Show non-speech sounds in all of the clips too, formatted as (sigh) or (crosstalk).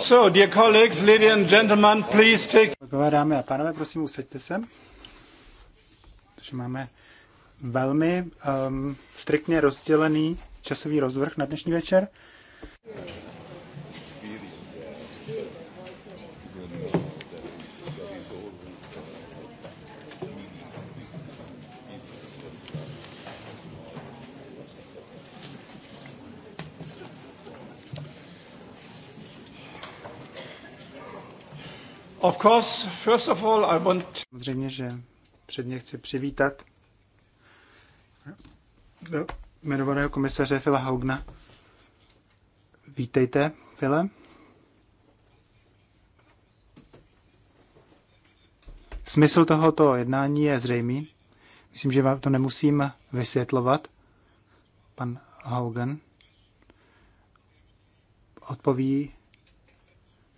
So, dear colleagues, ladies and gentlemen, please take... Kolegové, dámy a pánové, prosím, usaďte se. Protože máme velmi um, striktně rozdělený časový rozvrh na dnešní večer. Of course, first of all, I want... Samozřejmě, že předně chci přivítat jmenovaného komisaře Fila Haugna. Vítejte, File. Smysl tohoto jednání je zřejmý. Myslím, že vám to nemusím vysvětlovat. Pan Haugen odpoví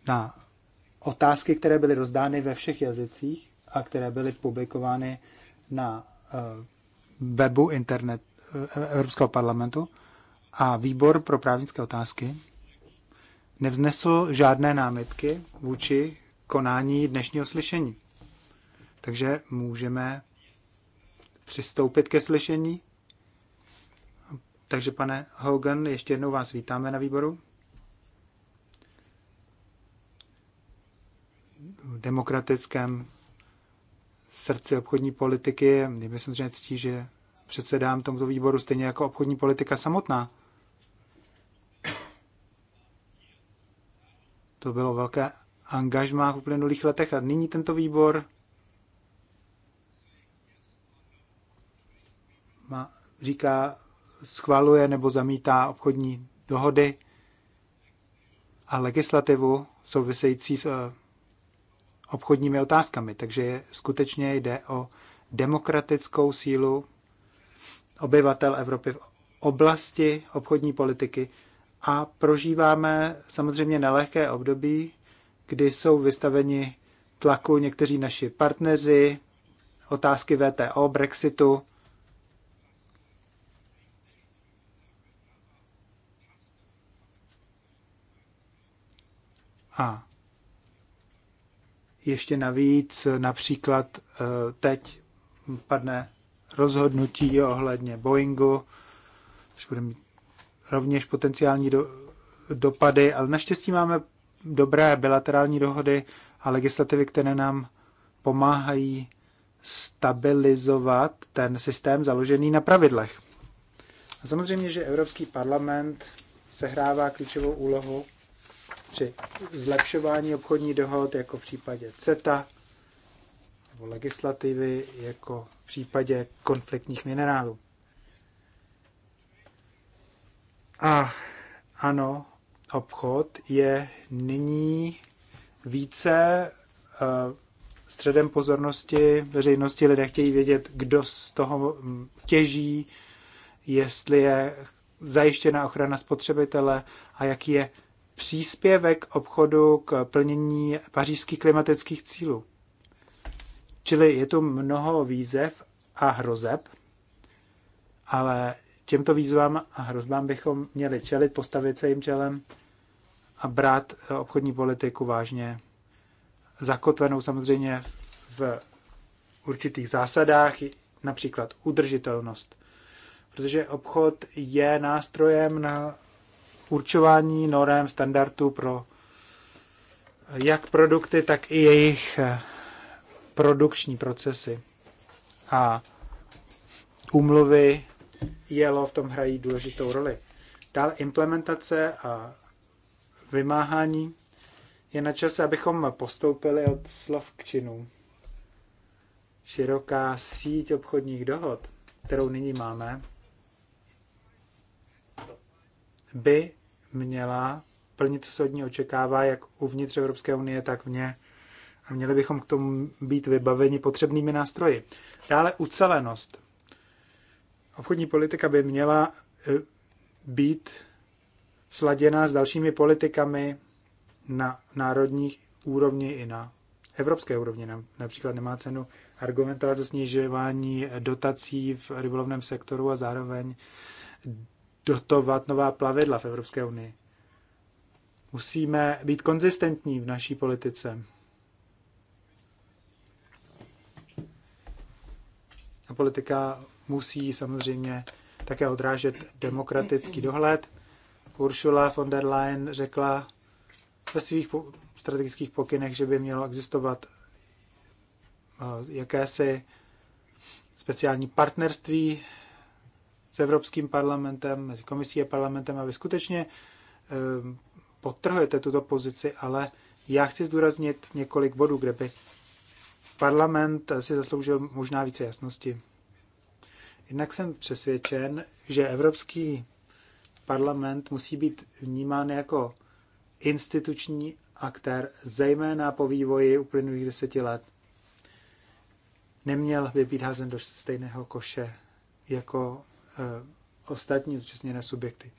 na otázky, které byly rozdány ve všech jazycích a které byly publikovány na eh, webu internet eh, Evropského parlamentu a výbor pro právnické otázky nevznesl žádné námitky vůči konání dnešního slyšení. Takže můžeme přistoupit ke slyšení. Takže pane Hogan, ještě jednou vás vítáme na výboru. demokratickém srdci obchodní politiky. Mě by samozřejmě ctí, že předsedám tomuto výboru stejně jako obchodní politika samotná. To bylo velké angažmá v uplynulých letech a nyní tento výbor má, říká, schvaluje nebo zamítá obchodní dohody a legislativu související s eh, obchodními otázkami. Takže skutečně jde o demokratickou sílu obyvatel Evropy v oblasti obchodní politiky a prožíváme samozřejmě nelehké období, kdy jsou vystaveni tlaku někteří naši partneři, otázky VTO, Brexitu. A ještě navíc například eh, teď padne rozhodnutí ohledně Boeingu, což bude mít rovněž potenciální do, dopady, ale naštěstí máme dobré bilaterální dohody a legislativy, které nám pomáhají stabilizovat ten systém založený na pravidlech. A samozřejmě, že Evropský parlament sehrává klíčovou úlohu při zlepšování obchodní dohod, jako v případě CETA, nebo legislativy, jako v případě konfliktních minerálů. A ano, obchod je nyní více eh, středem pozornosti veřejnosti. Lidé chtějí vědět, kdo z toho hm, těží, jestli je zajištěna ochrana spotřebitele a jaký je příspěvek obchodu k plnění pařížských klimatických cílů. Čili je tu mnoho výzev a hrozeb, ale těmto výzvám a hrozbám bychom měli čelit, postavit se jim čelem a brát obchodní politiku vážně, zakotvenou samozřejmě v určitých zásadách, například udržitelnost. Protože obchod je nástrojem na určování norem standardů pro jak produkty, tak i jejich eh, produkční procesy. A úmluvy jelo v tom hrají důležitou roli. Dále implementace a vymáhání je na čase, abychom postoupili od slov k činům. Široká síť obchodních dohod, kterou nyní máme, by měla plnit, co se od ní očekává, jak uvnitř Evropské unie, tak vně. A měli bychom k tomu být vybaveni potřebnými nástroji. Dále ucelenost. Obchodní politika by měla eh, být sladěná s dalšími politikami na národních úrovni i na evropské úrovni. Například nemá cenu argumentovat za snižování dotací v rybolovném sektoru a zároveň dotovat nová plavidla v Evropské unii. Musíme být konzistentní v naší politice. A politika musí samozřejmě také odrážet demokratický dohled. Ursula von der Leyen řekla ve svých strategických pokynech, že by mělo existovat eh, jakési speciální partnerství s Evropským parlamentem, komisí a parlamentem, a vy skutečně ehm, podtrhujete tuto pozici, ale já chci zdůraznit několik bodů, kde by parlament si zasloužil možná více jasnosti. Jinak jsem přesvědčen, že Evropský parlament musí být vnímán jako instituční aktér, zejména po vývoji uplynulých deseti let. Neměl by být házen do stejného koše jako Eh, ostatní zúčastněné subjekty.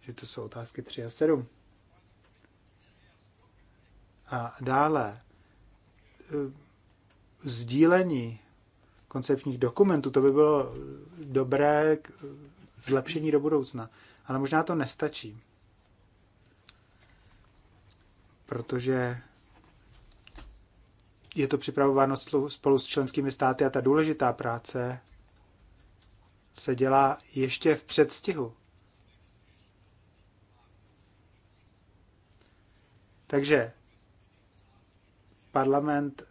Že to jsou otázky 3 a 7. A dále eh, sdílení koncepčních dokumentů, to by bylo dobré k zlepšení do budoucna. Ale možná to nestačí. Protože je to připravováno spolu s členskými státy a ta důležitá práce se dělá ještě v předstihu. Takže parlament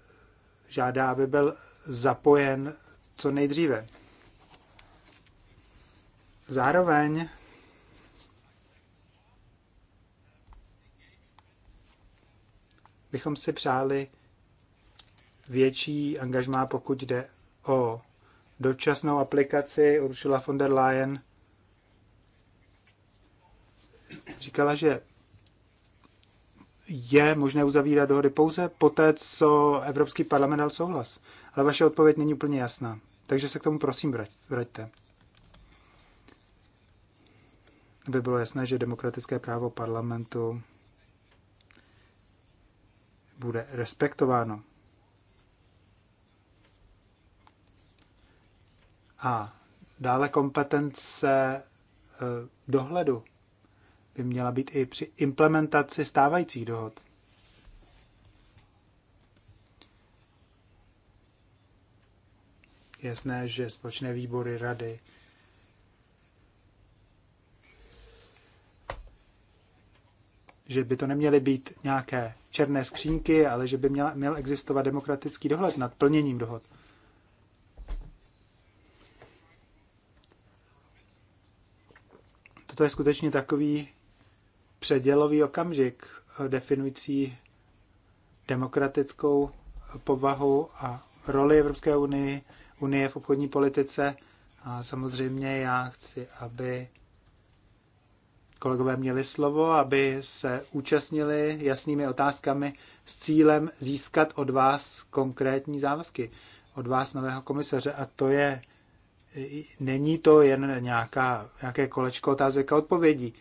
žádá, aby byl zapojen co nejdříve. Zároveň bychom si přáli větší angažmá, pokud jde o dočasnou aplikaci Ursula von der Leyen říkala, že je možné uzavírat dohody pouze poté, co Evropský parlament dal souhlas. Ale vaše odpověď není úplně jasná. Takže se k tomu prosím vrať, vraťte. Aby bylo jasné, že demokratické právo parlamentu bude respektováno. A dále kompetence e, dohledu by měla být i při implementaci stávajících dohod. Jasné, že společné výbory rady že by to neměly být nějaké černé skřínky, ale že by měl, měl existovat demokratický dohled nad plněním dohod. to je skutečně takový předělový okamžik eh, definující demokratickou povahu a roli Evropské unie, unie v obchodní politice. A samozřejmě já chci, aby kolegové měli slovo, aby se účastnili jasnými otázkami s cílem získat od vás konkrétní závazky, od vás nového komisaře. A to je není to jen nějaká, nějaké kolečko otázek a odpovědí.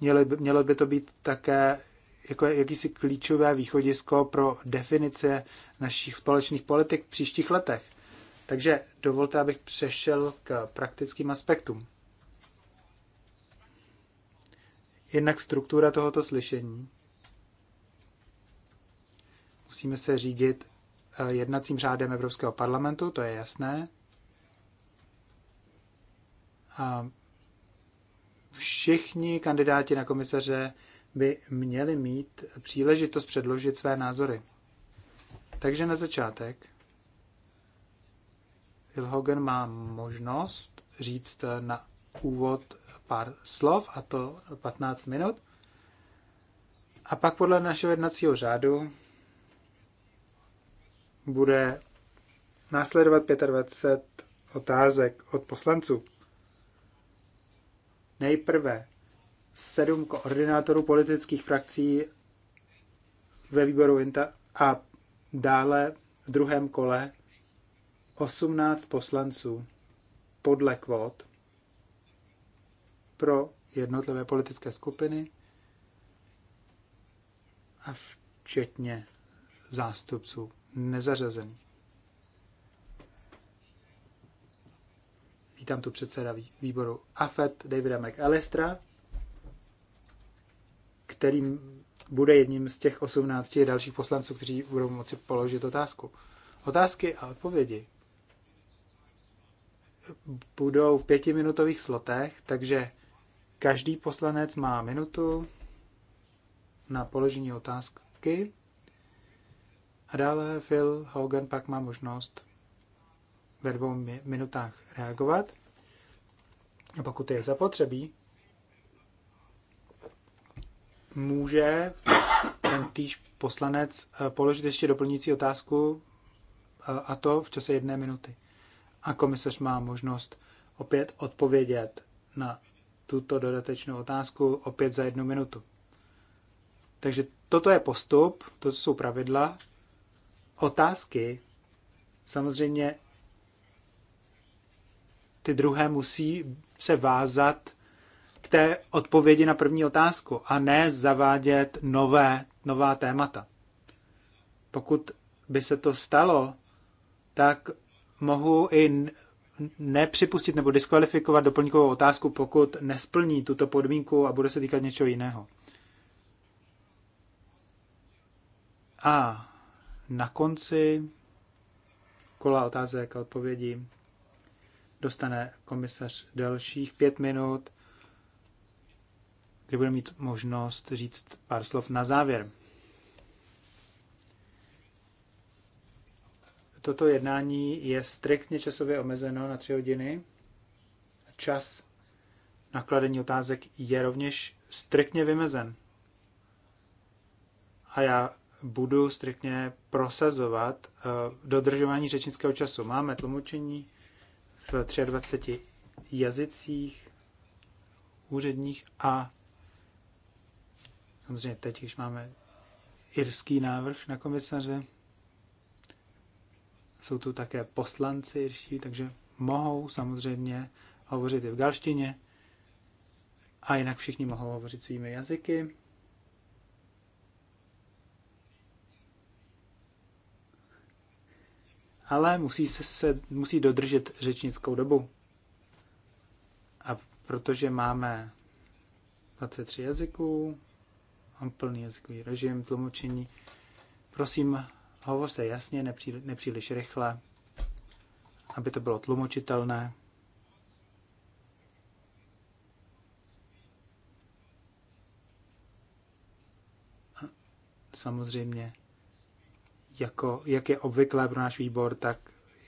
Mělo, mělo by to být také jako jakýsi klíčové východisko pro definice našich společných politik v příštích letech. Takže dovolte, abych přešel k praktickým aspektům. Jednak struktura tohoto slyšení. Musíme se řídit eh, jednacím řádem Evropského parlamentu, to je jasné všichni kandidáti na komisaře by měli mít příležitost předložit své názory. Takže na začátek Ilhogen má možnost říct na úvod pár slov, a to 15 minut. A pak podle našeho jednacího řádu bude následovat 25 otázek od poslanců. Nejprve sedm koordinátorů politických frakcí ve výboru INTA a dále v druhém kole 18 poslanců podle kvót pro jednotlivé politické skupiny a včetně zástupců nezařazených. Vítám tu předseda výboru AFET Davida McAllistera, který bude jedním z těch 18 dalších poslanců, kteří budou moci položit otázku. Otázky a odpovědi budou v pětiminutových slotech, takže každý poslanec má minutu na položení otázky. A dále Phil Hogan pak má možnost ve dvou minutách reagovat. A pokud je zapotřebí, může ten týž poslanec eh, položit ještě doplňující otázku eh, a to v čase jedné minuty. A komisař má možnost opět odpovědět na tuto dodatečnou otázku opět za jednu minutu. Takže toto je postup, to jsou pravidla. Otázky samozřejmě ty druhé musí se vázat k té odpovědi na první otázku a ne zavádět nové, nová témata. Pokud by se to stalo, tak mohu i nepřipustit nebo diskvalifikovat doplňkovou otázku, pokud nesplní tuto podmínku a bude se týkat něčeho jiného. A na konci kola otázek a odpovědí dostane komisař dalších pět minut, kdy bude mít možnost říct pár slov na závěr. Toto jednání je striktně časově omezeno na tři hodiny. Čas nakladení otázek je rovněž striktně vymezen. A já budu striktně prosazovat eh, dodržování řečnického času. Máme tlumočení v 23 jazycích úředních a samozřejmě teď, když máme irský návrh na komisaře, jsou tu také poslanci irští, takže mohou samozřejmě hovořit i v galštině a jinak všichni mohou hovořit svými jazyky. ale musí, se, se, musí dodržet řečnickou dobu. A protože máme 23 jazyků, mám plný jazykový režim, tlumočení, prosím, hovořte jasně, nepří, nepříliš rychle, aby to bylo tlumočitelné. samozřejmě jako, jak je obvyklé pro náš výbor, tak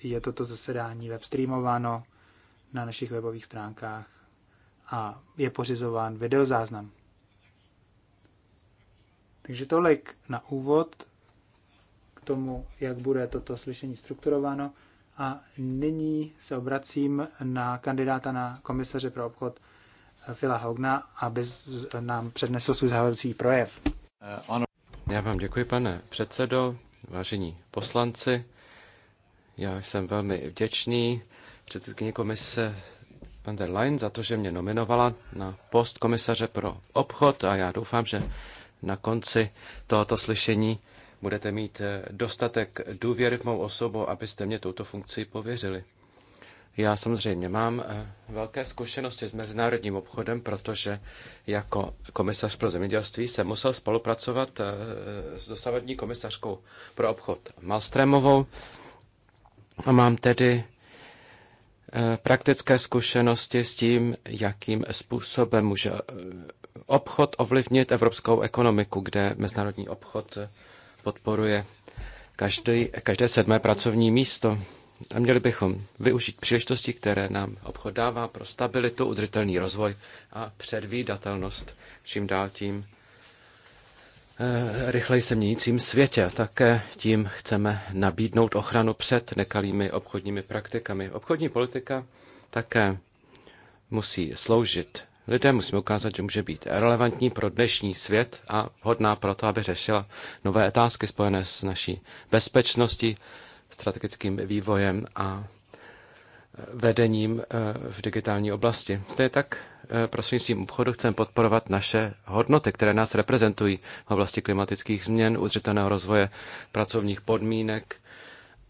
je toto zasedání webstreamováno na našich webových stránkách a je pořizován videozáznam. Takže tolik na úvod k tomu, jak bude toto slyšení strukturováno. A nyní se obracím na kandidáta na komisaře pro obchod eh, Fila Hogna, aby nám přednesl svůj závěrečný projev. Já vám děkuji, pane předsedo vážení poslanci, já jsem velmi vděčný předsedkyni komise van der Leyen za to, že mě nominovala na post komisaře pro obchod a já doufám, že na konci tohoto slyšení budete mít eh, dostatek důvěry v mou osobu, abyste mě touto funkci pověřili. Já samozřejmě mám eh, velké zkušenosti s mezinárodním obchodem, protože jako komisař pro zemědělství jsem musel spolupracovat eh, s dosavadní komisařkou pro obchod Malstremovou. a mám tedy eh, praktické zkušenosti s tím, jakým způsobem může obchod ovlivnit evropskou ekonomiku, kde mezinárodní obchod podporuje každý, každé sedmé pracovní místo. A měli bychom využít příležitosti, které nám obchod dává pro stabilitu, udržitelný rozvoj a předvídatelnost čím dál tím eh, rychleji se měnícím světě. Také tím chceme nabídnout ochranu před nekalými obchodními praktikami. Obchodní politika také musí sloužit Lidé musíme ukázat, že může být relevantní pro dnešní svět a hodná pro to, aby řešila nové otázky spojené s naší bezpečností, strategickým vývojem a e, vedením e, v digitální oblasti. Stejně tak e, prostřednictvím obchodu chceme podporovat naše hodnoty, které nás reprezentují v oblasti klimatických změn, udržitelného rozvoje pracovních podmínek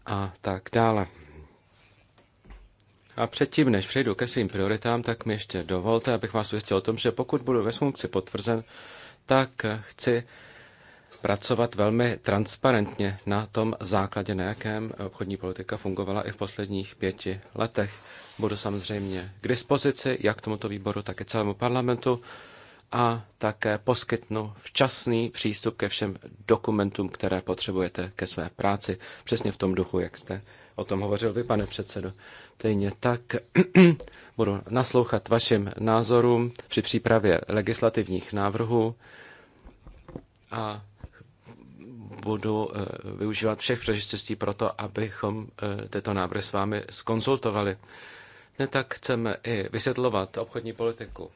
a tak dále. A předtím, než přejdu ke svým prioritám, tak mi ještě dovolte, abych vás ujistil o tom, že pokud budu ve funkci potvrzen, tak chci pracovat velmi transparentně na tom základě, na jakém obchodní politika fungovala i v posledních pěti letech. Budu samozřejmě k dispozici jak tomuto výboru, tak i celému parlamentu a také poskytnu včasný přístup ke všem dokumentům, které potřebujete ke své práci. Přesně v tom duchu, jak jste o tom hovořil vy, pane předsedo. Stejně tak (clears throat) budu naslouchat vašim názorům při přípravě legislativních návrhů a budu eh, využívat všech příležitostí pro to, abychom eh, tyto návrhy s vámi skonzultovali. Ne tak chceme i vysvětlovat obchodní politiku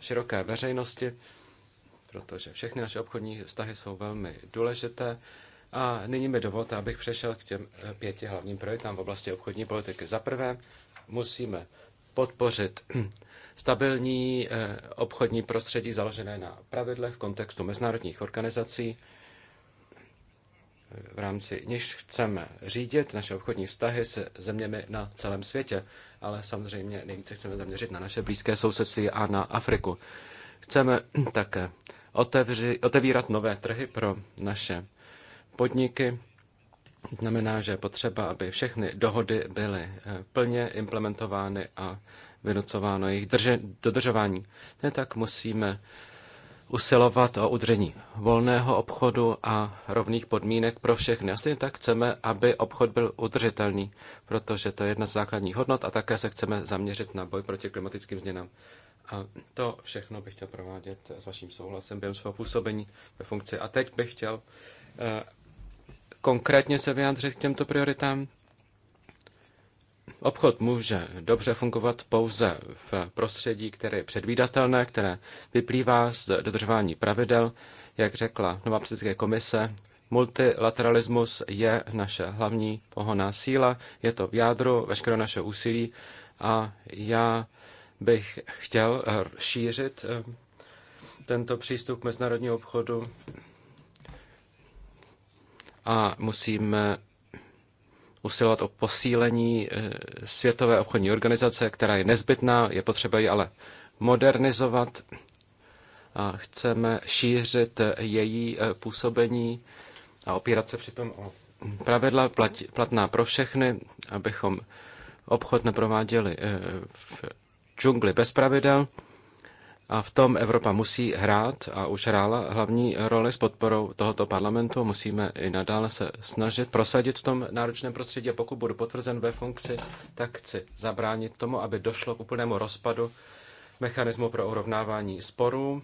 široké veřejnosti, protože všechny naše obchodní vztahy jsou velmi důležité. A nyní mi dovolte, abych přešel k těm eh, pěti hlavním prioritám v oblasti obchodní politiky. Za prvé musíme podpořit (clears throat) stabilní obchodní prostředí založené na pravidlech v kontextu mezinárodních organizací v rámci níž chceme řídit naše obchodní vztahy se zeměmi na celém světě, ale samozřejmě nejvíce chceme zaměřit na naše blízké sousedství a na Afriku. Chceme (clears throat) také otevři, otevírat nové trhy pro naše podniky. Znamená, že je potřeba, aby všechny dohody byly eh, plně implementovány a vynucováno jejich drže, dodržování. Ne tak musíme usilovat o udržení volného obchodu a rovných podmínek pro všechny. A stejně tak chceme, aby obchod byl udržitelný, protože to je jedna z základních hodnot a také se chceme zaměřit na boj proti klimatickým změnám. A to všechno bych chtěl provádět s vaším souhlasem během svého působení ve funkci. A teď bych chtěl eh, konkrétně se vyjádřit k těmto prioritám. Obchod může dobře fungovat pouze v prostředí, které je předvídatelné, které vyplývá z dodržování pravidel. Jak řekla Nová předsedkyně komise, multilateralismus je naše hlavní pohoná síla, je to v jádru veškerého našeho úsilí a já bych chtěl šířit eh, tento přístup mezinárodního obchodu a musíme usilovat o posílení eh, Světové obchodní organizace, která je nezbytná, je potřeba ji ale modernizovat a chceme šířit eh, její eh, působení a opírat se přitom o pravidla platná pro všechny, abychom obchod neprováděli v džungli bez pravidel. A v tom Evropa musí hrát a už hrála hlavní roli s podporou tohoto parlamentu. Musíme i nadále se snažit prosadit v tom náročném prostředí. A pokud budu potvrzen ve funkci, tak chci zabránit tomu, aby došlo k úplnému rozpadu mechanismu pro urovnávání sporů.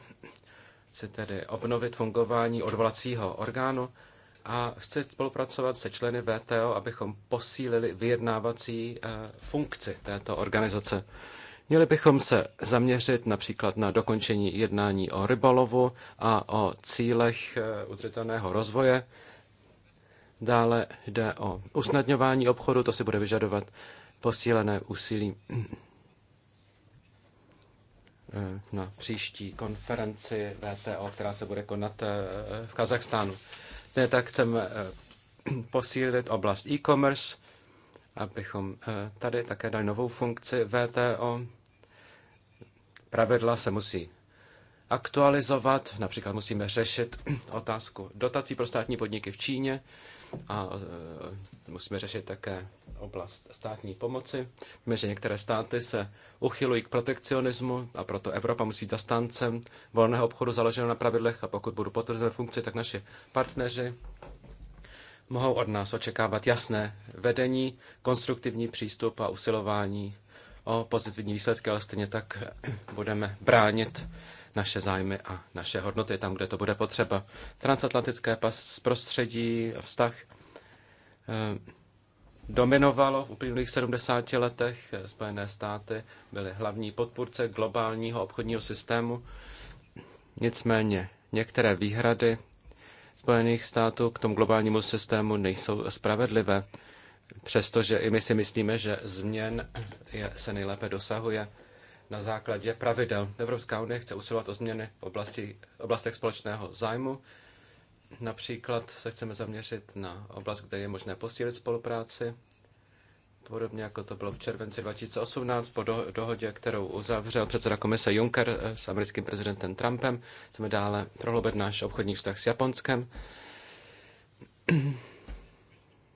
Chci tedy obnovit fungování odvolacího orgánu a chci spolupracovat se členy VTO, abychom posílili vyjednávací eh, funkci této organizace. Měli bychom se zaměřit například na dokončení jednání o rybolovu a o cílech eh, udržitelného rozvoje. Dále jde o usnadňování obchodu, to si bude vyžadovat posílené úsilí eh, na příští konferenci VTO, která se bude konat eh, v Kazachstánu. Ne, tak chceme posílit oblast e-commerce, abychom eh, tady také dali novou funkci VTO. Pravidla se musí aktualizovat, například musíme řešit (clears throat) otázku dotací pro státní podniky v Číně a eh, musíme řešit také oblast státní pomoci. Víme, že některé státy se uchylují k protekcionismu a proto Evropa musí být zastáncem volného obchodu založeného na pravidlech a pokud budu potvrzen funkci, tak naši partneři mohou od nás očekávat jasné vedení, konstruktivní přístup a usilování o pozitivní výsledky, ale stejně tak (clears throat) budeme bránit naše zájmy a naše hodnoty tam, kde to bude potřeba. Transatlantické pas prostředí, vztah eh, dominovalo v uplynulých 70 letech. Spojené státy byly hlavní podpůrce globálního obchodního systému. Nicméně některé výhrady Spojených států k tomu globálnímu systému nejsou spravedlivé, přestože i my si myslíme, že změn je, se nejlépe dosahuje na základě pravidel. Evropská unie chce usilovat o změny v oblasti, oblastech společného zájmu. Například se chceme zaměřit na oblast, kde je možné posílit spolupráci podobně jako to bylo v červenci 2018 po dohodě, kterou uzavřel předseda komise Juncker eh, s americkým prezidentem Trumpem. Chceme dále prohloubit náš obchodní vztah s Japonskem (clears throat)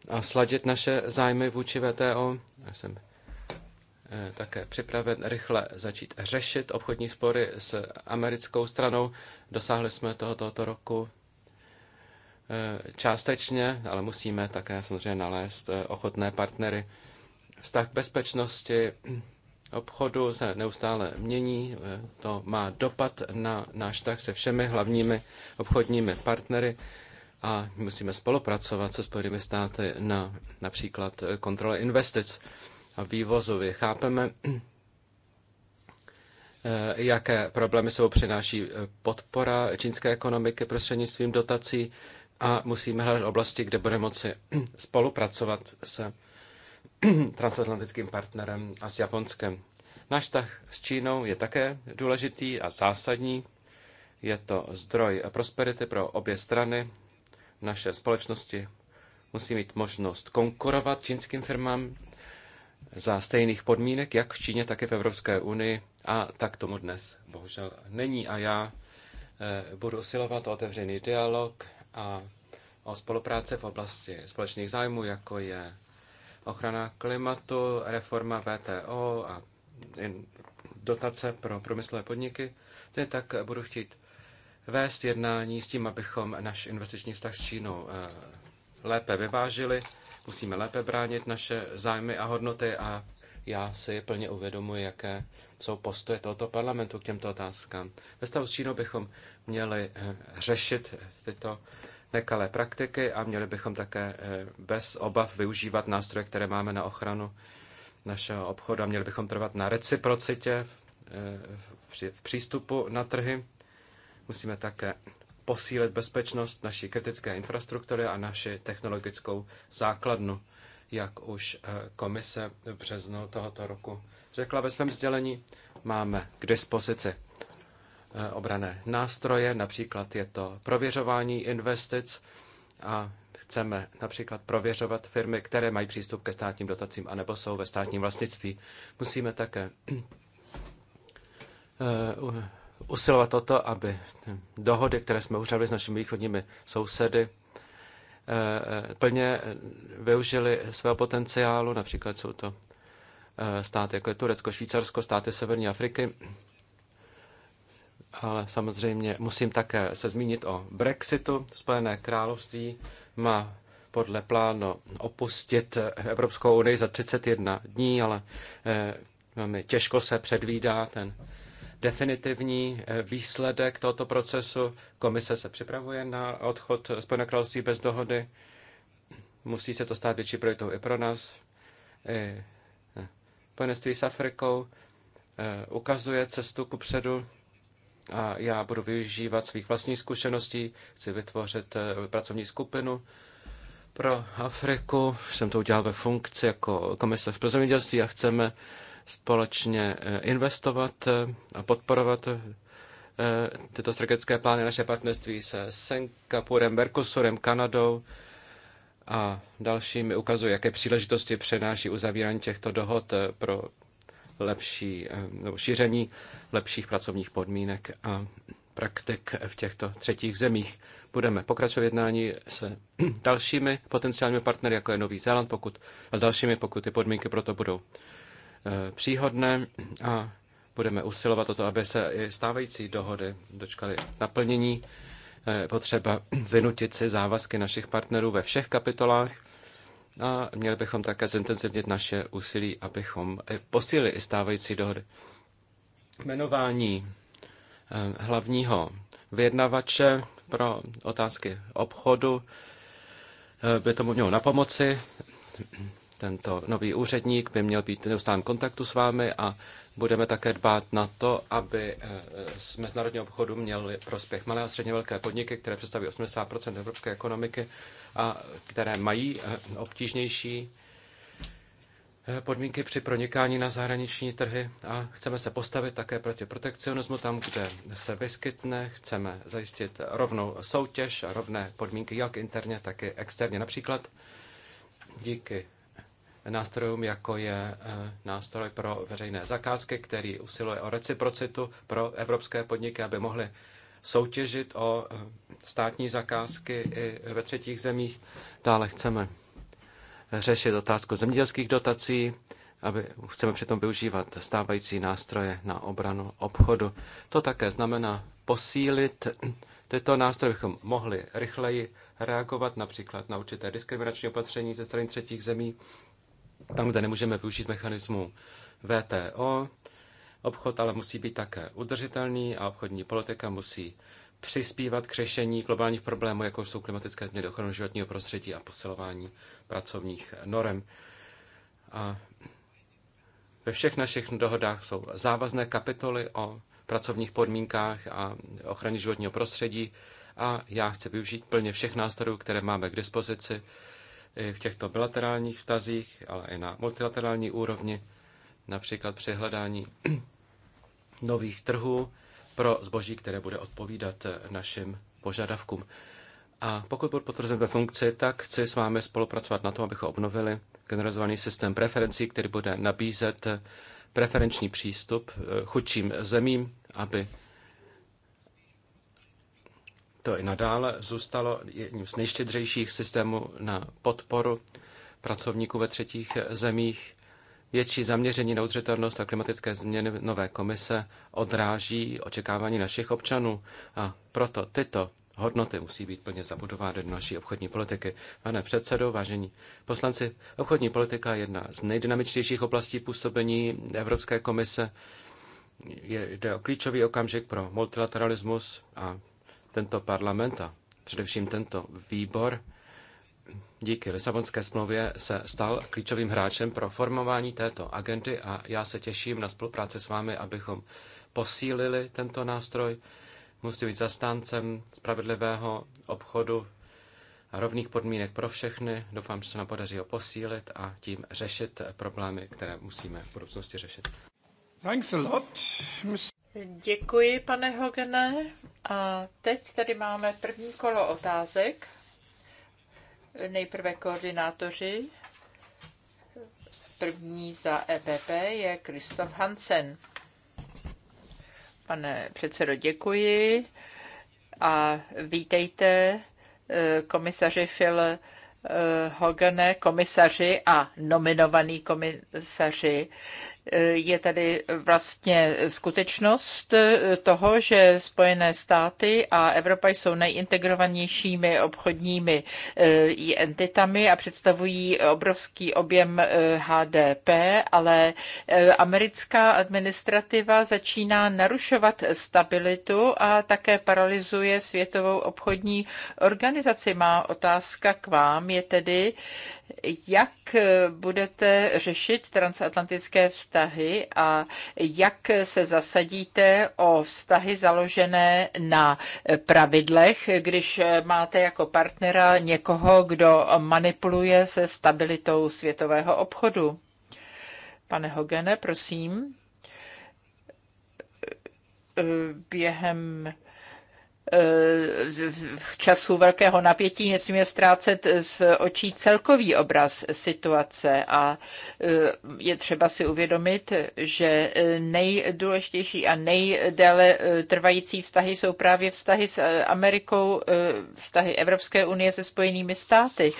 a sladit naše zájmy vůči VTO. Já jsem eh, také připraven rychle začít řešit obchodní spory s americkou stranou. Dosáhli jsme toho tohoto roku eh, částečně, ale musíme také samozřejmě nalézt ochotné partnery Vztah k bezpečnosti obchodu se neustále mění, to má dopad na náš vztah se všemi hlavními obchodními partnery a musíme spolupracovat se Spojenými státy na například kontrole investic a vývozu. Chápeme, jaké problémy sebou přináší podpora čínské ekonomiky prostřednictvím dotací a musíme hledat oblasti, kde bude moci spolupracovat se transatlantickým partnerem a s Japonskem. Náš vztah s Čínou je také důležitý a zásadní. Je to zdroj prosperity pro obě strany. Naše společnosti musí mít možnost konkurovat čínským firmám za stejných podmínek, jak v Číně, tak i v Evropské unii. A tak tomu dnes bohužel není. A já eh, budu usilovat o otevřený dialog a o spolupráci v oblasti společných zájmů, jako je ochrana klimatu, reforma VTO a dotace pro průmyslové podniky, tedy tak budu chtít vést jednání s tím, abychom náš investiční vztah s Čínou eh, lépe vyvážili, musíme lépe bránit naše zájmy a hodnoty a já si plně uvědomuji, jaké jsou postoje tohoto parlamentu k těmto otázkám. Ve stavu s Čínou bychom měli eh, řešit tyto nekalé praktiky a měli bychom také eh, bez obav využívat nástroje, které máme na ochranu našeho obchodu a měli bychom trvat na reciprocitě eh, v přístupu na trhy. Musíme také posílit bezpečnost naší kritické infrastruktury a naši technologickou základnu, jak už eh, komise v březnu tohoto roku řekla ve svém sdělení. Máme k dispozici Eh, obrané nástroje, například je to prověřování investic a chceme například prověřovat firmy, které mají přístup ke státním dotacím anebo jsou ve státním vlastnictví. Musíme také eh, usilovat o to, aby dohody, které jsme uzavřeli s našimi východními sousedy, eh, plně využili svého potenciálu, například jsou to státy jako je Turecko, Švýcarsko, státy Severní Afriky, ale samozřejmě musím také se zmínit o Brexitu. Spojené království má podle plánu opustit Evropskou unii za 31 dní, ale eh, velmi těžko se předvídá ten definitivní eh, výsledek tohoto procesu. Komise se připravuje na odchod Spojené království bez dohody. Musí se to stát větší prioritou i pro nás. Eh, Spojenství s Afrikou ukazuje cestu ku předu a já budu využívat svých vlastních zkušeností. Chci vytvořit eh, pracovní skupinu pro Afriku. Jsem to udělal ve funkci jako komisař pro zemědělství a chceme společně eh, investovat eh, a podporovat tyto strategické plány naše partnerství se Singapurem, Mercosurem, Kanadou a dalšími ukazují, jaké příležitosti přenáší uzavírání těchto dohod pro lepší, eh, nebo šíření lepších pracovních podmínek a praktik v těchto třetích zemích. Budeme pokračovat jednání se (clears throat) dalšími potenciálními partnery, jako je Nový Zéland, pokud, a s dalšími, pokud ty podmínky pro to budou eh, příhodné a budeme usilovat o to, aby se i stávající dohody dočkaly naplnění. Eh, potřeba vynutit si závazky našich partnerů ve všech kapitolách a měli bychom také zintenzivnit naše úsilí, abychom posílili i stávající dohody. Jmenování eh, hlavního vyjednavače pro otázky obchodu eh, by tomu mělo na pomoci. Tento nový úředník by měl být v neustálém kontaktu s vámi a budeme také dbát na to, aby eh, z mezinárodního obchodu měli prospěch malé a středně velké podniky, které představují 80 evropské ekonomiky a které mají eh, obtížnější eh, podmínky při pronikání na zahraniční trhy a chceme se postavit také proti protekcionismu tam, kde se vyskytne. Chceme zajistit rovnou soutěž a rovné podmínky jak interně, tak i externě. Například díky nástrojům, jako je eh, nástroj pro veřejné zakázky, který usiluje o reciprocitu pro evropské podniky, aby mohly soutěžit o eh, státní zakázky i ve třetích zemích. Dále chceme řešit otázku zemědělských dotací, aby chceme přitom využívat stávající nástroje na obranu obchodu. To také znamená posílit tyto nástroje, bychom mohli rychleji reagovat například na určité diskriminační opatření ze strany třetích zemí, tam, kde nemůžeme využít mechanismu VTO, Obchod ale musí být také udržitelný a obchodní politika musí přispívat k řešení globálních problémů, jako jsou klimatické změny, ochranu životního prostředí a posilování pracovních norem. A ve všech našich dohodách jsou závazné kapitoly o pracovních podmínkách a ochraně životního prostředí a já chci využít plně všech nástrojů, které máme k dispozici v těchto bilaterálních vztazích, ale i na multilaterální úrovni, například při hledání nových trhů pro zboží, které bude odpovídat eh, našim požadavkům. A pokud budu potvrzen ve funkci, tak chci s vámi spolupracovat na tom, abychom obnovili generalizovaný systém preferencí, který bude nabízet eh, preferenční přístup eh, chudším zemím, aby to i nadále zůstalo jedním z nejštědřejších systémů na podporu pracovníků ve třetích zemích. Větší zaměření na udržitelnost a klimatické změny nové komise odráží očekávání našich občanů a proto tyto hodnoty musí být plně zabudovány do naší obchodní politiky. Pane předsedo, vážení poslanci, obchodní politika je jedna z nejdynamičtějších oblastí působení Evropské komise. Jde o klíčový okamžik pro multilateralismus a tento parlament a především tento výbor díky Lisabonské smlouvě se stal klíčovým hráčem pro formování této agendy a já se těším na spolupráci s vámi, abychom posílili tento nástroj. Musí být zastáncem spravedlivého obchodu a rovných podmínek pro všechny. Doufám, že se nám podaří ho posílit a tím řešit problémy, které musíme v budoucnosti řešit. Thanks a lot. Děkuji, pane Hogene. A teď tady máme první kolo otázek. Nejprve koordinátoři. První za EPP je Kristof Hansen. Pane předsedo, děkuji a vítejte eh, komisaři Phil eh, Hogane, komisaři a nominovaný komisaři je tady vlastně skutečnost toho, že Spojené státy a Evropa jsou nejintegrovanějšími obchodními eh, entitami a představují obrovský objem HDP, eh, ale eh, americká administrativa začíná narušovat stabilitu a také paralyzuje světovou obchodní organizaci. Má otázka k vám je tedy, jak eh, budete řešit transatlantické vztahy a jak se zasadíte o vztahy založené na eh, pravidlech, když eh, máte jako partnera někoho, kdo manipuluje se stabilitou světového obchodu. Pane Hogene, prosím. Během Eh, v času velkého napětí nesmíme ztrácet z očí celkový obraz situace a eh, je třeba si uvědomit, že eh, nejdůležitější a nejdéle trvající vztahy jsou právě vztahy s Amerikou, vztahy Evropské unie se spojenými státy.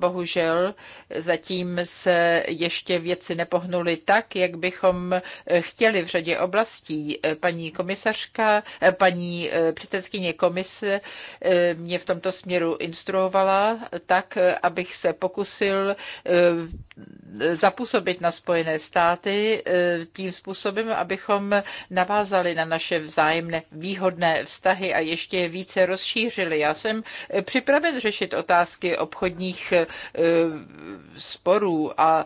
Bohužel zatím se ještě věci nepohnuly tak, jak bychom eh, chtěli v řadě oblastí. Eh, paní komisařka, eh, paní předsedkyně komise mě v tomto směru instruovala tak, abych se pokusil zapůsobit na Spojené státy tím způsobem, abychom navázali na naše vzájemné výhodné vztahy a ještě je více rozšířili. Já jsem připraven řešit otázky obchodních Eh, sporů a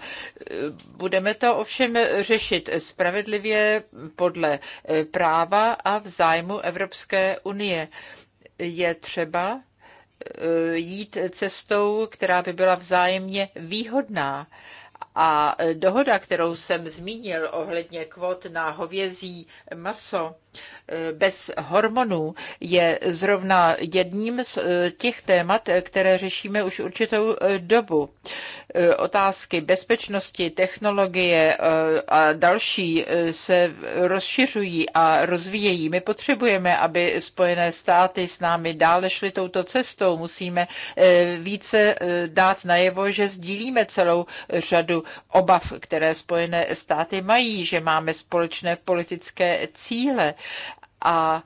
eh, budeme to ovšem řešit spravedlivě podle eh, práva a v zájmu Evropské unie. Je třeba jít cestou, která by byla vzájemně výhodná. A dohoda, kterou jsem zmínil ohledně kvot na hovězí maso, Eh, bez hormonů je zrovna jedním z eh, těch témat, které řešíme už určitou eh, dobu. Otázky bezpečnosti, technologie a další se rozšiřují a rozvíjejí. My potřebujeme, aby Spojené státy s námi dále šly touto cestou. Musíme více dát najevo, že sdílíme celou řadu obav, které Spojené státy mají, že máme společné politické cíle a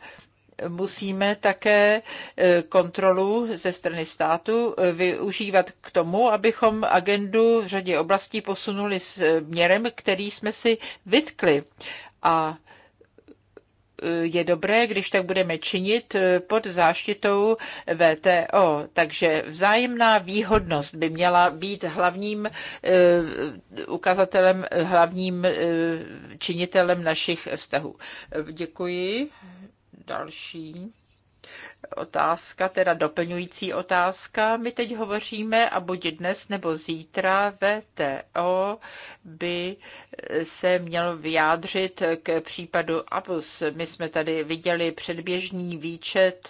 musíme také e, kontrolu ze strany státu e, využívat k tomu, abychom agendu v řadě oblastí posunuli směrem, e, který jsme si vytkli. A je dobré, když tak budeme činit eh, pod záštitou VTO. Takže vzájemná výhodnost by měla být hlavním eh, ukazatelem, hlavním eh, činitelem našich vztahů. Děkuji. Další. Otázka, teda doplňující otázka. My teď hovoříme a buď dnes nebo zítra VTO by se měl vyjádřit k případu Abus. My jsme tady viděli předběžný výčet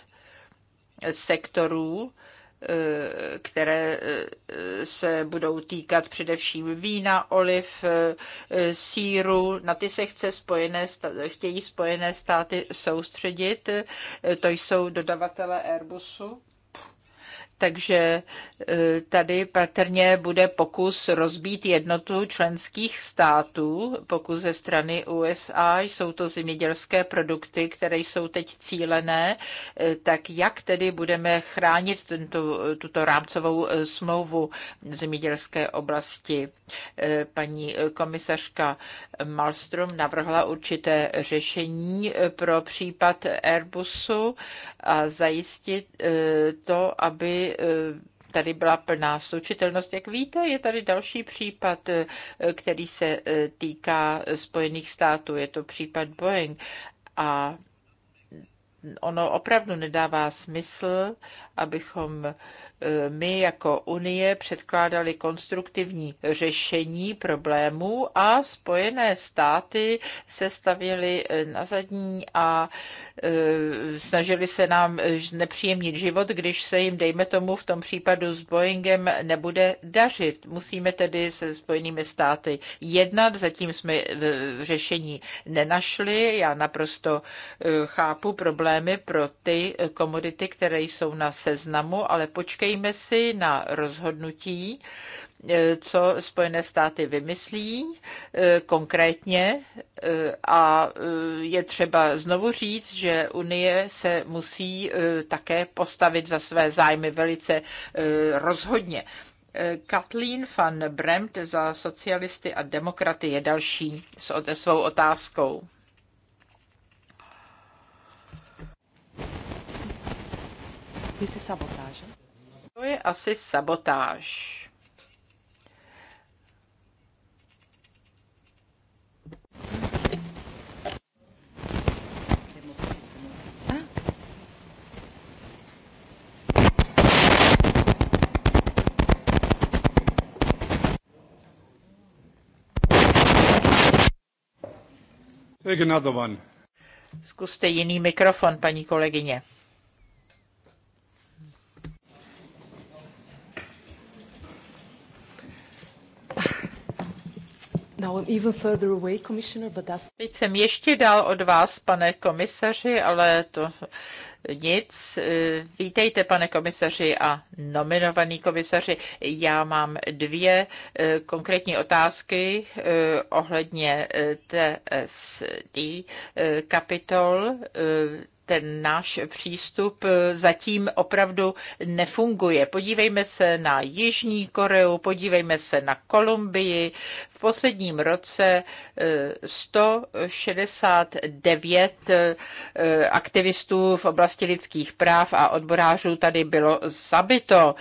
sektorů, Eh, které eh, se budou týkat především vína, oliv, eh, síru. Na ty se chce spojené, chtějí spojené státy soustředit. To jsou dodavatele Airbusu takže e, tady patrně bude pokus rozbít jednotu členských států, pokus ze strany USA. Jsou to zemědělské produkty, které jsou teď cílené. E, tak jak tedy budeme chránit tento, tuto rámcovou e, smlouvu zemědělské oblasti? Paní komisařka Malmström navrhla určité řešení pro případ Airbusu a zajistit to, aby Eh, tady byla plná slučitelnost. Jak víte, je tady další případ, eh, který se eh, týká Spojených států. Je to případ Boeing. A ono opravdu nedává smysl, abychom my jako Unie předkládali konstruktivní řešení problémů a Spojené státy se stavěly eh, na zadní a eh, snažili se nám nepříjemnit život, když se jim, dejme tomu, v tom případu s Boeingem nebude dařit. Musíme tedy se Spojenými státy jednat, zatím jsme eh, řešení nenašli. Já naprosto chápu problémy pro ty komodity, které jsou na seznamu, ale počkej, počkejme si na rozhodnutí, eh, co Spojené státy vymyslí eh, konkrétně eh, a je třeba znovu říct, že Unie se musí také postavit za své zájmy velice rozhodně. Kathleen van Bremt za socialisty a demokraty je další s svou otázkou. Ty jsi sabotáže? To je asi sabotáž. Zkuste jiný mikrofon, paní kolegyně. Teď jsem ještě dál od vás, pane komisaři, ale to nic. Eh, vítejte, pane komisaři a nominovaný komisaři. Já mám dvě eh, konkrétní otázky eh, ohledně TSD kapitol ten náš přístup zatím opravdu nefunguje. Podívejme se na Jižní Koreu, podívejme se na Kolumbii. V v posledním roce 169 eh, eh, aktivistů v oblasti lidských práv a odborářů tady bylo zabito.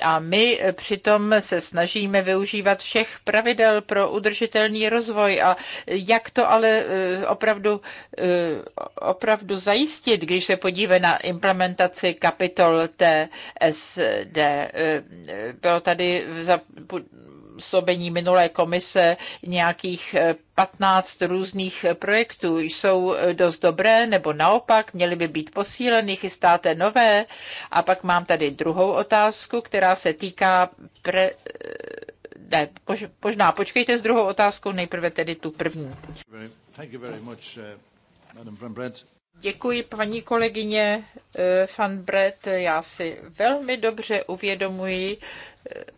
A my přitom se snažíme využívat všech pravidel pro udržitelný rozvoj. A jak to ale eh, opravdu, opravdu zajistit, když se podíve na implementaci kapitol TSD? Bylo tady za působení minulé komise nějakých 15 eh, různých projektů. Jsou eh, dost dobré nebo naopak měly by být posíleny, chystáte nové? A pak mám tady druhou otázku, která se týká pre... Eh, ne, možná počkejte s druhou otázkou, nejprve tedy tu první. Děkuji, paní kolegyně Van Brett. Já si velmi dobře uvědomuji,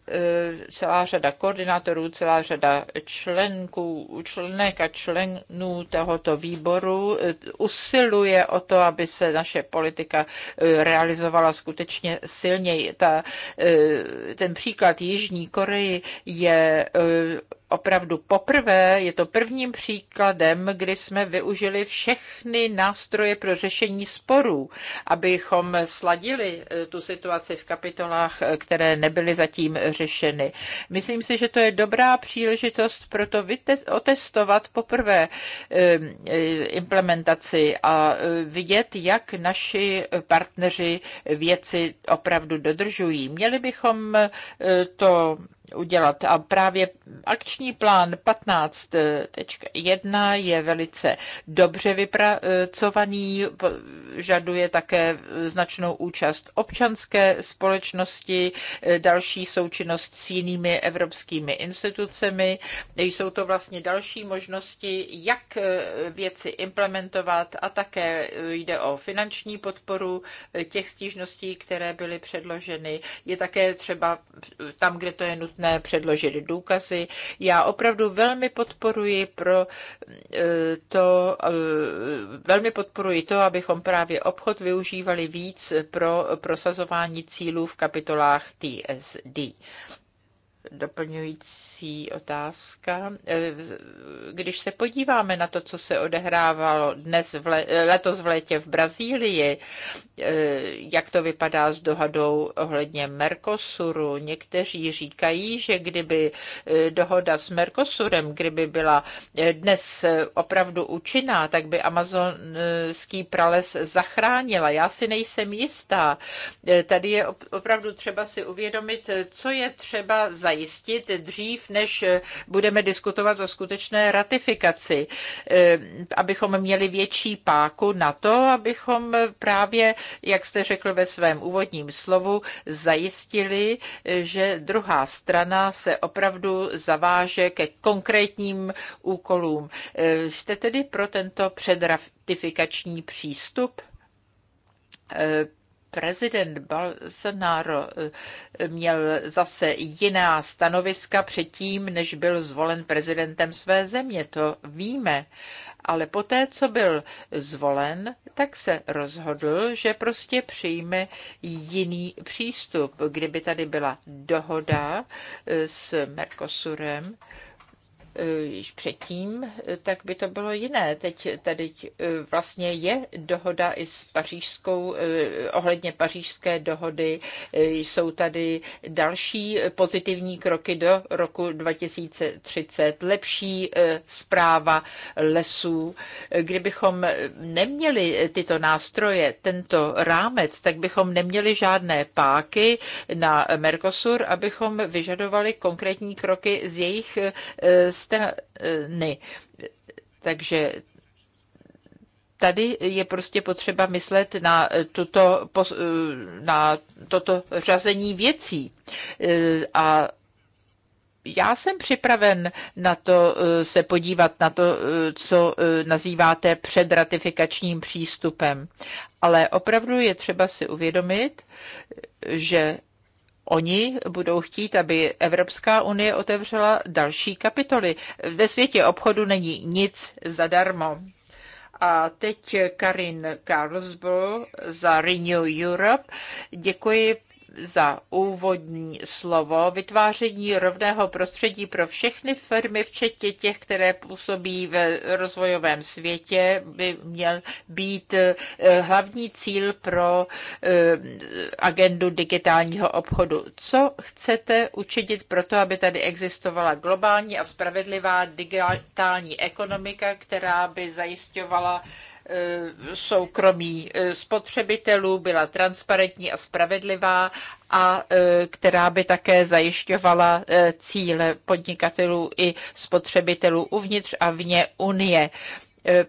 E, celá řada koordinátorů, celá řada členků, členek a členů tohoto výboru e, usiluje o to, aby se naše politika e, realizovala skutečně silněji. Ta, ten příklad Jižní Koreji je opravdu poprvé, je to prvním příkladem, kdy jsme využili všechny nástroje pro řešení sporů, abychom sladili tu situaci v kapitolách, které nebyly zatím zatím řešeny. Myslím si, že to je dobrá příležitost pro to otestovat poprvé eh, implementaci a eh, vidět, jak naši partneři věci opravdu dodržují. Měli bychom eh, to udělat. A právě akční plán 15.1 je velice dobře vypracovaný, žaduje také značnou účast občanské společnosti, další součinnost s jinými evropskými institucemi. Jsou to vlastně další možnosti, jak věci implementovat a také jde o finanční podporu těch stížností, které byly předloženy. Je také třeba tam, kde to je nutné, nutné předložit důkazy. Já opravdu velmi podporuji pro e, to, e, velmi podporuji to, abychom právě obchod využívali víc pro prosazování cílů v kapitolách TSD doplňující otázka. Eh, když se podíváme na to, co se odehrávalo dnes v le, letos v létě v Brazílii, eh, jak to vypadá s dohodou ohledně Mercosuru, někteří říkají, že kdyby eh, dohoda s Mercosurem, kdyby byla dnes opravdu účinná, tak by amazonský prales zachránila. Já si nejsem jistá. Tady je opravdu třeba si uvědomit, co je třeba za zajistit dřív, než budeme diskutovat o skutečné ratifikaci, eh, abychom měli větší páku na to, abychom právě, jak jste řekl ve svém úvodním slovu, zajistili, že druhá strana se opravdu zaváže ke konkrétním úkolům. Eh, jste tedy pro tento předratifikační přístup? Eh, prezident Bolsonaro eh, měl zase jiná stanoviska předtím, než byl zvolen prezidentem své země, to víme. Ale poté, co byl zvolen, tak se rozhodl, že prostě přijme jiný přístup. Kdyby tady byla dohoda eh, s Mercosurem, Eh, již předtím, eh, tak by to bylo jiné. Teď tady eh, vlastně je dohoda i s pařížskou, ohledně pařížské dohody. Jsou tady další pozitivní kroky do roku 2030, lepší zpráva lesů. Kdybychom neměli tyto nástroje, tento rámec, tak bychom neměli žádné páky na Mercosur, abychom vyžadovali konkrétní kroky z jejich strany. Takže tady je prostě potřeba myslet na, toto, na toto řazení věcí. A já jsem připraven na to eh, se podívat na to, eh, co eh, nazýváte předratifikačním přístupem. Ale opravdu je třeba si uvědomit, že Oni budou chtít, aby Evropská unie otevřela další kapitoly. Ve světě obchodu není nic zadarmo. A teď Karin Karlsbo za Renew Europe. Děkuji, za úvodní slovo. Vytváření rovného prostředí pro všechny firmy, včetně těch, které působí v rozvojovém světě, by měl být eh, hlavní cíl pro eh, agendu digitálního obchodu. Co chcete učinit pro to, aby tady existovala globální a spravedlivá digitální ekonomika, která by zajišťovala soukromí eh, spotřebitelů, byla transparentní a spravedlivá a eh, která by také zajišťovala eh, cíle podnikatelů i spotřebitelů uvnitř a vně Unie.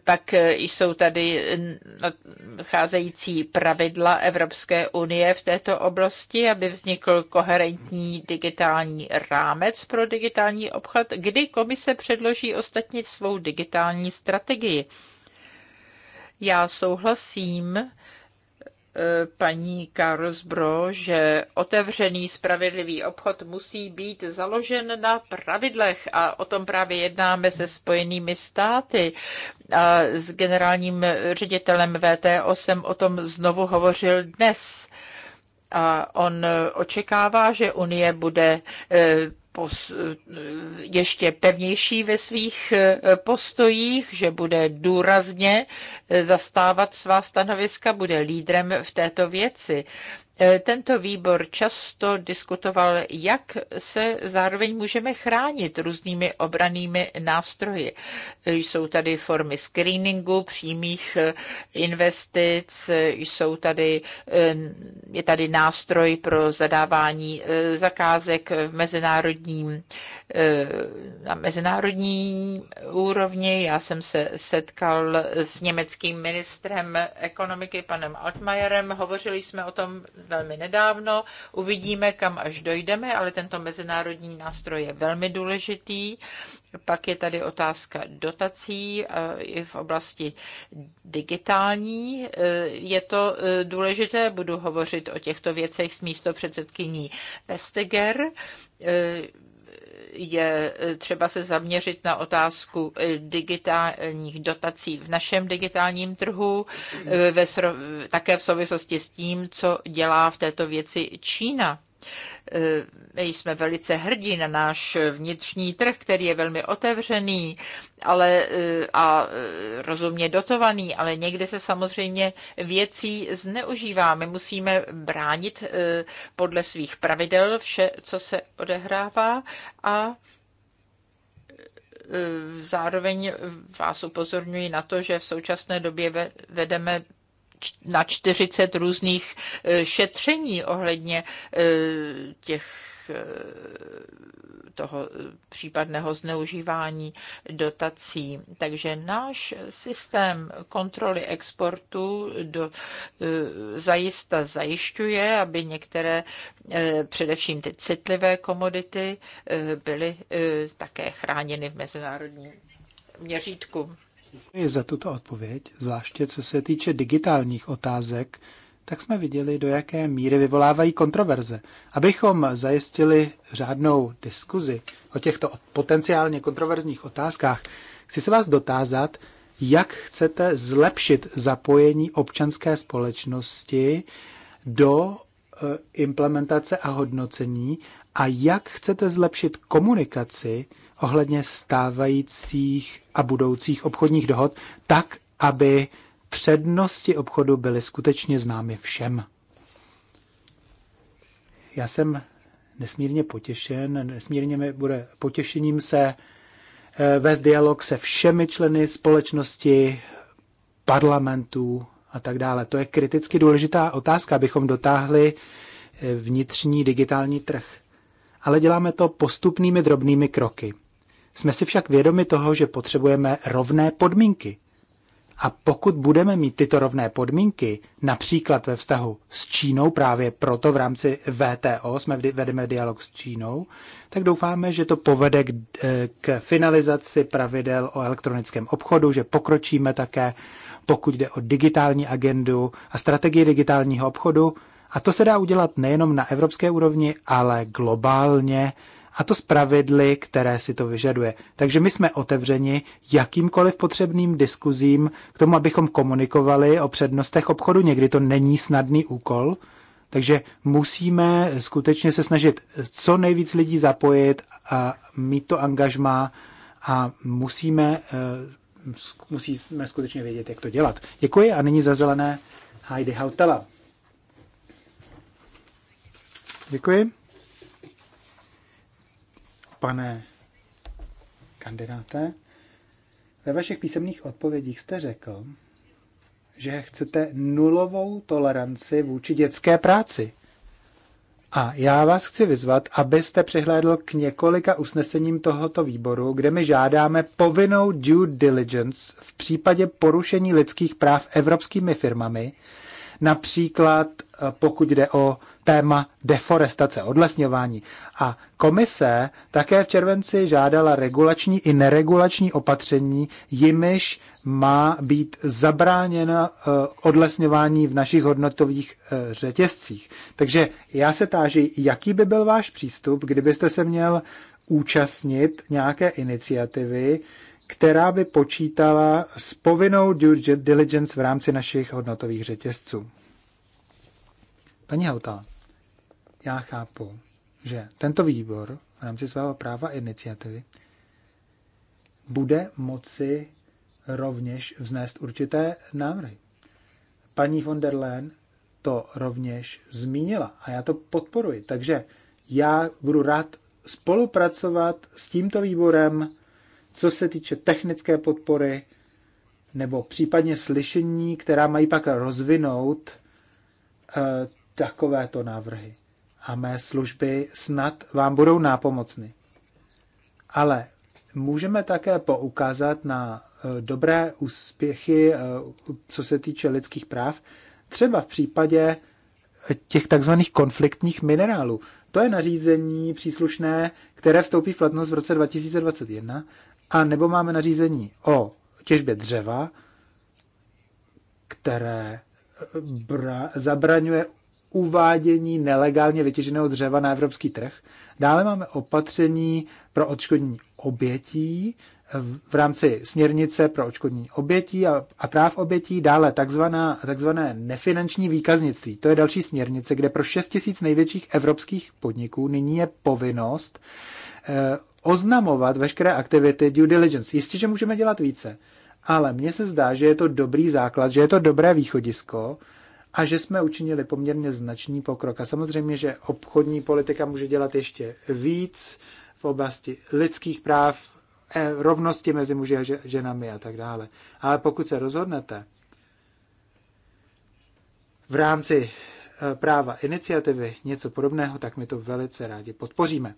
Pak jsou tady nadcházející pravidla Evropské unie v této oblasti, aby vznikl koherentní digitální rámec pro digitální obchod, kdy komise předloží ostatně svou digitální strategii. Já souhlasím, eh, paní Karlsbro, že otevřený spravedlivý obchod musí být založen na pravidlech a o tom právě jednáme se spojenými státy. A s generálním ředitelem VTO jsem o tom znovu hovořil dnes. A on očekává, že Unie bude eh, ještě pevnější ve svých e, postojích, že bude důrazně e, zastávat svá stanoviska, bude lídrem v této věci. E, tento výbor často diskutoval, jak se zároveň můžeme chránit různými obranými nástroji. E, jsou tady formy screeningu, přímých e, investic, jsou tady, je tady nástroj pro zadávání zakázek v mezinárodním, na mezinárodní úrovni. Já jsem se setkal s německým ministrem ekonomiky, panem Altmajerem. Hovořili jsme o tom velmi nedávno. Uvidíme, kam až dojdeme, ale tento mezinárodní nástroj je velmi důležitý. Pak je tady otázka dotací eh, i v oblasti digitální. Eh, je to eh, důležité, budu hovořit o těchto věcech s místo předsedkyní Vestiger je eh, třeba se zaměřit na otázku eh, digitálních dotací v našem digitálním trhu, eh, ve, také v souvislosti s tím, co dělá v této věci Čína. Eh, my jsme velice hrdí na náš vnitřní trh, který je velmi otevřený ale, eh, a eh, rozumně dotovaný, ale někdy se samozřejmě věcí zneužívá. My musíme bránit podle svých pravidel vše, co se odehrává a zároveň vás upozorňuji na to, že v současné době vedeme na 40 různých e, šetření ohledně e, těch e, toho případného zneužívání dotací. Takže náš systém kontroly exportu do, zajista zajišťuje, aby některé, především ty citlivé komodity, byly také chráněny v mezinárodním měřítku. Děkuji za tuto odpověď, zvláště co se týče digitálních otázek, tak jsme viděli, do jaké míry vyvolávají kontroverze. Abychom zajistili řádnou diskuzi o těchto potenciálně kontroverzních otázkách, chci se vás dotázat, jak chcete zlepšit zapojení občanské společnosti do eh, implementace a hodnocení a jak chcete zlepšit komunikaci ohledně stávajících a budoucích obchodních dohod, tak, aby přednosti obchodu byly skutečně známy všem. Já jsem nesmírně potěšen, nesmírně mi bude potěšením se eh, vést dialog se všemi členy společnosti, parlamentů a tak dále. To je kriticky důležitá otázka, abychom dotáhli eh, vnitřní digitální trh. Ale děláme to postupnými drobnými kroky. Jsme si však vědomi toho, že potřebujeme rovné podmínky. A pokud budeme mít tyto rovné podmínky, například ve vztahu s Čínou, právě proto v rámci VTO jsme vedeme dialog s Čínou, tak doufáme, že to povede k, eh, k finalizaci pravidel o elektronickém obchodu, že pokročíme také, pokud jde o digitální agendu a strategii digitálního obchodu. A to se dá udělat nejenom na evropské úrovni, ale globálně a to s pravidly, které si to vyžaduje. Takže my jsme otevřeni jakýmkoliv potřebným diskuzím k tomu, abychom komunikovali o přednostech obchodu. Někdy to není snadný úkol, takže musíme skutečně se snažit co nejvíc lidí zapojit a mít to angažmá a musíme, eh, musíme skutečně vědět, jak to dělat. Děkuji a nyní za zelené Heidi Hautala. Děkuji. Pane kandidáte, ve vašich písemných odpovědích jste řekl, že chcete nulovou toleranci vůči dětské práci. A já vás chci vyzvat, abyste přihlédl k několika usnesením tohoto výboru, kde my žádáme povinnou due diligence v případě porušení lidských práv evropskými firmami, například Eh, pokud jde o téma deforestace, odlesňování. A komise také v červenci žádala regulační i neregulační opatření, jimiž má být zabráněna eh, odlesňování v našich hodnotových eh, řetězcích. Takže já se táži, jaký by byl váš přístup, kdybyste se měl účastnit nějaké iniciativy, která by počítala s povinnou due diligence v rámci našich hodnotových řetězců. Paní Hautá, já chápu, že tento výbor v rámci svého práva iniciativy bude moci rovněž vznést určité návrhy. Paní von der Leyen to rovněž zmínila a já to podporuji. Takže já budu rád spolupracovat s tímto výborem, co se týče technické podpory nebo případně slyšení, která mají pak rozvinout eh, takovéto návrhy a mé služby snad vám budou nápomocny. Ale můžeme také poukázat na e, dobré úspěchy, e, co se týče lidských práv, třeba v případě e, těch takzvaných konfliktních minerálů. To je nařízení příslušné, které vstoupí v platnost v roce 2021, a nebo máme nařízení o těžbě dřeva, které bra- zabraňuje uvádění nelegálně vytěženého dřeva na evropský trh. Dále máme opatření pro odškodní obětí v rámci směrnice pro odškodní obětí a, a práv obětí, dále takzvaná, takzvané nefinanční výkaznictví. To je další směrnice, kde pro 6 tisíc největších evropských podniků nyní je povinnost eh, oznamovat veškeré aktivity due diligence. Jistě, že můžeme dělat více, ale mně se zdá, že je to dobrý základ, že je to dobré východisko, a že jsme učinili poměrně značný pokrok. A samozřejmě, že obchodní politika může dělat ještě víc v oblasti lidských práv, e, rovnosti mezi muži a ženami a tak dále. Ale pokud se rozhodnete v rámci e, práva iniciativy něco podobného, tak my to velice rádi podpoříme.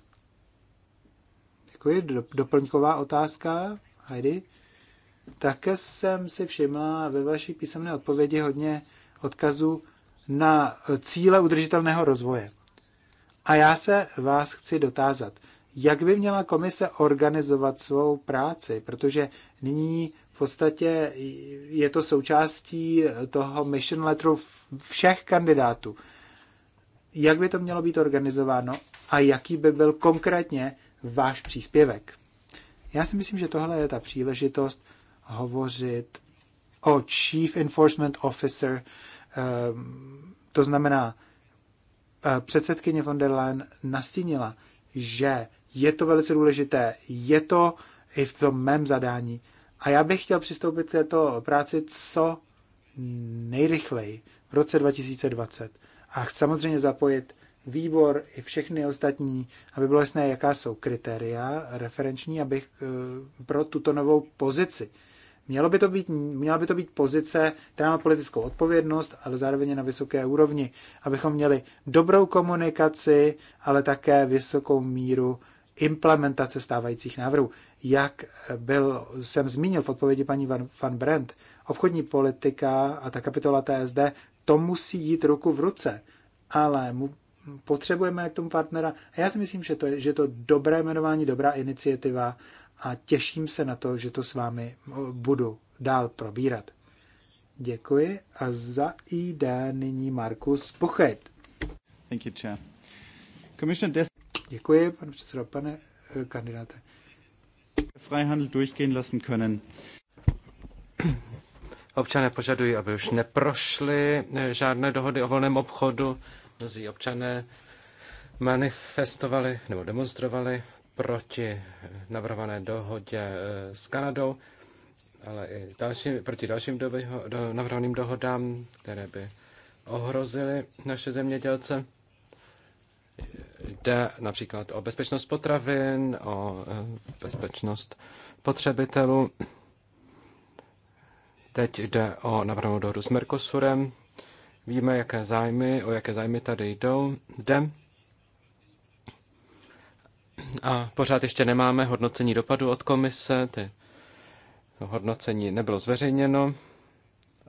Děkuji. Doplňková otázka, Heidi. Také jsem si všimla ve vaší písemné odpovědi hodně odkazu na cíle udržitelného rozvoje. A já se vás chci dotázat, jak by měla komise organizovat svou práci, protože nyní v podstatě je to součástí toho mission letteru všech kandidátů. Jak by to mělo být organizováno a jaký by byl konkrétně váš příspěvek? Já si myslím, že tohle je ta příležitost hovořit o Chief Enforcement Officer, ehm, to znamená, eh, předsedkyně von der Leyen nastínila, že je to velice důležité, je to i v tom mém zadání. A já bych chtěl přistoupit k této práci co nejrychleji v roce 2020. A samozřejmě zapojit výbor i všechny ostatní, aby bylo jasné, jaká jsou kritéria referenční abych, eh, pro tuto novou pozici. Mělo by to být, měla by to být pozice, která má politickou odpovědnost, ale zároveň na vysoké úrovni, abychom měli dobrou komunikaci, ale také vysokou míru implementace stávajících návrhů. Jak byl, jsem zmínil v odpovědi paní Van, Van Brandt, obchodní politika a ta kapitola TSD, to musí jít ruku v ruce, ale mu, potřebujeme k tomu partnera. A já si myslím, že to je, že to dobré jmenování, dobrá iniciativa a těším se na to, že to s vámi eh, budu dál probírat. Děkuji a za ID nyní Markus Pochet. Thank you, Chair. Commission Des Děkuji, pane předsedo, pane eh, kandidáte. Freihandel durchgehen lassen können. Občané požadují, aby už neprošly eh, žádné dohody o volném obchodu. Mnozí občané manifestovali nebo demonstrovali proti navrhované dohodě eh, s Kanadou, ale i další, proti dalším dobyho, do, navrhovaným dohodám, které by ohrozily naše zemědělce. Jde například o bezpečnost potravin, o eh, bezpečnost potřebitelů. Teď jde o navrhovanou dohodu s Mercosurem. Víme, jaké zájmy, o jaké zájmy tady jdou. Jde a pořád ještě nemáme hodnocení dopadu od komise, ty hodnocení nebylo zveřejněno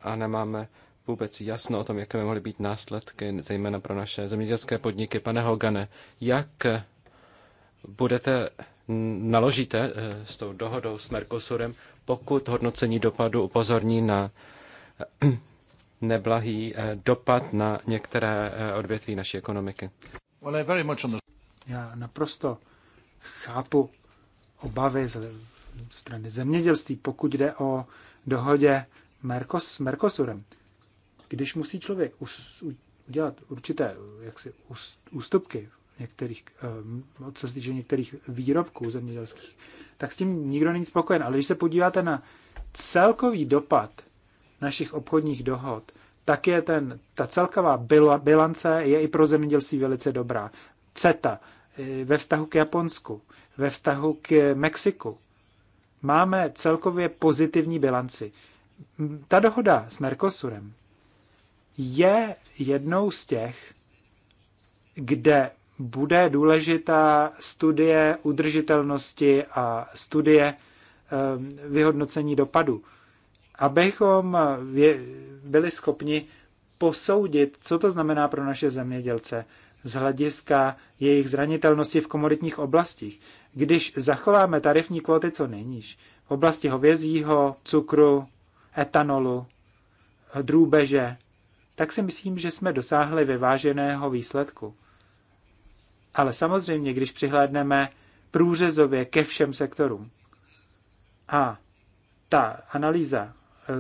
a nemáme vůbec jasno o tom, jaké by mohly být následky, zejména pro naše zemědělské podniky. Pane Hogane, jak budete naložíte eh, s tou dohodou s Mercosurem, pokud hodnocení dopadu upozorní na eh, neblahý eh, dopad na některé odvětví naší ekonomiky? Já naprosto chápu obavy z strany zemědělství, pokud jde o dohodě Mercos, s Mercosurem. Když musí člověk us, udělat určité jaksi, ústupky některých, eh, co se týče některých výrobků zemědělských, tak s tím nikdo není spokojen. Ale když se podíváte na celkový dopad našich obchodních dohod, tak je ten, ta celková bilance je i pro zemědělství velice dobrá. CETA, ve vztahu k Japonsku, ve vztahu k Mexiku. Máme celkově pozitivní bilanci. Ta dohoda s Mercosurem je jednou z těch, kde bude důležitá studie udržitelnosti a studie ehm, vyhodnocení dopadu, abychom byli schopni posoudit, co to znamená pro naše zemědělce z hlediska jejich zranitelnosti v komoditních oblastích. Když zachováme tarifní kvóty co nejníž, v oblasti hovězího, cukru, etanolu, drůbeže, tak si myslím, že jsme dosáhli vyváženého výsledku. Ale samozřejmě, když přihlédneme průřezově ke všem sektorům. A ta analýza,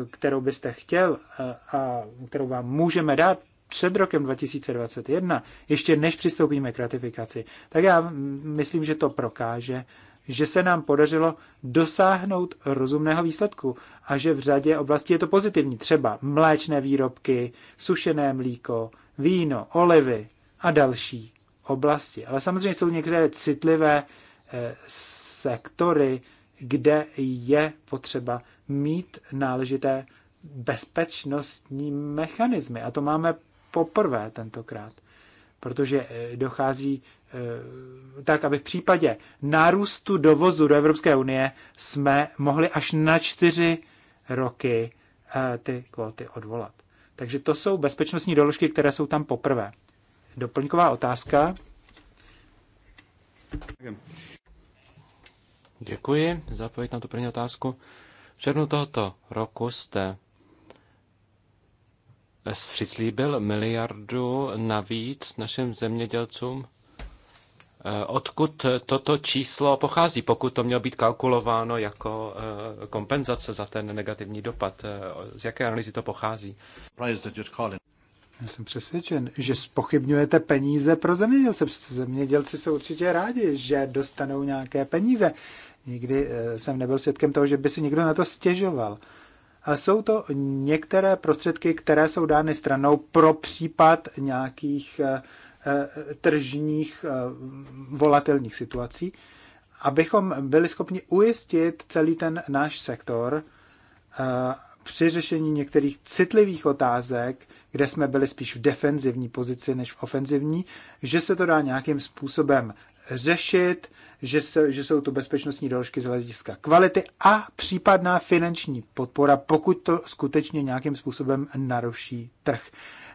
eh, kterou byste chtěl eh, a kterou vám můžeme dát, před rokem 2021, ještě než přistoupíme k ratifikaci, tak já myslím, že to prokáže, že se nám podařilo dosáhnout rozumného výsledku a že v řadě oblastí je to pozitivní. Třeba mléčné výrobky, sušené mlíko, víno, olivy a další oblasti. Ale samozřejmě jsou některé citlivé eh, sektory, kde je potřeba mít náležité bezpečnostní mechanismy. A to máme poprvé tentokrát, protože eh, dochází eh, tak, aby v případě nárůstu dovozu do Evropské unie jsme mohli až na čtyři roky eh, ty kvóty odvolat. Takže to jsou bezpečnostní doložky, které jsou tam poprvé. Doplňková otázka. Děkuji za odpověď na tu první otázku. V červnu tohoto roku jste přislíbil miliardu navíc našim zemědělcům. Eh, odkud toto číslo pochází, pokud to mělo být kalkulováno jako eh, kompenzace za ten negativní dopad? Eh, z jaké analýzy to pochází? Já jsem přesvědčen, že spochybňujete peníze pro zemědělce. Přece zemědělci jsou určitě rádi, že dostanou nějaké peníze. Nikdy jsem nebyl svědkem toho, že by si někdo na to stěžoval. A jsou to některé prostředky, které jsou dány stranou pro případ nějakých eh, eh, tržních eh, volatelních situací, abychom byli schopni ujistit celý ten náš sektor při řešení některých citlivých otázek, kde jsme byli spíš v defenzivní pozici než v ofenzivní, že se to dá nějakým způsobem řešit, že, se, že jsou to bezpečnostní doložky z hlediska kvality a případná finanční podpora, pokud to skutečně nějakým způsobem naruší trh.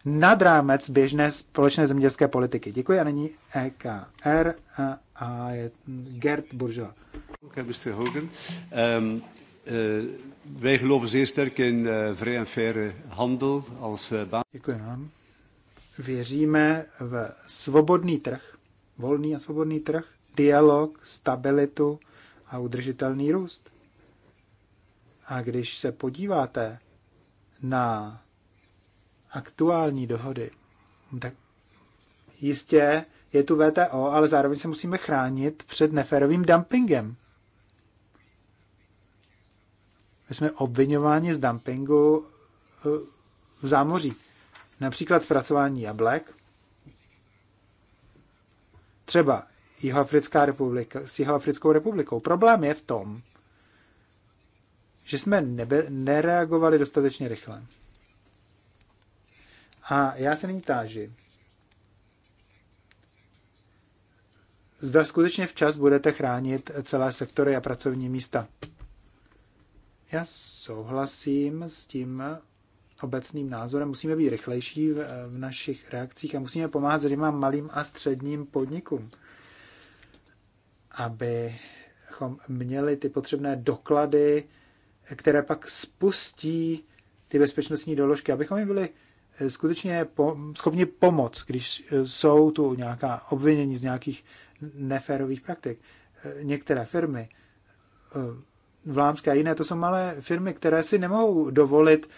Nad rámec běžné společné zemědělské politiky. Děkuji a není EKR a, a je Gert Buržova. Ehm, eh, eh, eh, Děkuji vám. Věříme v svobodný trh, volný a svobodný trh, dialog, stabilitu a udržitelný růst. A když se podíváte na aktuální dohody, tak jistě je tu VTO, ale zároveň se musíme chránit před neférovým dumpingem. My jsme obvinováni z dumpingu eh, v zámoří. Například zpracování jablek. Třeba Jihoafrická republika, s Jihoafrickou republikou. Problém je v tom, že jsme nebe, nereagovali dostatečně rychle. A já se nyní táži, zda skutečně včas budete chránit celé sektory a pracovní místa. Já souhlasím s tím obecným názorem. Musíme být rychlejší v, v našich reakcích a musíme pomáhat zřejmě malým a středním podnikům abychom měli ty potřebné doklady, které pak spustí ty bezpečnostní doložky, abychom jim byli eh, skutečně po, schopni pomoct, když eh, jsou tu nějaká obvinění z nějakých neférových praktik. Eh, některé firmy, vlámské a jiné, to jsou malé firmy, které si nemohou dovolit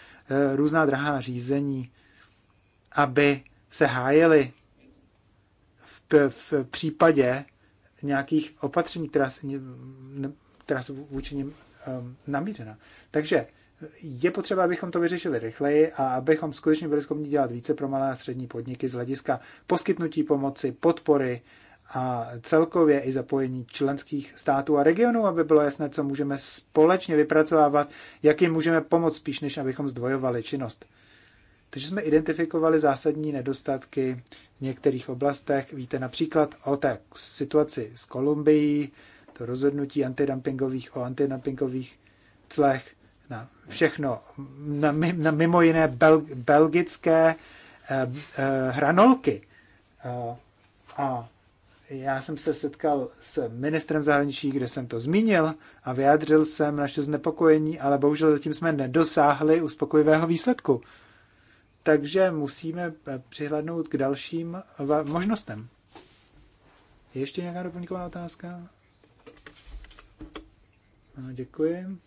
různá drahá řízení, aby se hájily v, v případě, nějakých opatření, která, se, která jsou vůči ním um, ehm, namířena. Takže je potřeba, abychom to vyřešili rychleji a abychom skutečně byli schopni dělat více pro malé a střední podniky z hlediska poskytnutí pomoci, podpory a celkově i zapojení členských států a regionů, aby bylo jasné, co můžeme společně vypracovávat, jak jim můžeme pomoct spíš, než abychom zdvojovali činnost. Takže jsme identifikovali zásadní nedostatky v některých oblastech. Víte například o té situaci s Kolumbií, to rozhodnutí antidumpingových o antidumpingových clech na všechno, na, na mimo jiné bel, belgické eh, eh, hranolky. Eh, a já jsem se setkal s ministrem zahraničí, kde jsem to zmínil a vyjádřil jsem naše znepokojení, ale bohužel zatím jsme nedosáhli uspokojivého výsledku takže musíme eh, přihlednout k dalším eh, možnostem. Je ještě nějaká doplňková otázka? No, děkuji.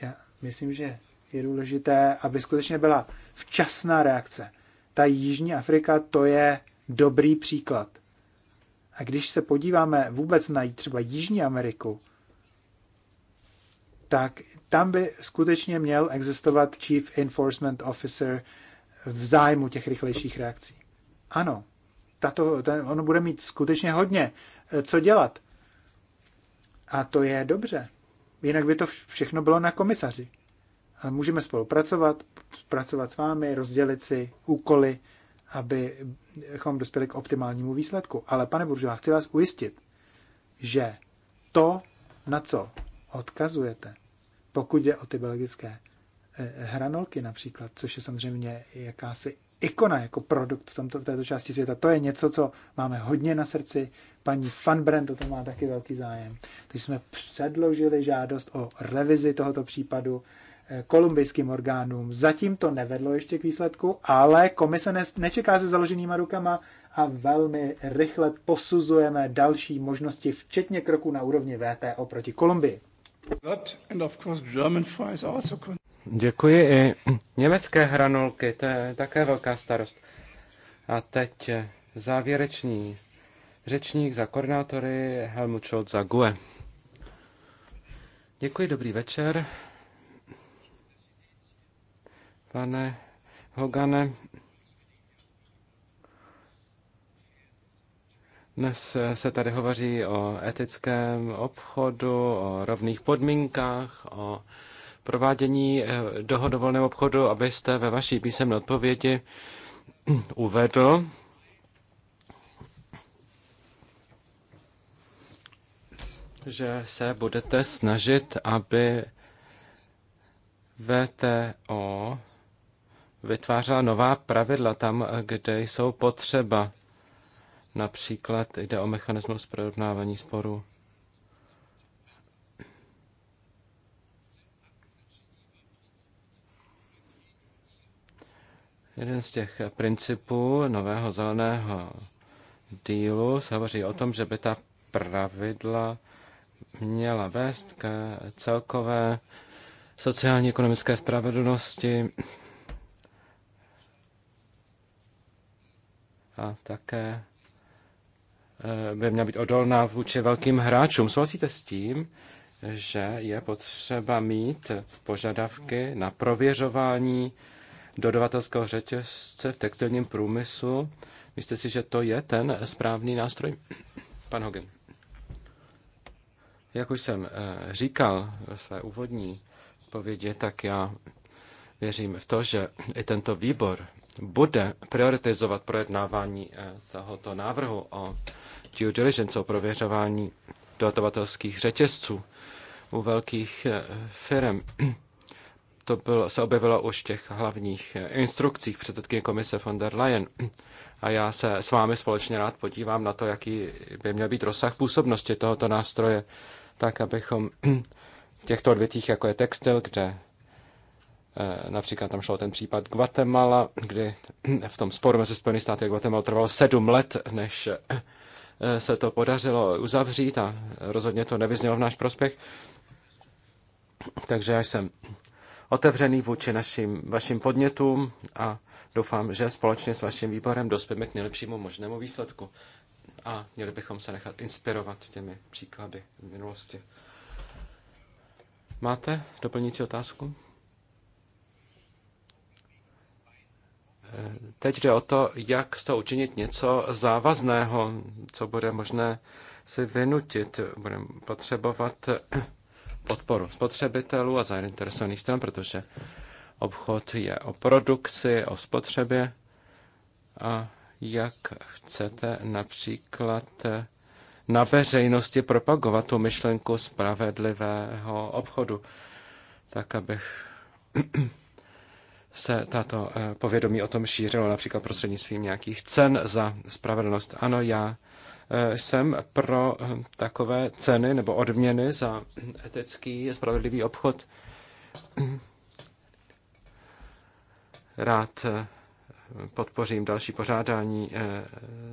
Já myslím, že je důležité, aby skutečně byla včasná reakce. Ta Jižní Afrika to je dobrý příklad. A když se podíváme vůbec na třeba Jižní Ameriku, tak tam by skutečně měl existovat Chief Enforcement Officer v zájmu těch rychlejších reakcí. Ano, tato, ten, ono bude mít skutečně hodně eh, co dělat. A to je dobře. Jinak by to všechno bylo na komisaři. Ale můžeme spolupracovat, pracovat s vámi, rozdělit si úkoly, abychom dospěli k optimálnímu výsledku. Ale pane Buržová, chci vás ujistit, že to, na co odkazujete, pokud je o ty belgické eh, hranolky například, což je samozřejmě jakási ikona jako produkt v, tomto, v této části světa. To je něco, co máme hodně na srdci. Paní Fanbrand o to má taky velký zájem. Takže jsme předložili žádost o revizi tohoto případu eh, kolumbijským orgánům. Zatím to nevedlo ještě k výsledku, ale komise nečeká se založenýma rukama a velmi rychle posuzujeme další možnosti, včetně kroku na úrovni VTO proti Kolumbii. Děkuji i německé hranolky, to je také velká starost. A teď eh, závěrečný řečník za koordinátory Helmut Scholz za GUE. Děkuji, dobrý večer. Pane Hogane, Dnes se tady hovoří o etickém obchodu, o rovných podmínkách, o provádění eh, dohodovolného obchodu, abyste ve vaší písemné odpovědi (clears throat) uvedl, že se budete snažit, aby VTO vytvářela nová pravidla tam, kde jsou potřeba. Například jde o mechanismus prorovnávání sporů. Jeden z těch principů nového zeleného dílu se hovoří o tom, že by ta pravidla měla vést k celkové sociálně ekonomické spravedlnosti a také Eh, by měla být odolná vůči velkým hráčům. Souhlasíte s tím, že je potřeba mít požadavky na prověřování dodavatelského řetězce v textilním průmyslu. Myslíte si, že to je ten správný nástroj? Pan Hogan. Jak už jsem eh, říkal ve své úvodní povědi, tak já věřím v to, že i tento výbor bude prioritizovat projednávání eh, tohoto návrhu o due diligence, o prověřování dodavatelských řetězců u velkých eh, firm. (clears throat) To bylo, se objevilo už v těch hlavních eh, instrukcích předsedky komise von der Leyen. A já se s vámi společně rád podívám na to, jaký by měl být rozsah působnosti tohoto nástroje, tak abychom v (clears throat) těchto odvětích, jako je textil, kde eh, Například tam šlo ten případ Guatemala, kdy (clears throat) v tom sporu mezi Spojenými státy a Guatemala trvalo sedm let, než Eh, se to podařilo uzavřít a rozhodně to nevyznělo v náš prospěch. Takže já jsem otevřený vůči našim, vašim podnětům a doufám, že společně s vaším výborem dospěme k nejlepšímu možnému výsledku. A měli bychom se nechat inspirovat těmi příklady v minulosti. Máte doplňující otázku? Teď jde o to, jak z toho učinit něco závazného, co bude možné si vynutit. Budeme potřebovat podporu spotřebitelů a zainteresovaných stran, protože obchod je o produkci, o spotřebě a jak chcete například na veřejnosti propagovat tu myšlenku spravedlivého obchodu, tak abych se tato eh, povědomí o tom šířilo například prostřednictvím nějakých cen za spravedlnost. Ano, já eh, jsem pro eh, takové ceny nebo odměny za etický spravedlivý obchod. (clears throat) Rád podpořím další pořádání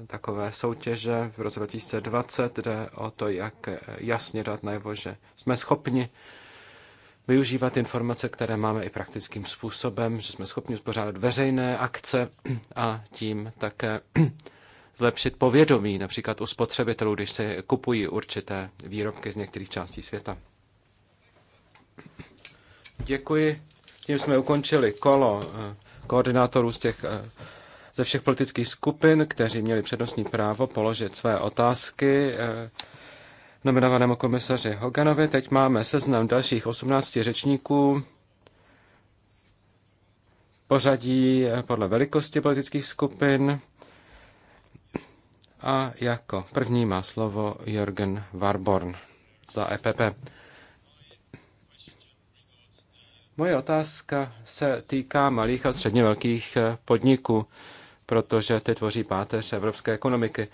takové soutěže v roce 2020, jde o to, jak jasně dát najevo, že jsme schopni využívat informace, které máme i praktickým způsobem, že jsme schopni uspořádat veřejné akce a tím také zlepšit povědomí například u spotřebitelů, když si kupují určité výrobky z některých částí světa. Děkuji. Tím jsme ukončili kolo eh, koordinátorů z těch, eh, ze všech politických skupin, kteří měli přednostní právo položit své otázky. Eh, nominovanému komisaři Hoganovi. Teď máme seznam dalších 18 řečníků. Pořadí podle velikosti politických skupin. A jako první má slovo Jürgen Warborn za EPP. Moje otázka se týká malých a středně velkých podniků, protože ty tvoří páteř evropské ekonomiky.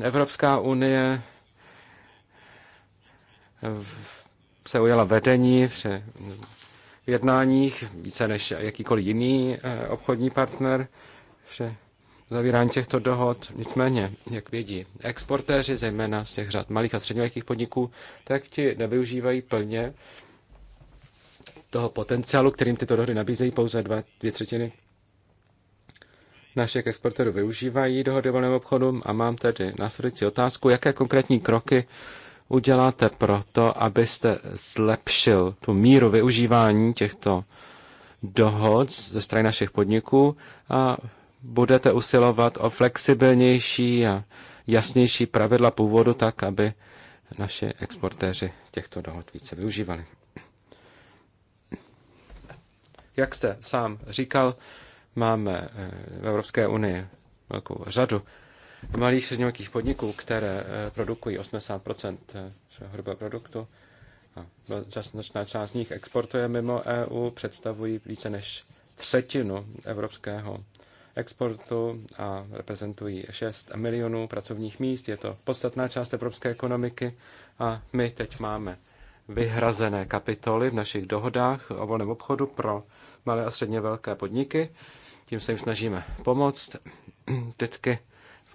Evropská unie se ujala vedení v jednáních více než jakýkoliv jiný eh, obchodní partner při zavírání těchto dohod. Nicméně, jak vědí exportéři, zejména z těch řad malých a středních podniků, tak ti nevyužívají plně toho potenciálu, kterým tyto dohody nabízejí pouze dva, dvě třetiny našich exportérů využívají dohody o obchodu a mám tedy následující otázku, jaké konkrétní kroky uděláte proto, abyste zlepšil tu míru využívání těchto dohod ze strany našich podniků a budete usilovat o flexibilnější a jasnější pravidla původu tak, aby naši exportéři těchto dohod více využívali. Jak jste sám říkal, máme eh, v Evropské unii velkou řadu malých a středních podniků, které eh, produkují 80 eh, svého hrubého produktu, a značná část z nich exportuje mimo EU, představují více než třetinu evropského exportu a reprezentují 6 milionů pracovních míst. Je to podstatná část evropské ekonomiky a my teď máme vyhrazené kapitoly v našich dohodách o volném obchodu pro malé a středně velké podniky. Tím se jim snažíme pomoct. Vždycky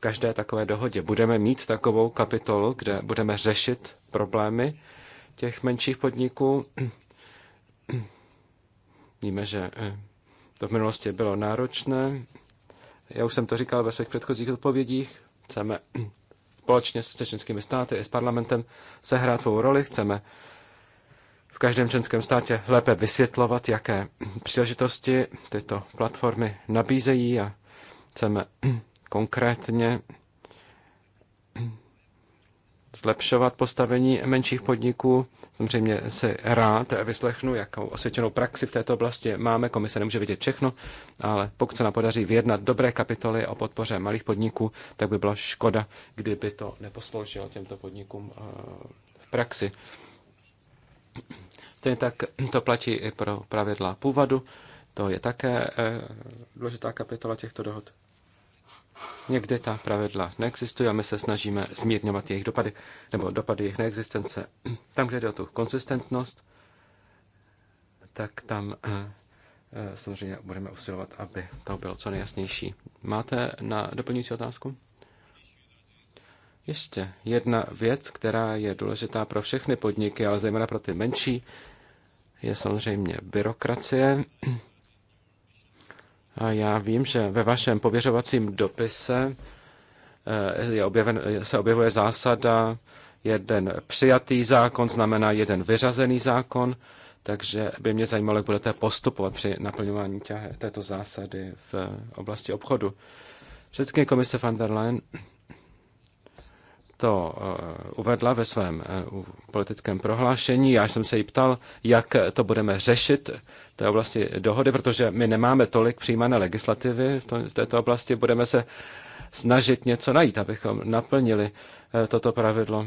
každé takové dohodě budeme mít takovou kapitolu, kde budeme řešit problémy těch menších podniků. (clears throat) Víme, že eh, to v minulosti bylo náročné. Já už jsem to říkal ve svých předchozích odpovědích. Chceme (clears throat) společně s čečenskými státy i s parlamentem sehrát svou roli. Chceme v každém členském státě lépe vysvětlovat, jaké (clears throat) příležitosti tyto platformy nabízejí a chceme konkrétně zlepšovat postavení menších podniků. Samozřejmě si rád vyslechnu, jakou osvědčenou praxi v této oblasti máme. Komise nemůže vidět všechno, ale pokud se nám podaří vyjednat dobré kapitoly o podpoře malých podniků, tak by byla škoda, kdyby to neposloužilo těmto podnikům eh, v praxi. Stejně tak to platí i pro pravidla původu. To je také eh, důležitá kapitola těchto dohod. Někde ta pravidla neexistují a my se snažíme zmírňovat jejich dopady, nebo dopady jejich neexistence. (clears throat) Tam, kde jde o tu konsistentnost, tak tam eh, eh, samozřejmě budeme usilovat, aby to bylo co nejjasnější. Máte na doplňující otázku? Ještě jedna věc, která je důležitá pro všechny podniky, ale zejména pro ty menší, je samozřejmě byrokracie. (clears throat) A já vím, že ve vašem pověřovacím dopise eh, je objeven, se objevuje zásada jeden přijatý zákon znamená jeden vyřazený zákon, takže by mě zajímalo, jak budete postupovat při naplňování těch, této zásady v oblasti obchodu. Všechny komise van der Leyen to eh, uvedla ve svém eh, politickém prohlášení. Já jsem se jí ptal, jak to budeme řešit té oblasti dohody, protože my nemáme tolik přijímané legislativy v této oblasti. Budeme se snažit něco najít, abychom naplnili eh, toto pravidlo.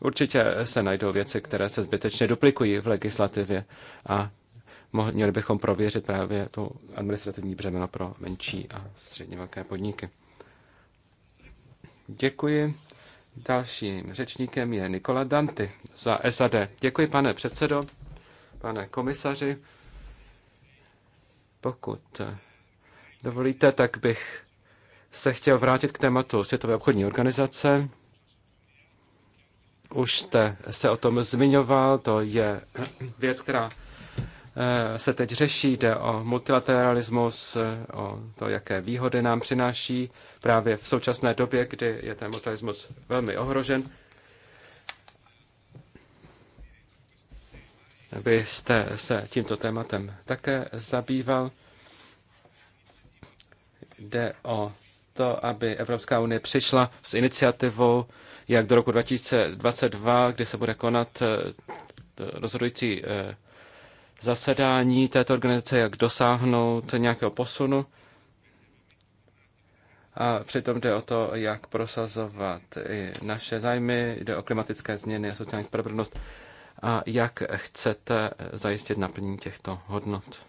Určitě se najdou věci, které se zbytečně duplikují v legislativě a měli bychom prověřit právě to administrativní břemeno pro menší a středně velké podniky. Děkuji. Dalším řečníkem je Nikola Danti za SAD. Děkuji, pane předsedo, pane komisaři. Pokud eh, dovolíte, tak bych se chtěl vrátit k tématu Světové obchodní organizace. Už jste se o tom zmiňoval, to je (clears throat) věc, která Eh, se teď řeší. Jde o multilateralismus, eh, o to, jaké výhody nám přináší právě v současné době, kdy je ten multilateralismus velmi ohrožen. Vy jste se tímto tématem také zabýval. Jde o to, aby Evropská unie přišla s iniciativou, jak do roku 2022, kdy se bude konat eh, rozhodující zasedání této organizace, jak dosáhnout nějakého posunu. A přitom jde o to, jak prosazovat i naše zájmy, jde o klimatické změny a sociální spravedlnost a jak chcete zajistit naplnění těchto hodnot.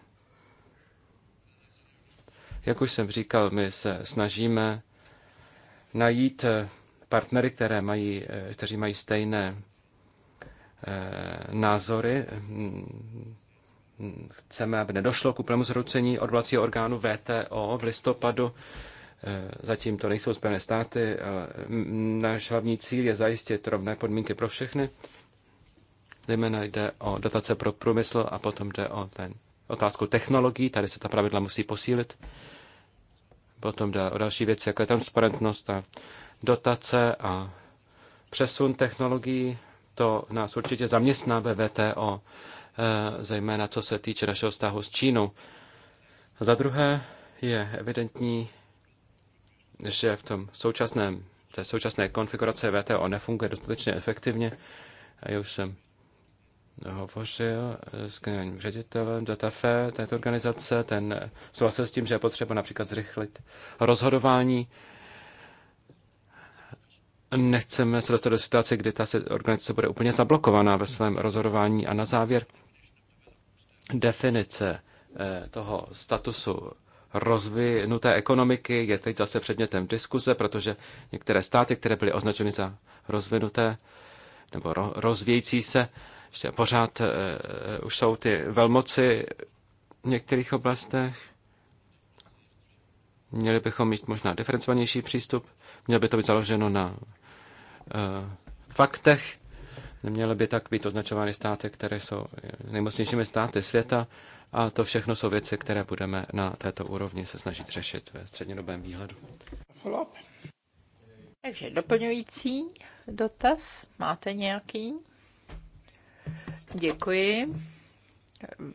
Jak už jsem říkal, my se snažíme najít partnery, které mají, kteří mají stejné eh, názory chceme, aby nedošlo k úplnému zrucení odvolacího orgánu VTO v listopadu. Eh, zatím to nejsou Spojené státy, ale náš hlavní cíl je zajistit rovné podmínky pro všechny. Zejména jde o dotace pro průmysl a potom jde o ten, otázku technologií. Tady se ta pravidla musí posílit. Potom jde o další věci, jako je transparentnost a dotace a přesun technologií. To nás určitě zaměstná ve VTO Eh, zejména co se týče našeho vztahu s Čínou. za druhé je evidentní, že v tom současném, té současné konfigurace VTO nefunguje dostatečně efektivně. Já už jsem hovořil eh, s generálním ředitelem DataFe této organizace, ten eh, souhlasil s tím, že je potřeba například zrychlit rozhodování. Nechceme se dostat do situace, kdy ta organizace bude úplně zablokovaná ve svém rozhodování. A na závěr definice eh, toho statusu rozvinuté ekonomiky je teď zase předmětem diskuze, protože některé státy, které byly označeny za rozvinuté nebo rozvějící rozvíjící se, ještě pořád uh, už jsou ty velmoci v některých oblastech. Měli bychom mít možná diferencovanější přístup, mělo by to být založeno na uh, faktech Neměly by tak být označovány státy, které jsou nejmocnějšími státy světa a to všechno jsou věci, které budeme na této úrovni se snažit řešit ve střednědobém výhledu. Takže doplňující dotaz, máte nějaký? Děkuji.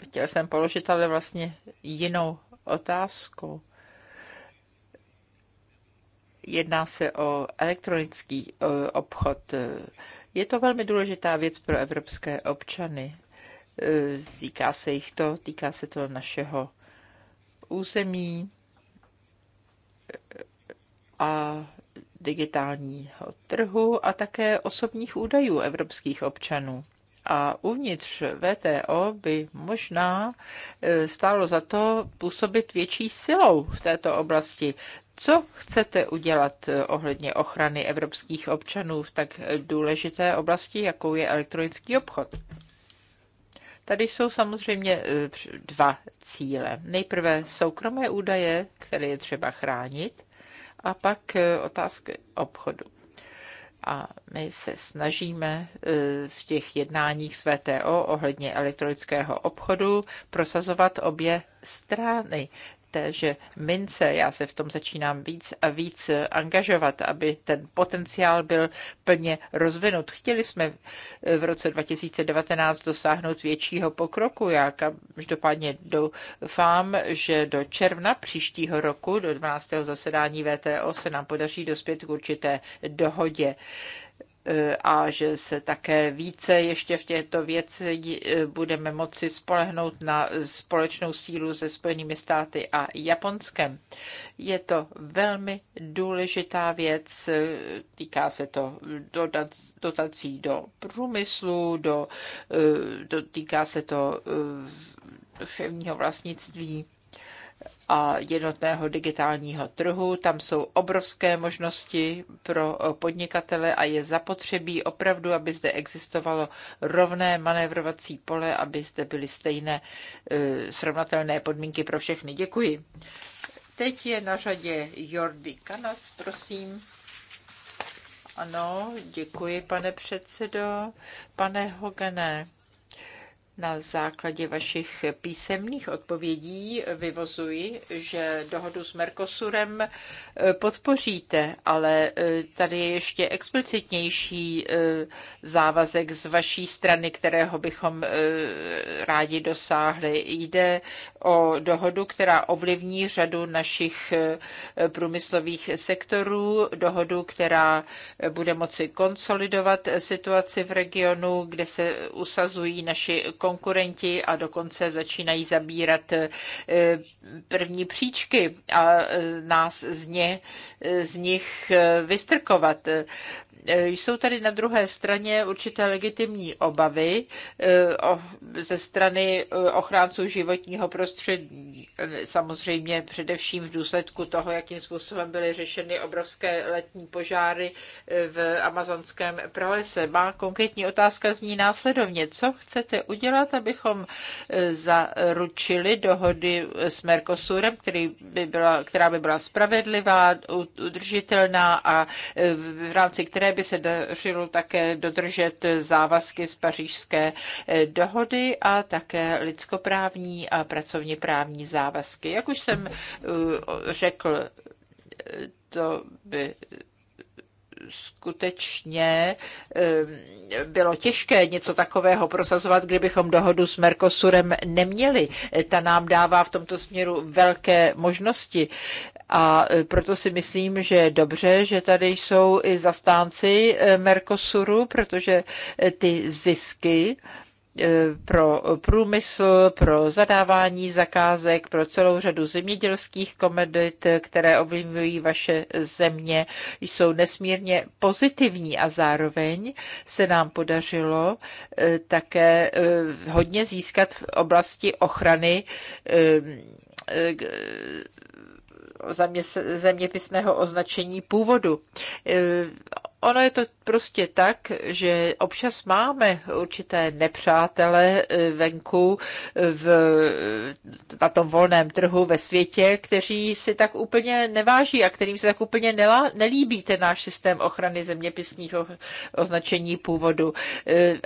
Chtěl jsem položit ale vlastně jinou otázku. Jedná se o elektronický eh, obchod. Je to velmi důležitá věc pro evropské občany. E, týká se jich to, týká se to našeho území e, a digitálního trhu a také osobních údajů evropských občanů. A uvnitř VTO by možná e, stálo za to působit větší silou v této oblasti. Co chcete udělat eh, ohledně ochrany evropských občanů v tak důležité oblasti, jakou je elektronický obchod? Tady jsou samozřejmě eh, dva cíle. Nejprve soukromé údaje, které je třeba chránit, a pak eh, otázky obchodu. A my se snažíme v těch jednáních s VTO ohledně elektronického obchodu prosazovat obě strany víte, že mince, já se v tom začínám víc a víc angažovat, aby ten potenciál byl plně rozvinut. Chtěli jsme eh, v roce 2019 dosáhnout většího pokroku. Já každopádně doufám, že do června příštího roku, do 12. zasedání VTO, se nám podaří dospět k určité dohodě a že se také více ještě v těchto věci eh, budeme moci spolehnout na společnou sílu se Spojenými státy a Japonskem. Je to velmi důležitá věc, eh, týká se to dotací do průmyslu, do, eh, do, týká se to duševního vlastnictví a jednotného digitálního trhu. Tam jsou obrovské možnosti pro eh, podnikatele a je zapotřebí opravdu, aby zde existovalo rovné manévrovací pole, aby zde byly stejné eh, srovnatelné podmínky pro všechny. Děkuji. Teď je na řadě Jordi Kanas, prosím. Ano, děkuji, pane předsedo. Pane Hogané, na základě vašich písemných odpovědí vyvozuji, že dohodu s Mercosurem e, podpoříte, ale e, tady je ještě explicitnější e, závazek z vaší strany, kterého bychom rádi dosáhli. Jde o dohodu, která ovlivní řadu našich eh, průmyslových sektorů, dohodu, která bude moci konsolidovat situaci v regionu, kde se usazují naši konkurenti a dokonce začínají zabírat eh, první příčky a eh, nás z, ně, z nich vystrkovat. Eh, jsou tady na druhé straně určité legitimní obavy eh, ze strany eh, ochránců životního prostředí. Samozřejmě především v důsledku toho, jakým způsobem byly řešeny obrovské letní požáry v amazonském pralese. Má konkrétní otázka zní následovně. Co chcete udělat, abychom zaručili dohody s Mercosurem, který by byla, která by byla spravedlivá, udržitelná a v rámci které které by se dařilo také dodržet závazky z pařížské eh, dohody a také lidskoprávní a pracovně právní závazky. Jak už jsem eh, řekl, eh, to by skutečně eh, bylo těžké něco takového prosazovat, kdybychom dohodu s Mercosurem neměli. Ta nám dává v tomto směru velké možnosti. A eh, proto si myslím, že je dobře, že tady jsou i zastánci eh, Mercosuru, protože ty zisky, E, pro průmysl, pro zadávání zakázek, pro celou řadu zemědělských komedit, které ovlivňují vaše země, jsou nesmírně pozitivní a zároveň se nám podařilo e, také e, hodně získat v oblasti ochrany zeměpisného označení původu. Ono je to prostě tak, že občas máme určité nepřátele eh, venku eh, v, eh, na tom volném trhu ve světě, kteří si tak úplně neváží a kterým se tak úplně nela, nelíbí ten náš systém ochrany zeměpisných označení původu.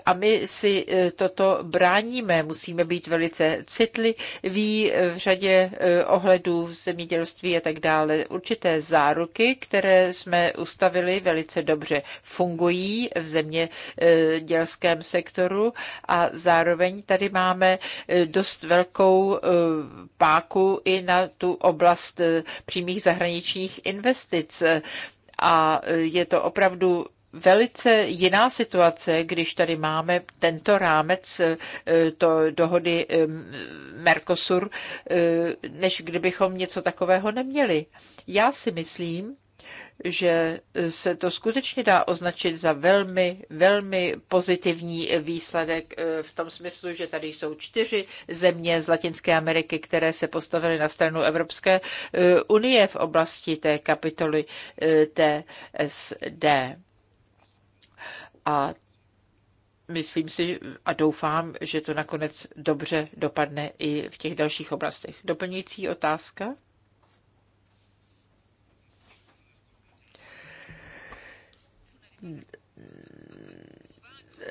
A my si toto bráníme, musíme být velice citliví v řadě ohledů v zemědělství a tak dále. Určité záruky, které jsme ustavili velice dobře, dobře fungují v zemědělském eh, sektoru a zároveň tady máme eh, dost velkou eh, páku i na tu oblast přímých zahraničních investic. A je to opravdu velice jiná situace, když tady máme tento rámec to dohody Mercosur, než kdybychom něco takového neměli. Já si myslím, že se to skutečně dá označit za velmi, velmi pozitivní výsledek eh, v tom smyslu, že tady jsou čtyři země z Latinské Ameriky, které se postavily na stranu Evropské eh, unie v oblasti té kapitoly eh, TSD. A myslím si a doufám, že to nakonec dobře dopadne i v těch dalších oblastech. Doplňující otázka?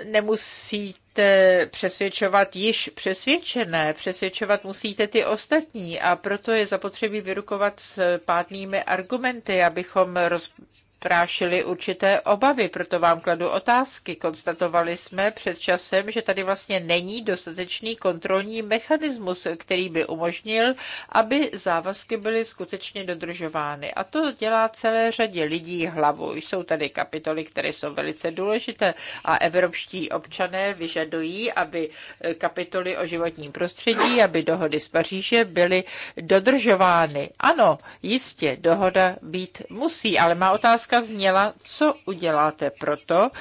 nemusíte přesvědčovat již přesvědčené, přesvědčovat musíte ty ostatní a proto je zapotřebí vyrukovat s pádnými argumenty, abychom roz, prášili určité obavy, proto vám kladu otázky. Konstatovali jsme před časem, že tady vlastně není dostatečný kontrolní mechanismus, který by umožnil, aby závazky byly skutečně dodržovány. A to dělá celé řadě lidí hlavu. Jsou tady kapitoly, které jsou velice důležité a evropští občané vyžadují, aby kapitoly o životním prostředí, aby dohody z Paříže byly dodržovány. Ano, jistě, dohoda být musí, ale má otázka, otázka zněla, co uděláte proto,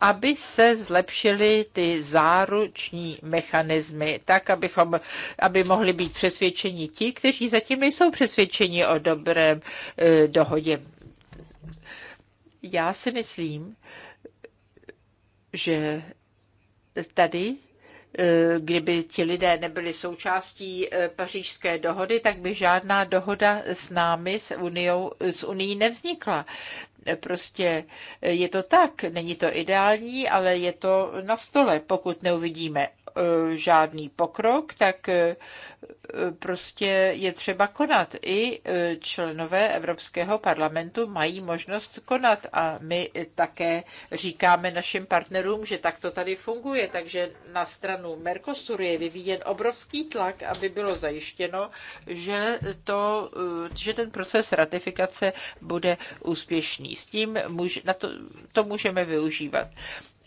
aby se zlepšily ty záruční mechanismy, tak, abychom, aby mohli být přesvědčeni ti, kteří zatím nejsou přesvědčeni o dobrém e, dohodě. Já si myslím, že tady eh, kdyby ti lidé nebyli součástí eh, pařížské dohody, tak by žádná dohoda s námi, s, Uniou, s Unii nevznikla. Prostě je to tak, není to ideální, ale je to na stole, pokud neuvidíme Eh, žádný pokrok, tak eh, prostě je třeba konat. I eh, členové Evropského parlamentu mají možnost konat a my také říkáme našim partnerům, že tak to tady funguje, takže na stranu Mercosuru je vyvíjen obrovský tlak, aby bylo zajištěno, že, to, že ten proces ratifikace bude úspěšný. S tím může, na to, to můžeme využívat.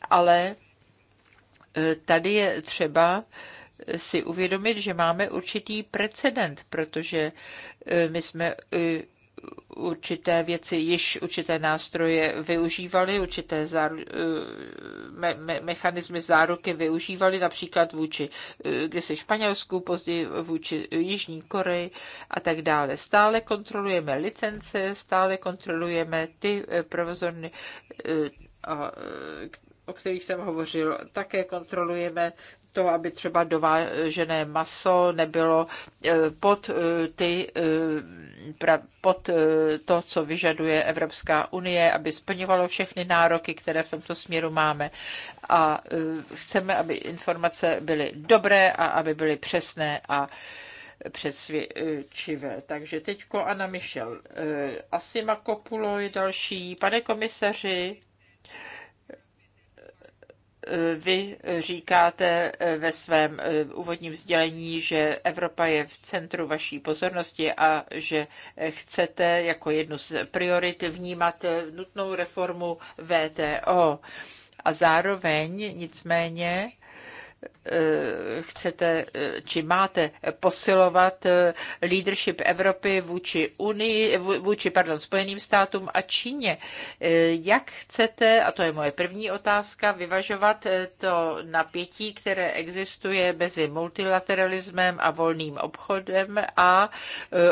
Ale tady je třeba si uvědomit, že máme určitý precedent, protože e, my jsme e, určité věci, již určité nástroje využívali, určité záru, e, me, me, mechanismy záruky využívali, například vůči kdysi Španělsku, později vůči Jižní Koreji a tak dále. Stále kontrolujeme licence, stále kontrolujeme ty provozorny, o kterých jsem hovořil. Také kontrolujeme to, aby třeba dovážené maso nebylo eh, pod, eh, ty, eh, pod to, co vyžaduje Evropská unie, aby splňovalo všechny nároky, které v tomto směru máme. A chceme, aby informace byly dobré a aby byly přesné a přesvědčivé. Takže teďko Anna Michel. Asima Kopulo je další. Pane komisaři, vy říkáte eh, ve svém eh, úvodním sdělení, že Evropa je v centru vaší pozornosti a že eh, chcete jako jednu z priorit vnímat nutnou reformu VTO. A zároveň nicméně Eh, chcete eh, či máte posilovat eh, leadership Evropy vůči Unii, vůči, pardon, Spojeným státům a Číně. Jak chcete, a to je moje první otázka, vyvažovat to napětí, které existuje mezi multilateralismem a volným obchodem a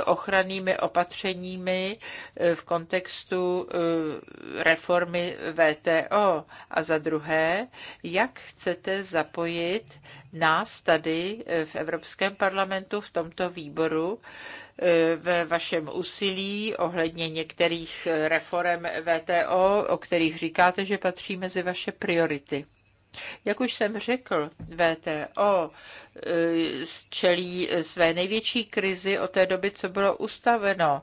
ochrannými opatřeními v kontextu reformy VTO? A za druhé, jak chcete zapojit zapojit nás tady eh, v Evropském parlamentu, v tomto výboru, eh, ve vašem úsilí ohledně některých eh, reform VTO, o kterých říkáte, že patří mezi vaše priority. Jak už jsem řekl, VTO čelí své největší krizi od té doby, co bylo ustaveno.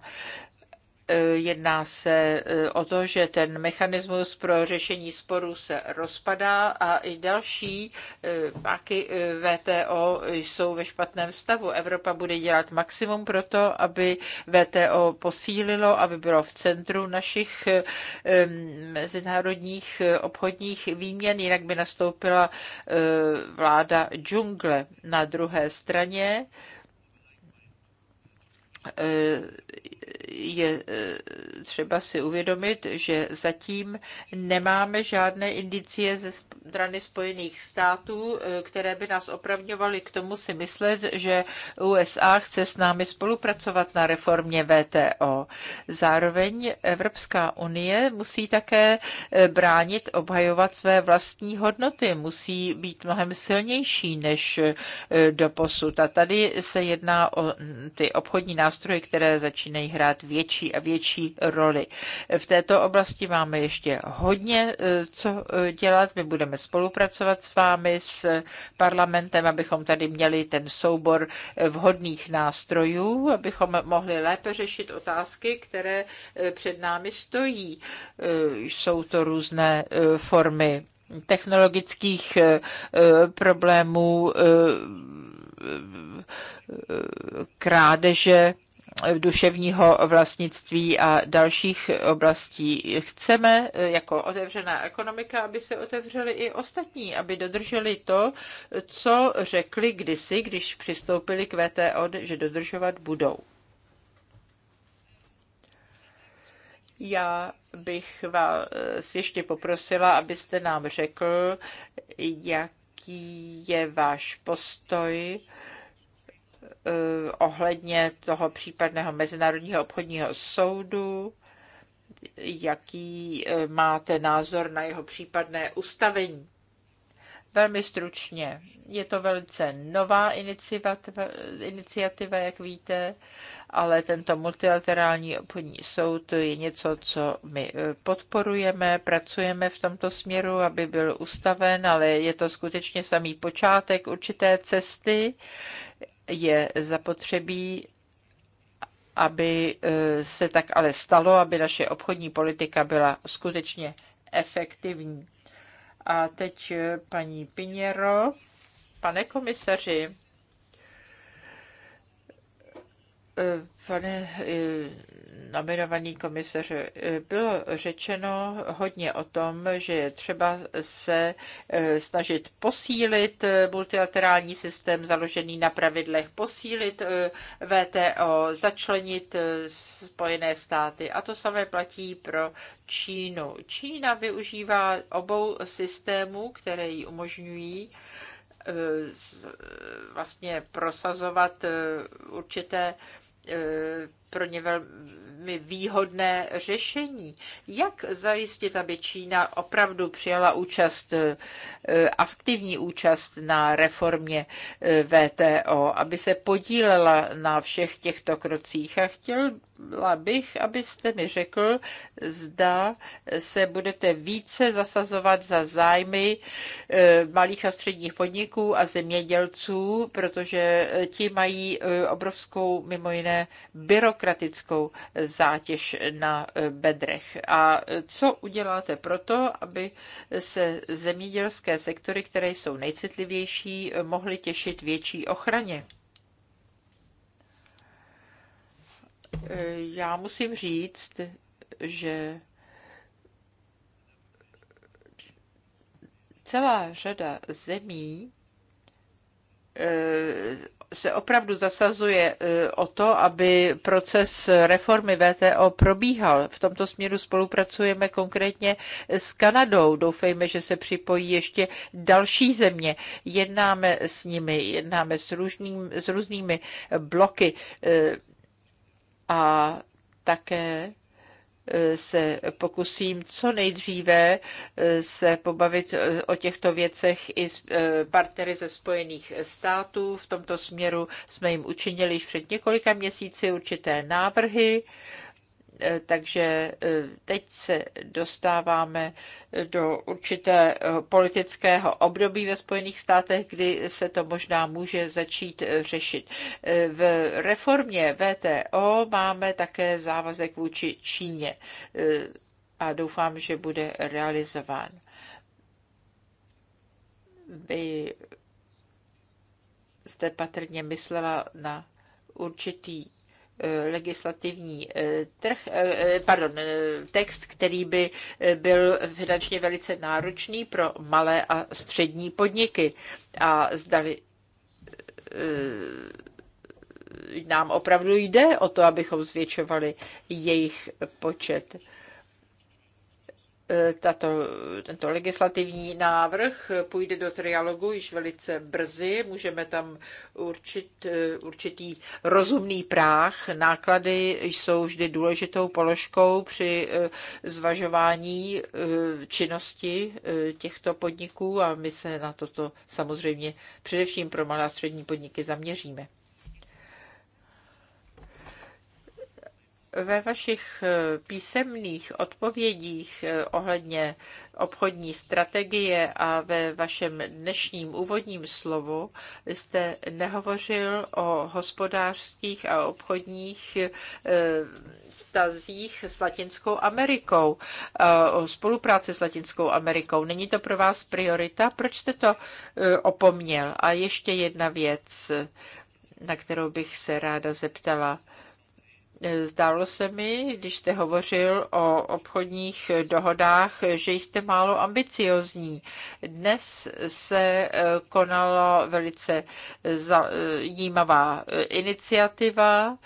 E, jedná se e, o to, že ten mechanismus pro řešení sporů se rozpadá a i další e, páky VTO jsou ve špatném stavu. Evropa bude dělat maximum pro to, aby VTO posílilo, aby bylo v centru našich mezinárodních obchodních výměn, jinak by nastoupila vláda džungle. Na druhé straně je eh, třeba si uvědomit, že zatím nemáme žádné indicie ze strany Spojených států, eh, které by nás opravňovaly k tomu si myslet, že USA chce s námi spolupracovat na reformě VTO. Zároveň Evropská unie musí také eh, bránit, obhajovat své vlastní hodnoty, musí být mnohem silnější než do posud. A tady se jedná o mm, ty obchodní nástroje, které začínají začínají hrát větší a větší roli. V této oblasti máme ještě hodně e, co e, dělat. My budeme spolupracovat s vámi, s parlamentem, abychom tady měli ten soubor e, vhodných nástrojů, abychom mohli lépe řešit otázky, které před námi stojí. Jsou to různé formy technologických problémů, krádeže duševního vlastnictví a dalších oblastí. Chceme eh, jako otevřená ekonomika, aby se otevřeli i ostatní, aby dodrželi to, co řekli kdysi, když přistoupili k VTO, že dodržovat budou. Já bych vás ještě poprosila, abyste nám řekl, jaký je váš postoj Eh, ohledně toho případného Mezinárodního obchodního soudu, jaký eh, máte názor na jeho případné ustavení. Velmi stručně, je to velice nová iniciativa, iniciativa, jak víte, ale tento multilaterální obchodní soud je něco, co my eh, podporujeme, pracujeme v tomto směru, aby byl ustaven, ale je to skutečně samý počátek určité cesty je zapotřebí aby eh, se tak ale stalo, aby naše obchodní politika byla skutečně efektivní. A teď eh, paní Piněro, pane komisaři, pane eh, nominovaný komisaře, eh, bylo řečeno hodně o tom, že je třeba se eh, snažit posílit multilaterální systém založený na pravidlech, posílit VTO, začlenit Spojené státy. A to samé platí pro Čínu. Čína využívá obou systémů, které ji umožňují vlastně prosazovat určité Euh, pro ně velmi výhodné řešení. Jak zajistit, aby Čína opravdu přijala účast, eh, aktivní účast na reformě eh, VTO, aby se podílela na všech těchto krocích? A chtěla bych, abyste mi řekl, zda se budete více zasazovat za zájmy eh, malých a středních podniků a zemědělců, protože ti mají obrovskou mimo jiné byrokracii byrokratickou zátěž na e, bedrech. A co uděláte proto, aby se zemědělské sektory, které jsou nejcitlivější, mohly těšit větší ochraně? E, já musím říct, že celá řada zemí e, se opravdu zasazuje e, o to, aby proces reformy VTO probíhal. V tomto směru spolupracujeme konkrétně s Kanadou. Doufejme, že se připojí ještě další země. Jednáme s nimi, jednáme s, různým, s různými bloky e, a také se pokusím co nejdříve eh, se pobavit eh, o těchto věcech i s eh, partnery ze Spojených států. V tomto směru jsme jim učinili již před několika měsíci určité návrhy Eh, takže eh, teď se dostáváme eh, do určité politického období ve Spojených státech, kdy se to možná může začít řešit. V reformě VTO máme také závazek vůči Číně a doufám, že bude realizován. Vy jste patrně myslela na určitý Eh, legislativní eh, trh, eh, pardon, text, který by byl finančně velice náročný pro malé a střední podniky. A zdali nám opravdu jde o to, abychom zvětšovali jejich počet tato, tento legislativní návrh půjde do trialogu již velice brzy. Můžeme tam určit určitý rozumný práh. Náklady jsou vždy důležitou položkou při eh, zvažování eh, činnosti eh, těchto podniků a my se na toto samozřejmě především pro malé a střední podniky zaměříme. ve vašich eh, písemných odpovědích eh, ohledně obchodní strategie a ve vašem dnešním úvodním slovu jste nehovořil o hospodářských a obchodních stazích eh, s Latinskou Amerikou, o spolupráci s Latinskou Amerikou. Není to pro vás priorita? Proč jste to opomněl? A ještě jedna věc, na kterou bych se ráda zeptala Zdálo se mi, když jste hovořil o obchodních dohodách, že jste málo ambiciozní. Dnes se eh, konala velice eh, zajímavá eh, iniciativa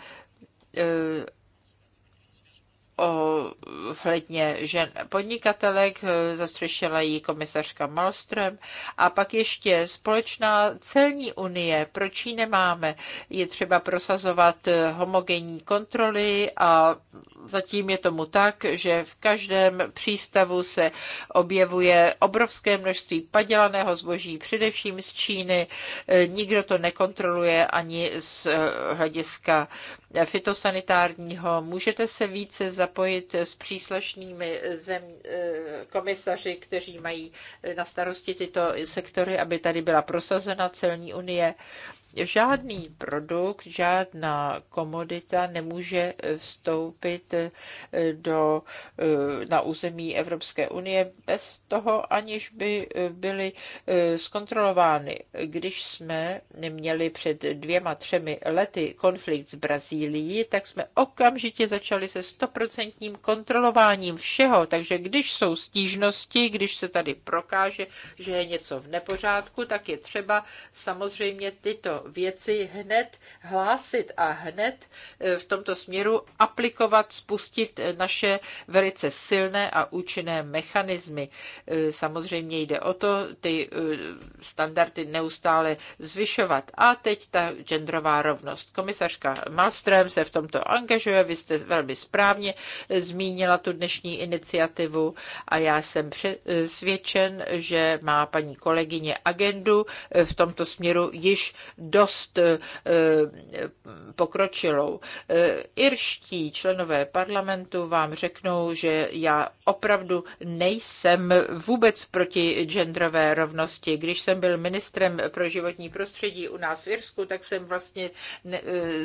ohledně žen podnikatelek, e, zastřešila ji komisařka Malström. A pak ještě společná celní unie, proč ji nemáme? Je třeba prosazovat e, homogenní kontroly a zatím je tomu tak, že v každém přístavu se objevuje obrovské množství padělaného zboží, především z Číny. E, nikdo to nekontroluje ani z hlediska fitosanitárního. Můžete se více zapojit s příslušnými zem, eh, komisaři, kteří mají na starosti tyto sektory, aby tady byla prosazena celní unie žádný produkt, žádná komodita nemůže vstoupit eh, do, eh, na území Evropské unie bez toho, aniž by eh, byly zkontrolovány. Když jsme měli před dvěma, třemi lety konflikt s Brazílií, tak jsme okamžitě začali se stoprocentním kontrolováním všeho. Takže když jsou stížnosti, když se tady prokáže, že je něco v nepořádku, tak je třeba samozřejmě tyto věci hned hlásit a hned eh, v tomto směru aplikovat, spustit eh, naše velice silné a účinné mechanismy. Eh, samozřejmě jde o to ty standardy neustále zvyšovat. A teď ta genderová rovnost. Komisařka Malström se v tomto angažuje, vy jste velmi správně zmínila tu dnešní iniciativu a já jsem přesvědčen, že má paní kolegyně agendu v tomto směru již dost eh, eh, pokročilou. Eh, irští členové parlamentu vám řeknou, že já opravdu nejsem vůbec proti genderové rovnosti. Když jsem byl ministrem pro životní prostředí u nás v Irsku, tak jsem vlastně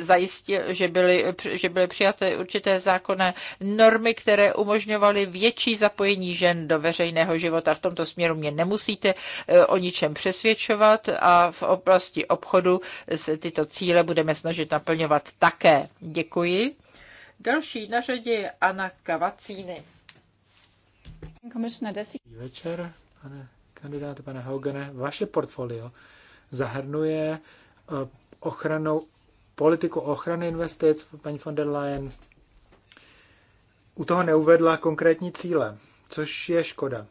zajistil, že byly, že byly přijaté určité zákonné normy, které umožňovaly větší zapojení žen do veřejného života. V tomto směru mě nemusíte o ničem přesvědčovat a v oblasti obchodu se tyto cíle budeme snažit naplňovat také. Děkuji. Další na řadě je Anna Kavacíny. Večer, pane kandidáte, pane Haugene. Vaše portfolio zahrnuje eh, ochranu, politiku ochrany investic, paní von der Leyen. U toho neuvedla konkrétní cíle, což je škoda,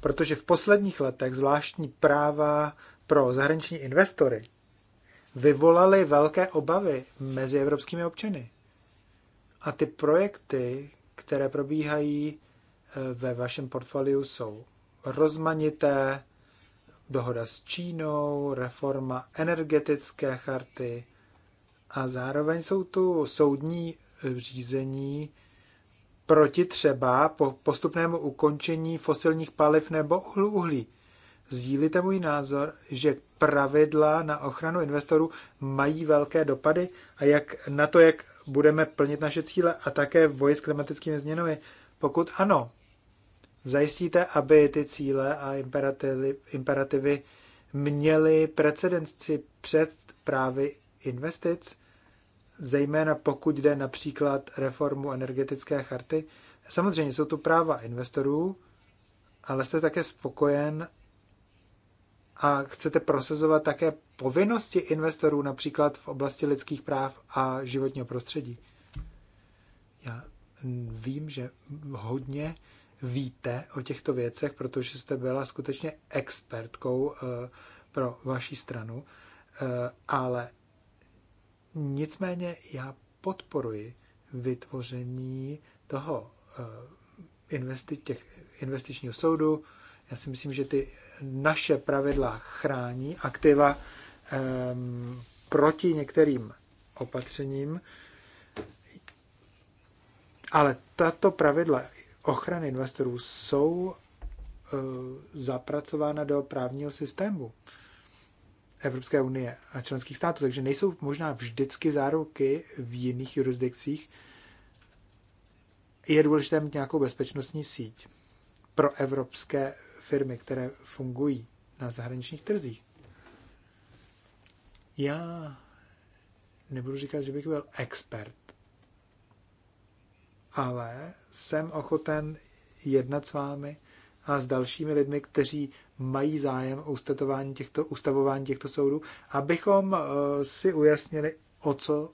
protože v posledních letech zvláštní práva pro zahraniční investory vyvolaly velké obavy mezi evropskými občany. A ty projekty, které probíhají eh, ve vašem portfoliu, jsou rozmanité, dohoda s Čínou, reforma energetické charty a zároveň jsou tu soudní eh, řízení proti třeba po postupnému ukončení fosilních paliv nebo uhlí. Sdílíte můj názor, že pravidla na ochranu investorů mají velké dopady a jak na to, jak budeme plnit naše cíle a také v boji s klimatickými změnami? Pokud ano, zajistíte, aby ty cíle a imperativy, imperativy měly precedenci před právy investic, zejména pokud jde například reformu energetické charty. Samozřejmě jsou tu práva investorů, ale jste také spokojen a chcete prosazovat také povinnosti investorů, například v oblasti lidských práv a životního prostředí. Já vím, že hodně víte o těchto věcech, protože jste byla skutečně expertkou eh, pro vaši stranu, eh, ale nicméně já podporuji vytvoření toho eh, investi- těch investičního soudu. Já si myslím, že ty naše pravidla chrání aktiva um, proti některým opatřením, ale tato pravidla ochrany investorů jsou uh, zapracována do právního systému Evropské unie a členských států, takže nejsou možná vždycky záruky v jiných jurisdikcích. Je důležité mít nějakou bezpečnostní síť pro evropské firmy, které fungují na zahraničních trzích. Já nebudu říkat, že bych byl expert, ale jsem ochoten jednat s vámi a s dalšími lidmi, kteří mají zájem o ustatování těchto, ustavování těchto soudů, abychom eh, si ujasnili, o co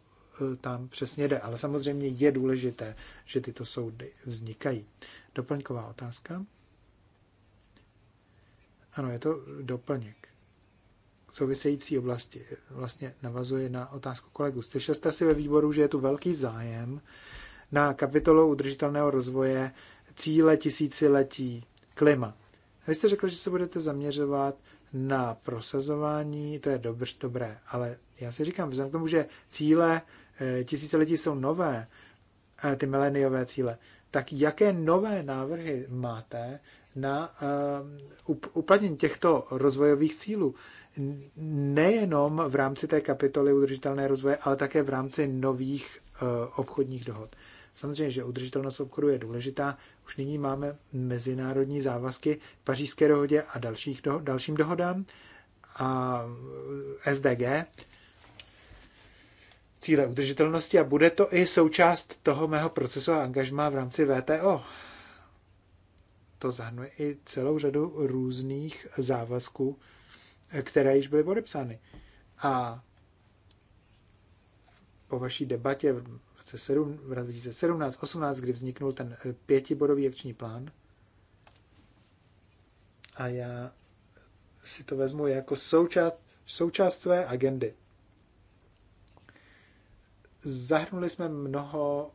eh, tam přesně jde. Ale samozřejmě je důležité, že tyto soudy vznikají. Doplňková otázka. Ano, je to doplněk. Související oblasti vlastně navazuje na otázku kolegu. Slyšel jste si ve výboru, že je tu velký zájem na kapitolu udržitelného rozvoje cíle tisíciletí klima. Vy jste řekl, že se budete zaměřovat na prosazování, to je dobř, dobré, ale já si říkám, vzhledem k tomu, že cíle eh, tisíciletí jsou nové, eh, ty mileniové cíle, tak jaké nové návrhy máte na eh, uplatnění těchto rozvojových cílů. Nejenom v rámci té kapitoly udržitelné rozvoje, ale také v rámci nových eh, obchodních dohod. Samozřejmě, že udržitelnost obchodu je důležitá. Už nyní máme mezinárodní závazky v pařížské dohodě a dalších do, dalším dohodám a eh, SDG, cíle udržitelnosti a bude to i součást toho mého procesu a angažmá v rámci VTO to zahrnuje i celou řadu různých závazků, které již byly podepsány. A po vaší debatě v roce 2017-18, kdy vzniknul ten pětibodový akční plán, a já si to vezmu jako součást, součást své agendy. Zahrnuli jsme mnoho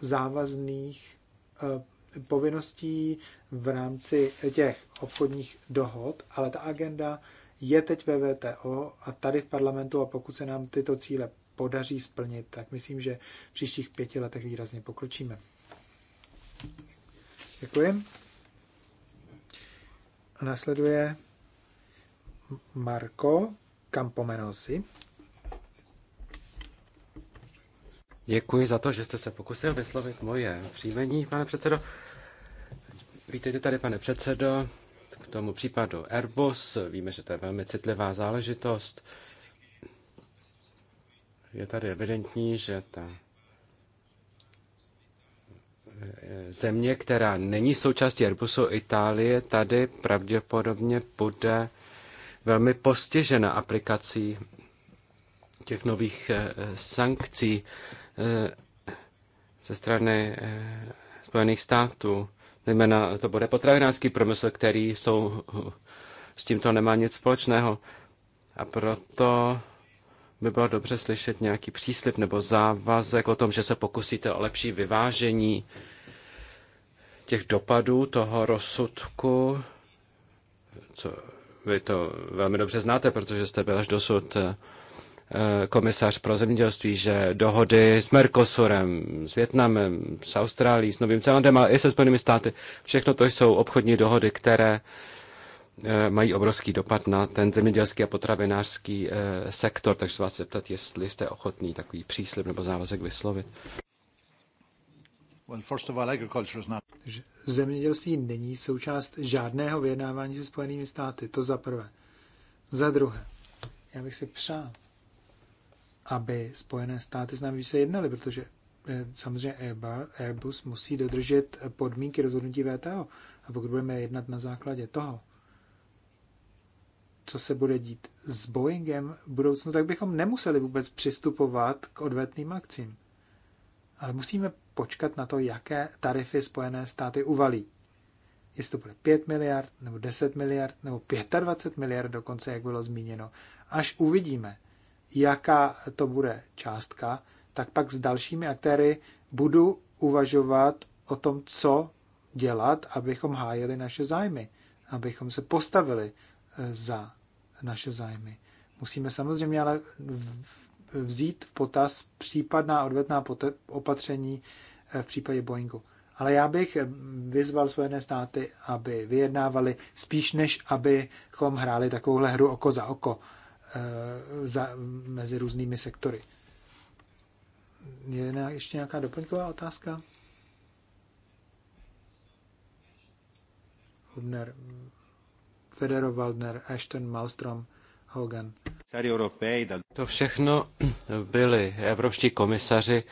závazných eh, povinností v rámci těch obchodních dohod, ale ta agenda je teď ve VTO a tady v parlamentu a pokud se nám tyto cíle podaří splnit, tak myslím, že v příštích pěti letech výrazně pokročíme. Děkuji. A nasleduje Marco Campomenosi. Děkuji za to, že jste se pokusil vyslovit moje příjmení, pane předsedo. Vítejte tady, pane předsedo, k tomu případu Airbus. Víme, že to je velmi citlivá záležitost. Je tady evidentní, že ta eh, země, která není součástí Airbusu Itálie, tady pravděpodobně bude velmi postižena aplikací těch nových eh, sankcí. Eh, ze strany eh, Spojených států. Zejména to bude potravinářský průmysl, který jsou, s tímto nemá nic společného. A proto by bylo dobře slyšet nějaký příslip nebo závazek o tom, že se pokusíte o lepší vyvážení těch dopadů toho rozsudku, co vy to velmi dobře znáte, protože jste byl až dosud eh, Eh, komisař pro zemědělství, že dohody s Mercosurem, s Větnamem, s Austrálií, s Novým Zélandem a i se Spojenými státy, všechno to jsou obchodní dohody, které eh, mají obrovský dopad na ten zemědělský a potravinářský eh, sektor, takže se vás zeptat, jestli jste ochotný takový příslip nebo závazek vyslovit. Zemědělství není součást žádného vyjednávání se Spojenými státy, to za prvé. Za druhé, já bych si přál, aby Spojené státy s námi se jednaly, protože eh, samozřejmě Airbus musí dodržet podmínky rozhodnutí VTO. A pokud budeme jednat na základě toho, co se bude dít s Boeingem v budoucnu, tak bychom nemuseli vůbec přistupovat k odvetným akcím. Ale musíme počkat na to, jaké tarify Spojené státy uvalí. Jestli to bude 5 miliard, nebo 10 miliard, nebo 25 miliard dokonce, jak bylo zmíněno. Až uvidíme jaká to bude částka, tak pak s dalšími aktéry budu uvažovat o tom, co dělat, abychom hájili naše zájmy, abychom se postavili eh, za naše zájmy. Musíme samozřejmě ale vzít v potaz případná odvetná opatření eh, v případě Boeingu. Ale já bych eh, vyzval Spojené státy, aby vyjednávali spíš než abychom hráli takovouhle hru oko za oko. Eh, za, mezi různými sektory. Je ještě nějaká doplňková otázka? Hubner, Federer, Waldner, Ashton, Malmström, Hogan. To všechno byli evropští komisaři,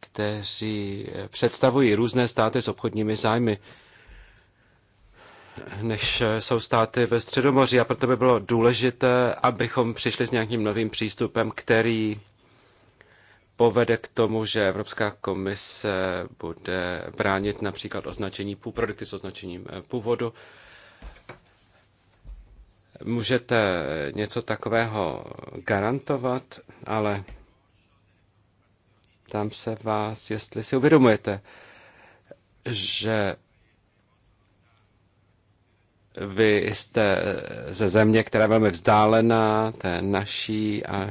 kteří představují různé státy s obchodními zájmy než jsou státy ve Středomoří a proto by bylo důležité, abychom přišli s nějakým novým přístupem, který povede k tomu, že Evropská komise bude bránit například označení produkty s označením eh, původu. Můžete něco takového garantovat, ale tam se vás, jestli si uvědomujete, že vy jste ze země, která je velmi vzdálená, té naší a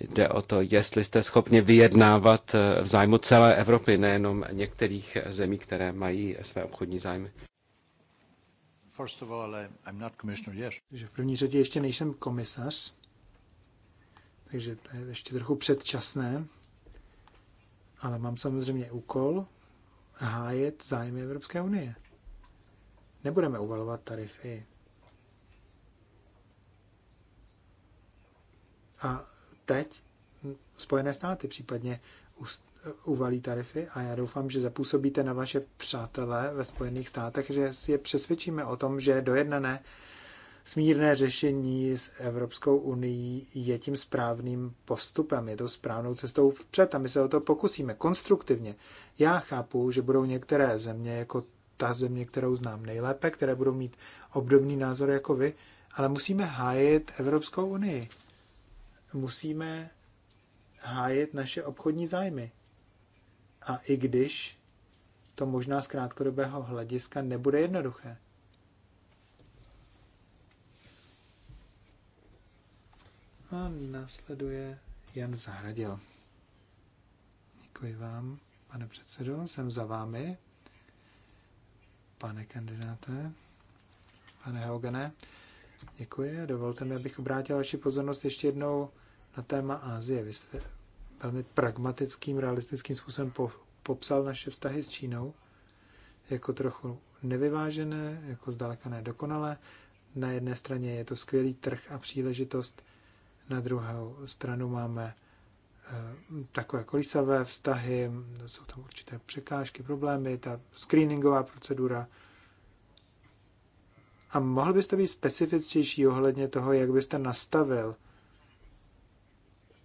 jde o to, jestli jste schopni vyjednávat v zájmu celé Evropy, nejenom některých zemí, které mají své obchodní zájmy. Takže v první řadě ještě nejsem komisař, takže to je ještě trochu předčasné, ale mám samozřejmě úkol hájet zájmy Evropské unie. Nebudeme uvalovat tarify. A teď Spojené státy případně uvalí tarify a já doufám, že zapůsobíte na vaše přátelé ve Spojených státech, že si je přesvědčíme o tom, že dojednané smírné řešení s Evropskou unii je tím správným postupem, je to správnou cestou vpřed a my se o to pokusíme konstruktivně. Já chápu, že budou některé země jako ta země, kterou znám nejlépe, které budou mít obdobný názor jako vy, ale musíme hájit Evropskou unii. Musíme hájit naše obchodní zájmy. A i když to možná z krátkodobého hlediska nebude jednoduché. A následuje Jan Zahradil. Děkuji vám, pane předsedo, jsem za vámi, pane kandidáte, pane Haugene. Děkuji. Dovolte mi, abych obrátil vaši pozornost ještě jednou na téma Asie. Vy jste velmi pragmatickým, realistickým způsobem po, popsal naše vztahy s Čínou jako trochu nevyvážené, jako zdaleka nedokonalé. Na jedné straně je to skvělý trh a příležitost, na druhou stranu máme Eh, takové kolísavé vztahy, jsou tam určité překážky, problémy, ta screeningová procedura. A mohl byste být specifičtější ohledně toho, jak byste nastavil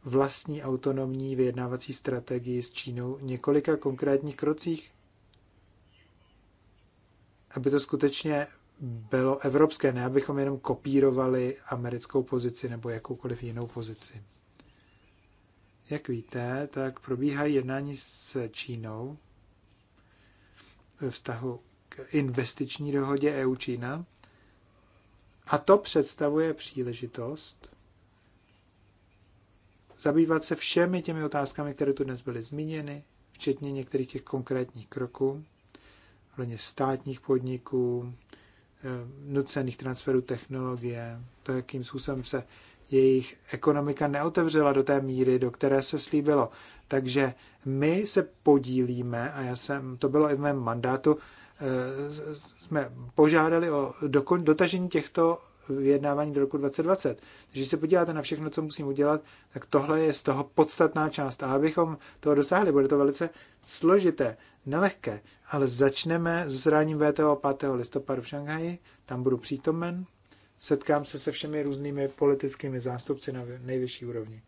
vlastní autonomní vyjednávací strategii s Čínou několika konkrétních krocích, aby to skutečně bylo evropské, ne abychom jenom kopírovali americkou pozici nebo jakoukoliv jinou pozici. Jak víte, tak probíhají jednání s Čínou ve vztahu k investiční dohodě EU-Čína. A to představuje příležitost zabývat se všemi těmi otázkami, které tu dnes byly zmíněny, včetně některých těch konkrétních kroků, hlavně státních podniků, eh, nucených transferů technologie, to, jakým způsobem se jejich ekonomika neotevřela do té míry, do které se slíbilo. Takže my se podílíme, a já jsem, to bylo i v mém mandátu, eh, jsme požádali o dotažení těchto vyjednávání do roku 2020. Takže když se podíváte na všechno, co musím udělat, tak tohle je z toho podstatná část. A abychom toho dosáhli, bude to velice složité, nelehké, ale začneme s zráním VTO 5. listopadu v Šanghaji, tam budu přítomen setkám se se všemi různými politickými zástupci na nejvyšší úrovni.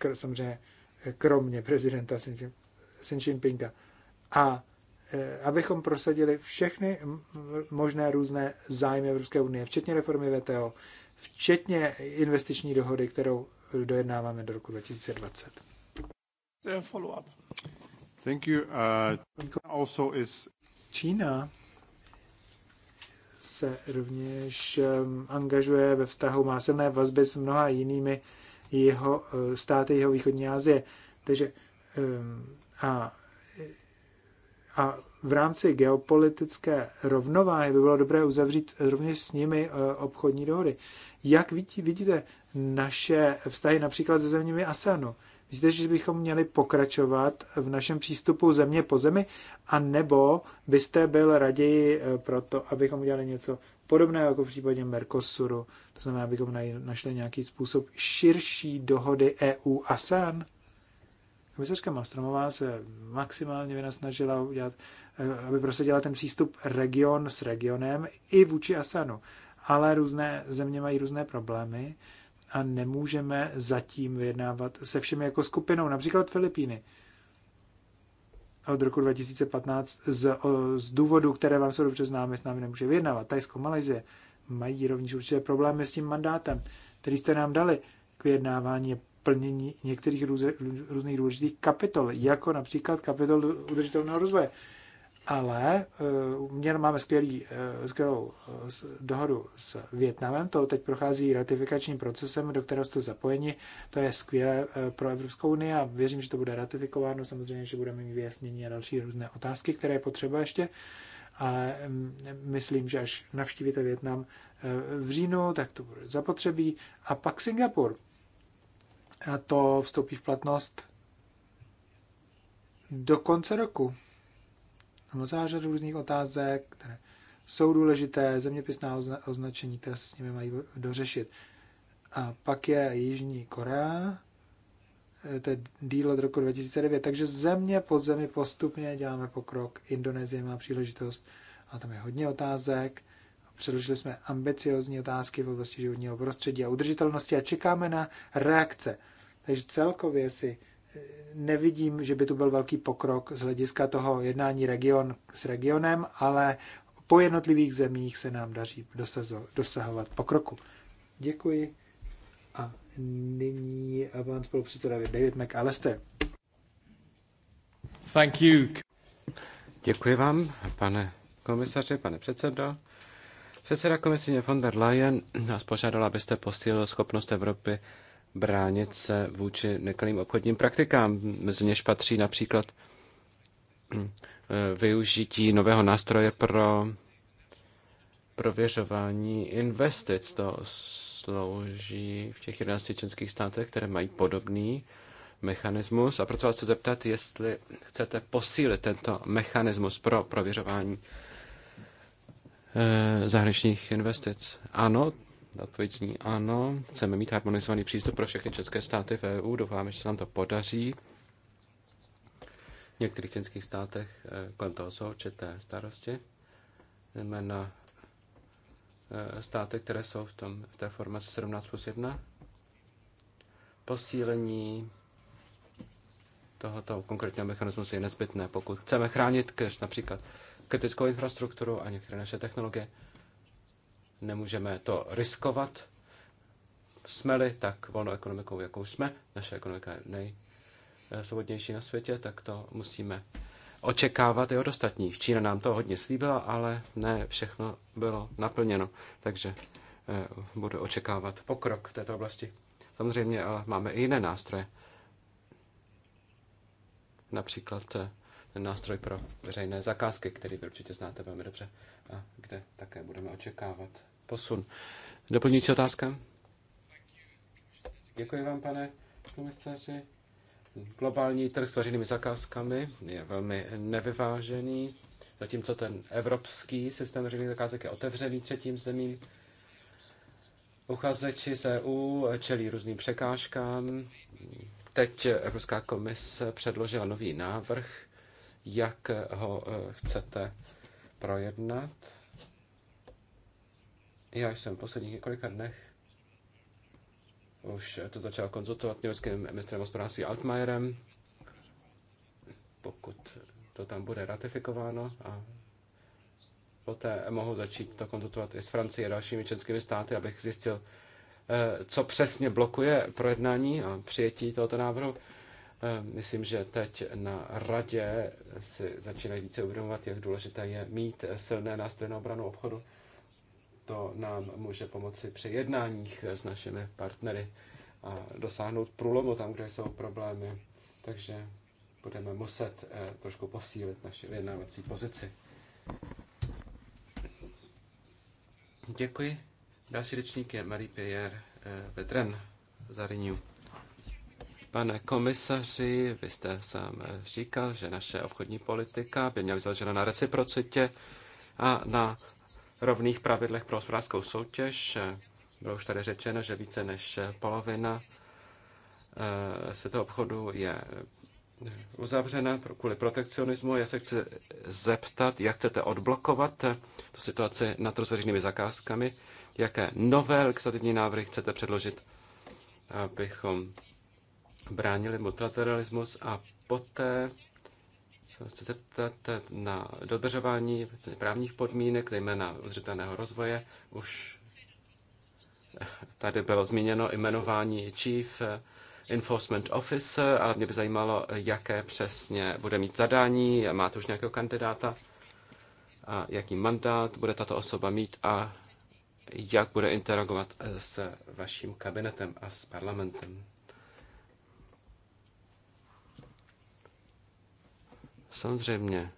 Kr- samozřejmě eh, kromě prezidenta Xi Jinpinga. A eh, abychom prosadili všechny možné různé zájmy Evropské unie, včetně reformy VTO, včetně investiční dohody, kterou dojednáváme do roku 2020. Thank you. Uh, also is... Čína se rovněž angažuje ve vztahu, má silné vazby s mnoha jinými jeho eh, státy jeho východní Asie. Takže a, a v rámci geopolitické rovnováhy by bylo dobré uzavřít rovněž s nimi eh, obchodní dohody. Jak vidíte naše vztahy například se zeměmi ASEANu? Myslíte, že bychom měli pokračovat v našem přístupu země po zemi, a nebo byste byl raději eh, pro to, abychom udělali něco podobného jako v případě Mercosuru, to znamená, abychom našli nějaký způsob širší dohody EU-ASEAN? Komisařka Malstromová se maximálně vynasnažila udělat, eh, aby prosadila ten přístup region s regionem i vůči ASEANu. Ale různé země mají různé problémy a nemůžeme zatím vyjednávat se všemi jako skupinou, například Filipíny. Od roku 2015 z, z důvodů, které vám jsou dobře známy, s námi nemůže vyjednávat. Tajsko, Malajzie mají rovněž určité problémy s tím mandátem, který jste nám dali k vyjednávání plnění některých růz, různých důležitých kapitol, jako například kapitol udržitelného rozvoje ale eh, měl, máme skvělý, eh, skvělou eh, dohodu s Větnamem, to teď prochází ratifikačním procesem, do kterého jste zapojeni, to je skvělé pro Evropskou unii a věřím, že to bude ratifikováno, samozřejmě, že budeme mít vyjasnění a další různé otázky, které je potřeba ještě, ale mm, myslím, že až navštívíte Větnam v říjnu, tak to bude zapotřebí a pak Singapur. A to vstoupí v platnost do konce roku. Mám celá různých otázek, které jsou důležité, zeměpisná označení, které se s nimi mají dořešit. A pak je Jižní Korea, eh, to je díl od roku 2009, takže země po zemi postupně děláme pokrok. Indonésie má příležitost a tam je hodně otázek. Předložili jsme ambiciozní otázky v oblasti životního prostředí a udržitelnosti a čekáme na reakce. Takže celkově si nevidím, že by to byl velký pokrok z hlediska toho jednání region s regionem, ale po jednotlivých zemích se nám daří dosahovat pokroku. Děkuji. A nyní pan spolupředseda David McAllister. Thank you. Děkuji vám, pane komisaři, pane předsedo. Předseda komisině von der Leyen nás požádala, abyste posílil schopnost Evropy bránit se vůči nekalým obchodním praktikám. Mezi něž patří například hm, eh, využití nového nástroje pro prověřování investic. To slouží v těch 11 členských státech, které mají podobný mechanismus. A proto vás chci zeptat, jestli chcete posílit tento mechanismus pro prověřování eh, zahraničních investic. Ano, Odpověď zní ano. Chceme mít harmonizovaný přístup pro všechny české státy v EU. Doufáme, že se nám to podaří. V některých českých státech eh, kolem toho jsou určité starosti. Jména eh, státy, které jsou v, tom, v té formaci 17 plus 1. Posílení tohoto konkrétního mechanismu je nezbytné, pokud chceme chránit například kritickou infrastrukturu a některé naše technologie nemůžeme to riskovat. Jsme-li tak volnou ekonomikou, jakou jsme, naše ekonomika je nejsvobodnější na světě, tak to musíme očekávat i od ostatních. Čína nám to hodně slíbila, ale ne všechno bylo naplněno, takže eh, budu očekávat pokrok v této oblasti. Samozřejmě ale máme i jiné nástroje. Například eh, nástroj pro veřejné zakázky, který vy určitě znáte velmi dobře a kde také budeme očekávat posun. Doplňující otázka? Děkuji vám, pane komisaři. Globální trh s veřejnými zakázkami je velmi nevyvážený, zatímco ten evropský systém veřejných zakázek je otevřený třetím zemím. Uchazeči z EU čelí různým překážkám. Teď Evropská komise předložila nový návrh, jak ho eh, chcete projednat. Já jsem v posledních několika dnech už to začal konzultovat německým ministrem hospodářství Altmajerem, pokud to tam bude ratifikováno a poté mohu začít to konzultovat i s Francií a dalšími členskými státy, abych zjistil, eh, co přesně blokuje projednání a přijetí tohoto návrhu. Eh, myslím, že teď na radě si začínají více uvědomovat, jak důležité je mít silné nástroje na obranu obchodu. To nám může pomoci při jednáních s našimi partnery a dosáhnout průlomu tam, kde jsou problémy. Takže budeme muset eh, trošku posílit naši vyjednávací pozici. Děkuji. Další řečník je Marie-Pierre eh, Vedren za Renew. Pane komisaři, vy jste sám říkal, že naše obchodní politika by měla založena na reciprocitě a na rovných pravidlech pro hospodářskou soutěž. Bylo už tady řečeno, že více než polovina eh, světového obchodu je uzavřena kvůli protekcionismu. Já se chci zeptat, jak chcete odblokovat eh, tu situaci na trhu s veřejnými zakázkami, jaké nové legislativní návrhy chcete předložit, abychom bránili multilateralismus a poté se chci zeptat na dodržování právních podmínek, zejména udržitelného rozvoje. Už tady bylo zmíněno jmenování Chief Enforcement Officer, ale mě by zajímalo, jaké přesně bude mít zadání, máte už nějakého kandidáta a jaký mandát bude tato osoba mít a jak bude interagovat se vaším kabinetem a s parlamentem. Samozřejmě,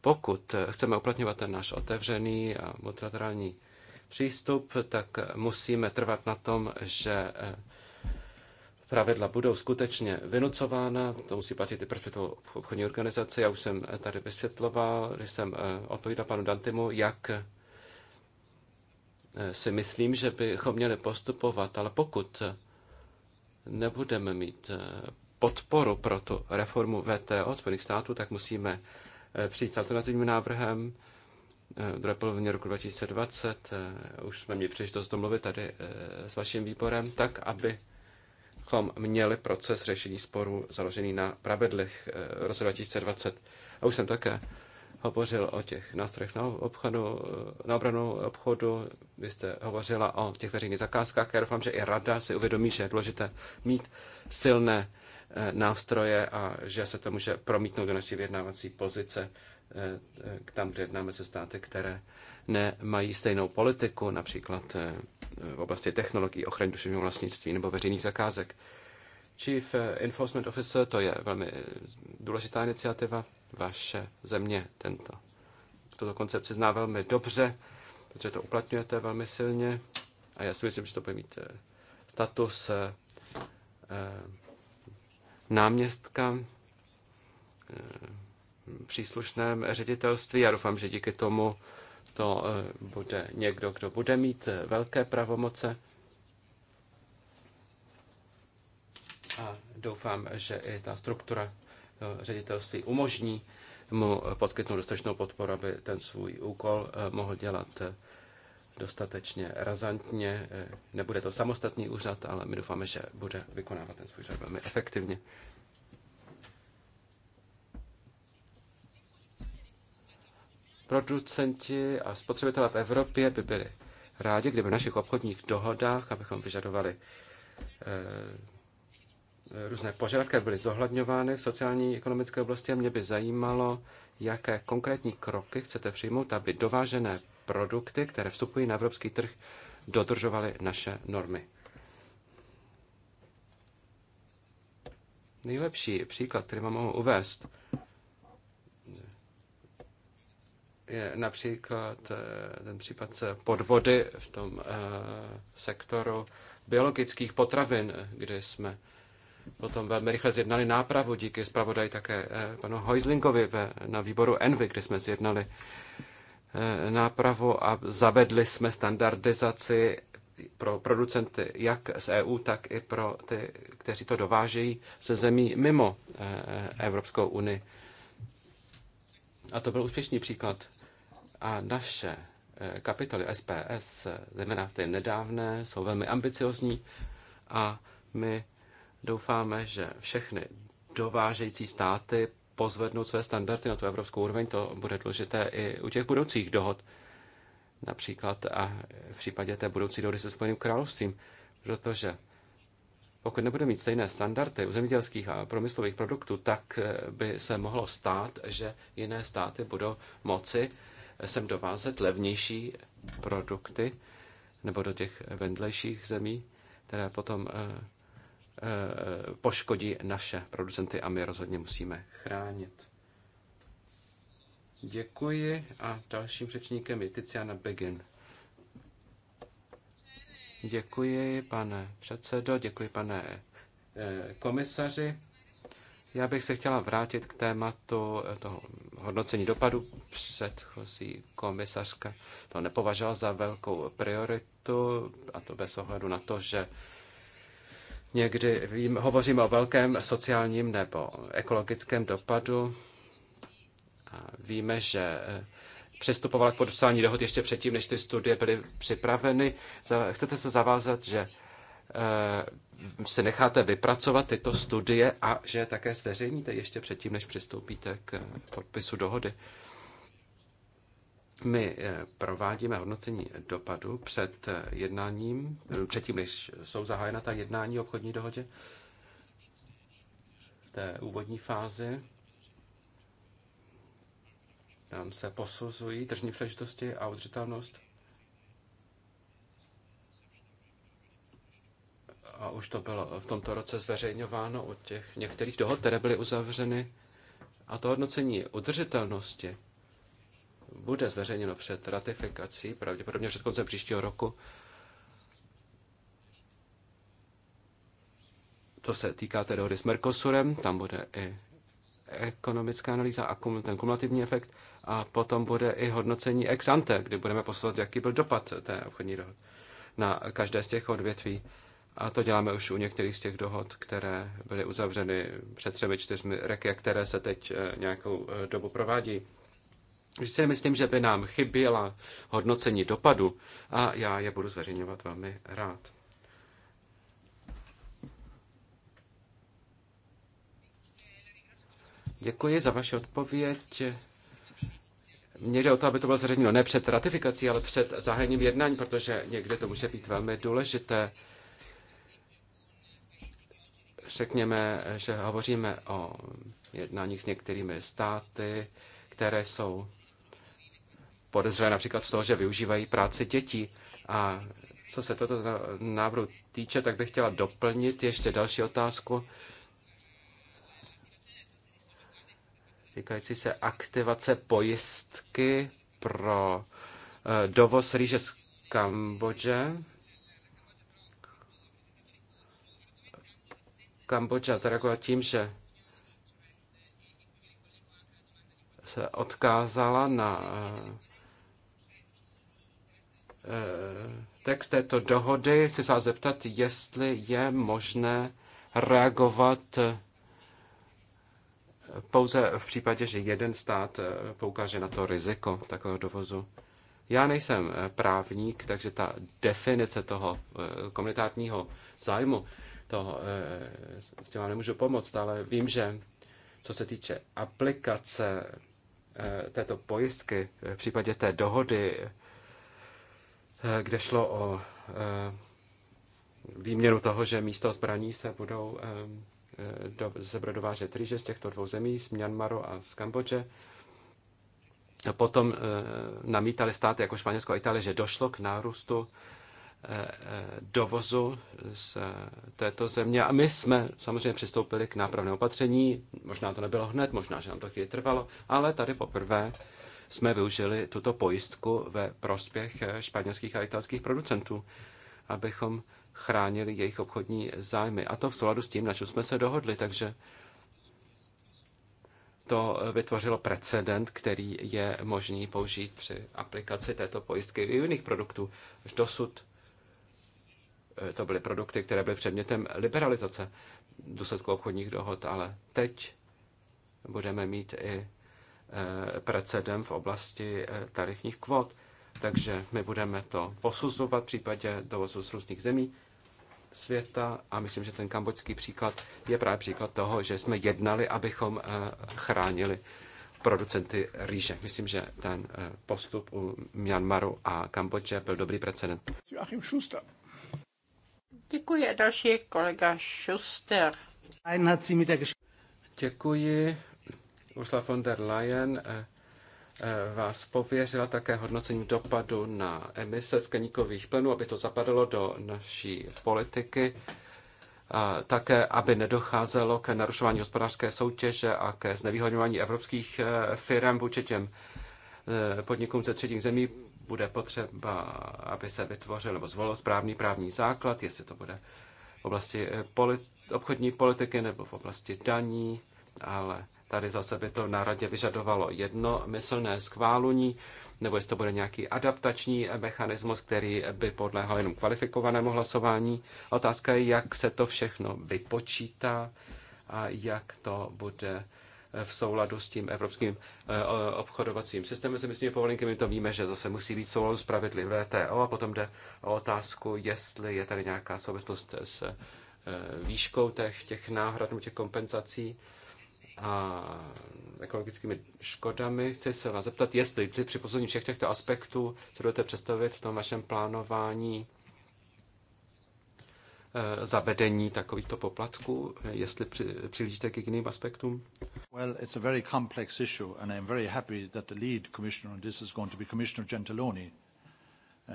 pokud chceme uplatňovat ten náš otevřený a multilaterální přístup, tak musíme trvat na tom, že eh, pravidla budou skutečně vynucována. To musí platit i pro obchodní organizace. Já už jsem tady vysvětloval, když jsem eh, odpovídal panu Dantimu, jak eh, si myslím, že bychom měli postupovat, ale pokud nebudeme mít podporu pro tu reformu VTO od Spojených států, tak musíme eh, přijít s alternativním návrhem. Eh, v druhé polovině roku 2020 eh, už jsme měli příležitost domluvit tady s vaším výborem, tak aby abychom měli proces řešení sporů založený na pravidlech v roce 2020. A už jsem také hovořil o těch nástrojech na, obchodu, na obranu obchodu, vy jste hovořila o těch veřejných zakázkách. Já doufám, že i rada si uvědomí, že je důležité mít silné Eh, nástroje a že se to může promítnout do naší vyjednávací pozice eh, tam, kde jednáme se státy, které nemají stejnou politiku, například eh, v oblasti technologií, ochrany duševního vlastnictví nebo veřejných zakázek. Chief Enforcement Officer, to je velmi důležitá iniciativa. Vaše země tento, tuto koncepci zná velmi dobře, protože to uplatňujete velmi silně a já si myslím, že to bude mít status náměstka eh, příslušném ředitelství. Já doufám, že díky tomu to eh, bude někdo, kdo bude mít eh, velké pravomoce. A doufám, že i ta struktura ředitelství umožní mu poskytnout dostatečnou podporu, aby ten svůj úkol mohl dělat dostatečně razantně. Eh, nebude to samostatný úřad, ale my doufáme, že bude vykonávat ten svůj úřad velmi efektivně. Producenti a spotřebitelé v Evropě by byli rádi, kdyby v našich obchodních dohodách, abychom vyžadovali eh, různé požadavky byly zohledňovány v sociální ekonomické oblasti a mě by zajímalo, jaké konkrétní kroky chcete přijmout, aby dovážené produkty, které vstupují na evropský trh, dodržovaly naše normy. Nejlepší příklad, který vám mohu uvést, je například eh, ten případ podvody v tom eh, sektoru biologických potravin, kde jsme potom velmi rychle zjednali nápravu díky zpravodaji také eh, panu Hojzlingovi na výboru Envy, kde jsme zjednali Eh, nápravu a zavedli jsme standardizaci pro producenty jak z EU, tak i pro ty, kteří to dovážejí se zemí mimo eh, Evropskou unii. A to byl úspěšný příklad. A naše eh, kapitoly SPS, zejména ty nedávné, jsou velmi ambiciozní a my doufáme, že všechny dovážející státy pozvednout své standardy na tu evropskou úroveň. To bude důležité i u těch budoucích dohod. Například a v případě té budoucí dohody se Spojeným královstvím, protože pokud nebude mít stejné standardy u zemědělských a promyslových produktů, tak eh, by se mohlo stát, že jiné státy budou moci eh, sem dovázet levnější produkty nebo do těch vendlejších zemí, které potom eh, Eh, poškodí naše producenty a my rozhodně musíme chránit. Děkuji a dalším řečníkem je Tiziana Begin. Děkuji, pane předsedo, děkuji, pane eh, komisaři. Já bych se chtěla vrátit k tématu toho hodnocení dopadu. Předchozí komisařka to nepovažovala za velkou prioritu, a to bez ohledu na to, že Někdy vím, hovoříme o velkém sociálním nebo ekologickém dopadu. A víme, že eh, přistupovala k podepsání dohod ještě předtím, než ty studie byly připraveny. Chcete se zavázat, že eh, se necháte vypracovat tyto studie a že také zveřejníte ještě předtím, než přistoupíte k eh, podpisu dohody? My eh, provádíme hodnocení dopadu před eh, jednáním, eh, předtím, než jsou zahájena ta jednání o obchodní dohodě, v té úvodní fázi. Tam se posuzují tržní příležitosti a udržitelnost. A už to bylo v tomto roce zveřejňováno od těch některých dohod, které byly uzavřeny. A to hodnocení udržitelnosti bude zveřejněno před ratifikací, pravděpodobně před koncem příštího roku. To se týká té dohody s Mercosurem, tam bude i ekonomická analýza a ten kumulativní efekt a potom bude i hodnocení ex ante, kdy budeme poslat, jaký byl dopad té obchodní dohody na každé z těch odvětví. A to děláme už u některých z těch dohod, které byly uzavřeny před třemi, čtyřmi reky, které se teď eh, nějakou eh, dobu provádí že si myslím, že by nám chyběla hodnocení dopadu a já je budu zveřejňovat velmi rád. Děkuji za vaši odpověď. Mně jde o to, aby to bylo zveřejněno ne před ratifikací, ale před zahájením jednání, protože někde to může být velmi důležité. Řekněme, že hovoříme o jednáních s některými státy, které jsou podezřelé například z toho, že využívají práci dětí. A co se toto návrhu týče, tak bych chtěla doplnit ještě další otázku týkající se aktivace pojistky pro eh, dovoz rýže z Kambodže. Kambodža zareagovala tím, že se odkázala na eh, Eh, text této dohody. Chci se vás zeptat, jestli je možné reagovat eh, pouze v případě, že jeden stát eh, poukáže na to riziko takového dovozu. Já nejsem právník, takže ta definice toho komunitárního zájmu, to, s tím vám nemůžu pomoct, ale vím, že co se týče aplikace této pojistky v případě té dohody, Eh, kde šlo o eh, výměnu toho, že místo zbraní se budou eh, do, se dovážet ryže z těchto dvou zemí, z Myanmaru a z Kambodže. Potom namítali státy jako Španělsko a Itálie, že došlo k nárůstu dovozu z této země. A my jsme samozřejmě přistoupili k nápravné opatření. Možná to nebylo hned, možná, že nám to chvíli trvalo, ale tady poprvé jsme využili tuto pojistku ve prospěch eh, španělských a italských producentů, abychom chránili jejich obchodní zájmy. A to v souladu s tím, na čem jsme se dohodli. Takže to eh, vytvořilo precedent, který je možný použít při aplikaci této pojistky i u jiných produktů. Až dosud eh, to byly produkty, které byly předmětem liberalizace v důsledku obchodních dohod, ale teď budeme mít i Eh, precedem v oblasti eh, tarifních kvot. Takže my budeme to posuzovat v případě dovozu z různých zemí světa a myslím, že ten kambočský příklad je právě příklad toho, že jsme jednali, abychom eh, chránili producenty rýže. Myslím, že ten postup u Myanmaru a Kambodže byl dobrý precedent. Joachim Schuster. Děkuji. Další kolega Schuster. Děkuji. Ursula von der Leyen eh, eh, vás pověřila také hodnocením dopadu na emise skleníkových plynů, aby to zapadalo do naší politiky, a také aby nedocházelo ke narušování hospodářské soutěže a ke znevýhodňování evropských eh, firm vůči těm podnikům ze třetích zemí. Bude potřeba, aby se vytvořil nebo zvolil správný právní základ, jestli to bude v oblasti polit, obchodní politiky nebo v oblasti daní, ale Tady zase by to na radě vyžadovalo jednomyslné schválení, nebo jestli to bude nějaký adaptační mechanismus, který by podléhal jenom kvalifikovanému hlasování. Otázka je, jak se to všechno vypočítá a jak to bude v souladu s tím evropským eh, obchodovacím systémem se myslím, povolenky, my to víme, že zase musí být souladu s pravidly VTO a potom jde o otázku, jestli je tady nějaká souvislost s eh, výškou těch, těch náhrad těch kompenzací a ekologickými škodami. Chci se vás zeptat, jestli při poslední všech těchto aspektů se budete představit v tom vašem plánování eh, zavedení takovýchto poplatků, eh, jestli při, přilížíte k jiným aspektům? Well, it's a very complex issue and I'm very happy that the lead commissioner on this is going to be Commissioner Gentiloni Eh,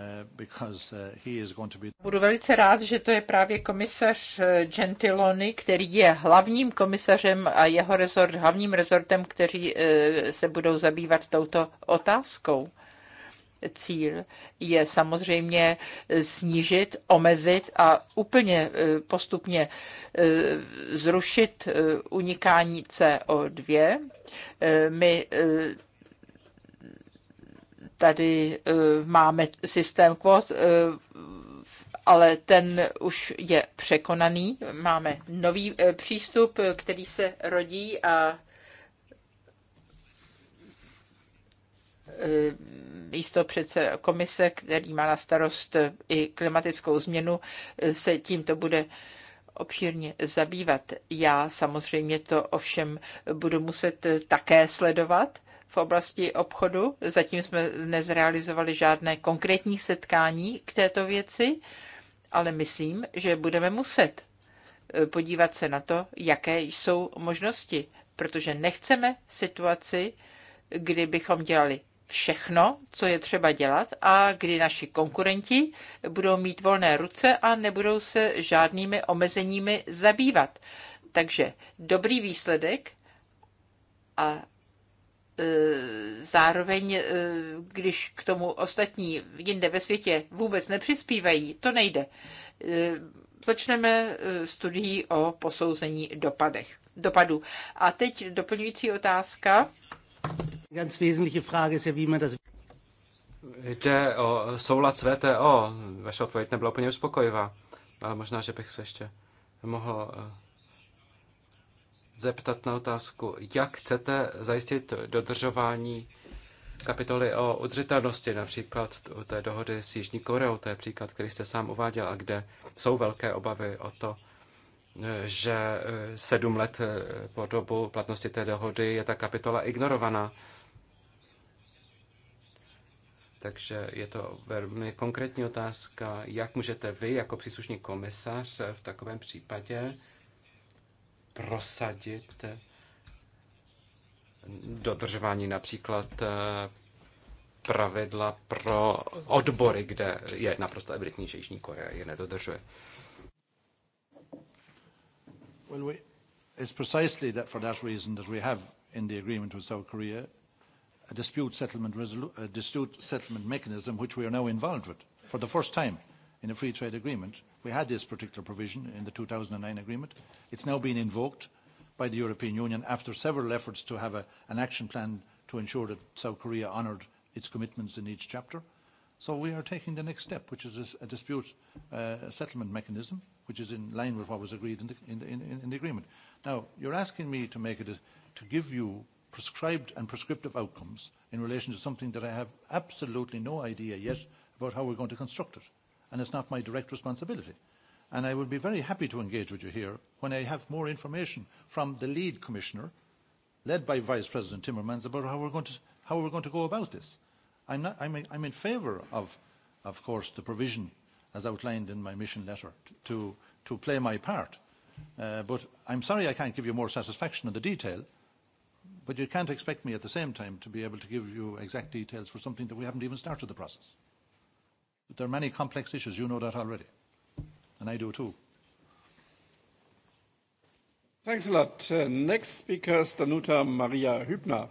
eh, Budu velice rád, že to je právě komisař eh, Gentiloni, který je hlavním komisařem a jeho rezort hlavním rezortem, kteří se budou zabývat touto otázkou. Cíl je samozřejmě snížit, omezit a úplně postupně zrušit unikání CO2. My Tady eh, máme systém kvot, eh, ale ten už je překonaný. Máme nový eh, přístup, který se rodí a místo předseda komise, který má na starost i klimatickou změnu, se tímto bude obšírně zabývat. Já samozřejmě to ovšem budu muset také sledovat v oblasti obchodu. Zatím jsme nezrealizovali žádné konkrétní setkání k této věci, ale myslím, že budeme muset eh, podívat se na to, jaké jsou možnosti, protože nechceme situaci, kdy bychom dělali všechno, co je třeba dělat a kdy naši konkurenti budou mít volné ruce a nebudou se žádnými omezeními zabývat. Takže dobrý výsledek a E, zároveň, e, když k tomu ostatní jinde ve světě vůbec nepřispívají, to nejde. E, začneme studií o posouzení dopadech, Dopadu. A teď doplňující otázka. Ganz wesentliche Frage ist ja, wie man das Jde o soulad s VTO. Vaše odpověď nebyla úplně uspokojivá, ale možná, že bych se ještě mohl zeptat na otázku, jak chcete zajistit dodržování kapitoly o udržitelnosti, například u té dohody s Jižní Koreou, to je příklad, který jste sám uváděl, a kde jsou velké obavy o to, že eh, sedm let eh, po dobu platnosti té dohody je ta kapitola ignorovaná. Takže je to velmi konkrétní otázka, jak můžete vy jako příslušný komisař eh, v takovém případě prosadit dodržování například eh, pravidla pro odbory, kde je naprosto evidentní, že Jižní Korea je nedodržuje. Well, we, it's precisely that for that reason that we have in the agreement with South Korea a dispute settlement, resolu- a dispute settlement mechanism which we are now involved with for the first time in a free trade agreement We had this particular provision in the 2009 agreement. It's now been invoked by the European Union after several efforts to have a, an action plan to ensure that South Korea honoured its commitments in each chapter. So we are taking the next step, which is a, a dispute uh, settlement mechanism, which is in line with what was agreed in the, in, the, in, in the agreement. Now, you're asking me to make it a, to give you prescribed and prescriptive outcomes in relation to something that I have absolutely no idea yet about how we're going to construct it and it's not my direct responsibility. And I will be very happy to engage with you here when I have more information from the lead commissioner, led by Vice President Timmermans, about how we're going to, how we're going to go about this. I'm, not, I'm, a, I'm in favour of, of course, the provision as outlined in my mission letter to, to play my part. Uh, but I'm sorry I can't give you more satisfaction on the detail, but you can't expect me at the same time to be able to give you exact details for something that we haven't even started the process there are many complex issues. You know that already. And I do too. Thanks a lot. Uh, next speaker is Danuta Maria Hübner.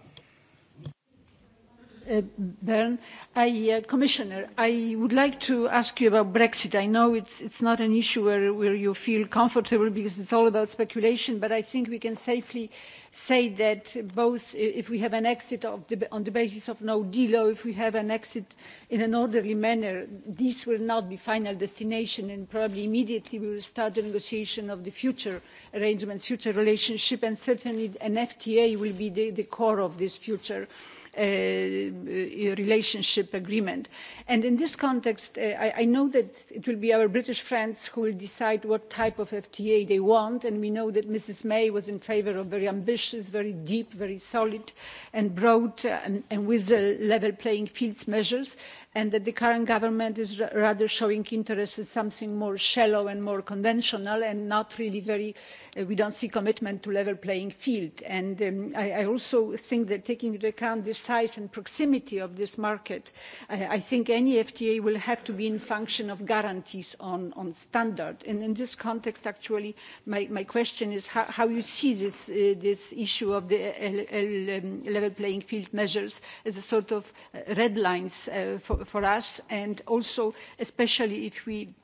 Uh, bern uh, commissioner i would like to ask you about brexit. i know it's, not an issue where, you feel comfortable because it's all about speculation but i think we can safely say that both if we have an exit on the basis of no deal or if we have an exit in an orderly manner this will not be the final destination and probably immediately we will start the negotiation of the future arrangements future relationship and certainly an fta will be the, the core of this future relationship Uh, uh, relationship agreement. And in this context, uh, I, I know that it will be our British friends who will decide what type of FTA they want, and we know that Mrs May was in favour of very ambitious, very deep, very solid and broad and, and with level playing fields measures and that the current government is rather showing interest in something more shallow and more conventional and not really very uh, we don't see commitment to level playing field and um, I, I also think that taking into account the size and proximity of this market I, I think any FTA will have to be in function of guarantees on, on standard and in this context actually my, my question is how, how you see this, uh, this issue of the L, L, um, level playing field measures as a sort of uh, red lines uh, for, for, us and also especially if we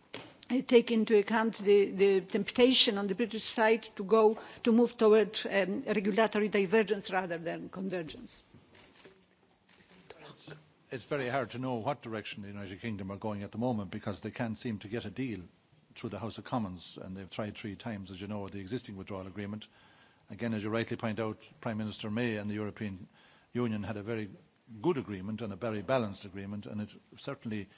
eh, take into account the, the temptation on the british side to go to move toward um, regulatory divergence rather than convergence. It's, it's very hard to know what direction the united kingdom are going at the moment because they can't seem to get a deal through the house of commons and they've tried three times as you know the existing withdrawal agreement. again as you rightly point out prime minister may and the european union had a very good agreement and a very balanced agreement, and it certainly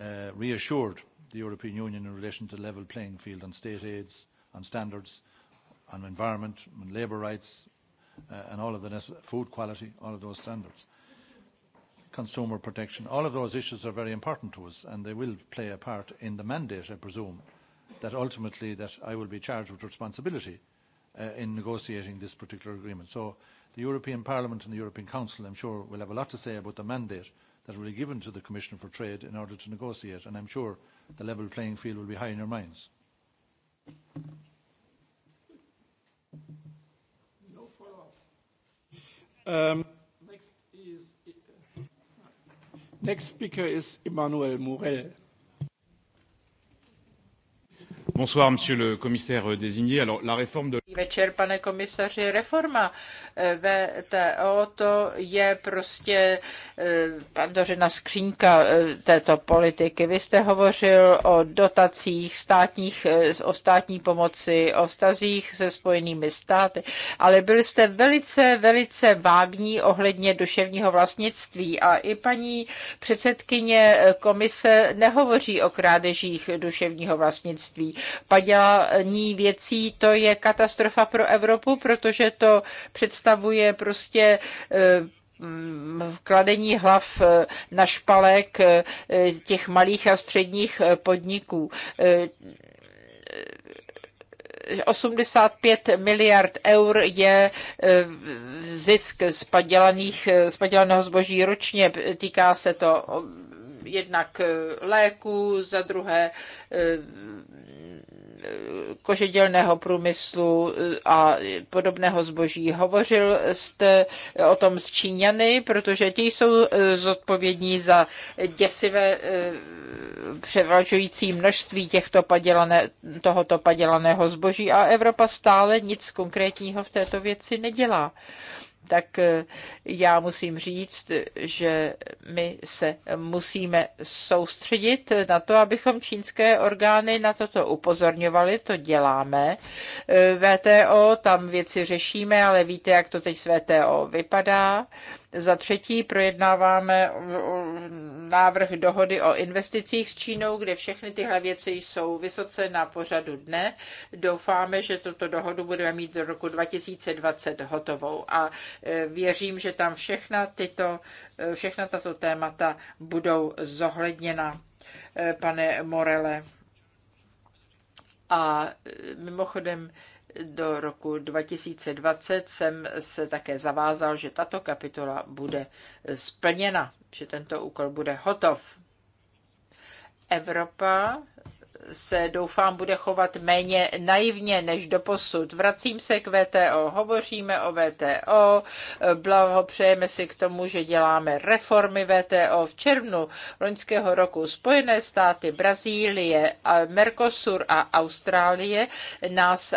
uh, reassured the European Union in relation to level playing field on state aids, on standards, on environment, on labour rights, uh, and all of the food quality, all of those standards. Consumer protection, all of those issues are very important to us, and they will play a part in the mandate, I presume, that ultimately that I will be charged with responsibility uh, in negotiating this particular agreement. So The European Parliament and the European Council, I'm sure, will have a lot to say about the mandate that will be given to the Commissioner for Trade in order to negotiate, and I'm sure the level playing field will be high in your minds. No follow-up. Um, next, is, uh, next speaker is Emmanuel Morel. Bonsoir, monsieur le commissaire désigné. Alors, la réforme de... Večer, pane komisaři, reforma eh, VTO to je prostě eh, pandořina skřínka eh, této politiky. Vy jste hovořil o dotacích státních, o státní pomoci, o stazích se spojenými státy, ale byl jste velice, velice vágní ohledně duševního vlastnictví a i paní předsedkyně komise nehovoří o krádežích duševního vlastnictví padělání věcí, to je katastrofa pro Evropu, protože to představuje prostě eh, vkladení hlav eh, na špalek eh, těch malých a středních podniků. 85 miliard eur je zisk z padělaného zboží ročně. Týká se to jednak eh, léku, za druhé eh, kožedělného průmyslu eh, a podobného zboží. Hovořil jste o tom s Číňany, protože ti jsou zodpovědní za děsivé převažující množství těchto padělané, tohoto padělaného zboží a Evropa stále nic konkrétního v této věci nedělá tak eh, já musím říct, že my se musíme soustředit na to, abychom čínské orgány na toto upozorňovali, to děláme. Eh, VTO, tam věci řešíme, ale víte, jak to teď s VTO vypadá. Za třetí projednáváme návrh dohody o investicích s Čínou, kde všechny tyhle věci jsou vysoce na pořadu dne. Doufáme, že tuto dohodu budeme mít do roku 2020 hotovou a e, věřím, že tam všechna, tyto, e, všechna tato témata budou zohledněna, e, pane Morele. A mimochodem, do roku 2020 jsem se také zavázal, že tato kapitola bude splněna, že tento úkol bude hotov. Evropa se doufám bude chovat méně naivně než doposud. Vracím se k VTO, hovoříme o VTO, blahopřejeme si k tomu, že děláme reformy VTO. V červnu loňského roku Spojené státy, Brazílie, Mercosur a Austrálie nás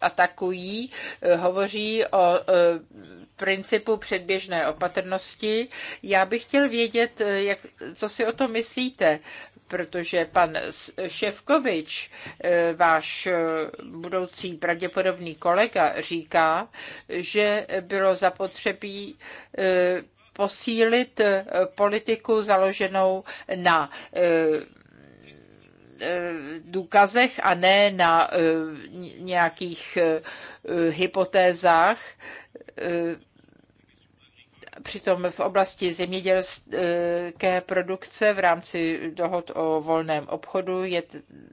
atakují, hovoří o e, principu předběžné opatrnosti. Já bych chtěl vědět, e, jak, co si o to myslíte protože pan Ševkovič, eh, váš eh, budoucí pravděpodobný kolega, říká, že bylo zapotřebí eh, posílit politiku založenou na důkazech a ne na nějakých hypotézách Přitom v oblasti zemědělské produkce v rámci dohod o volném obchodu je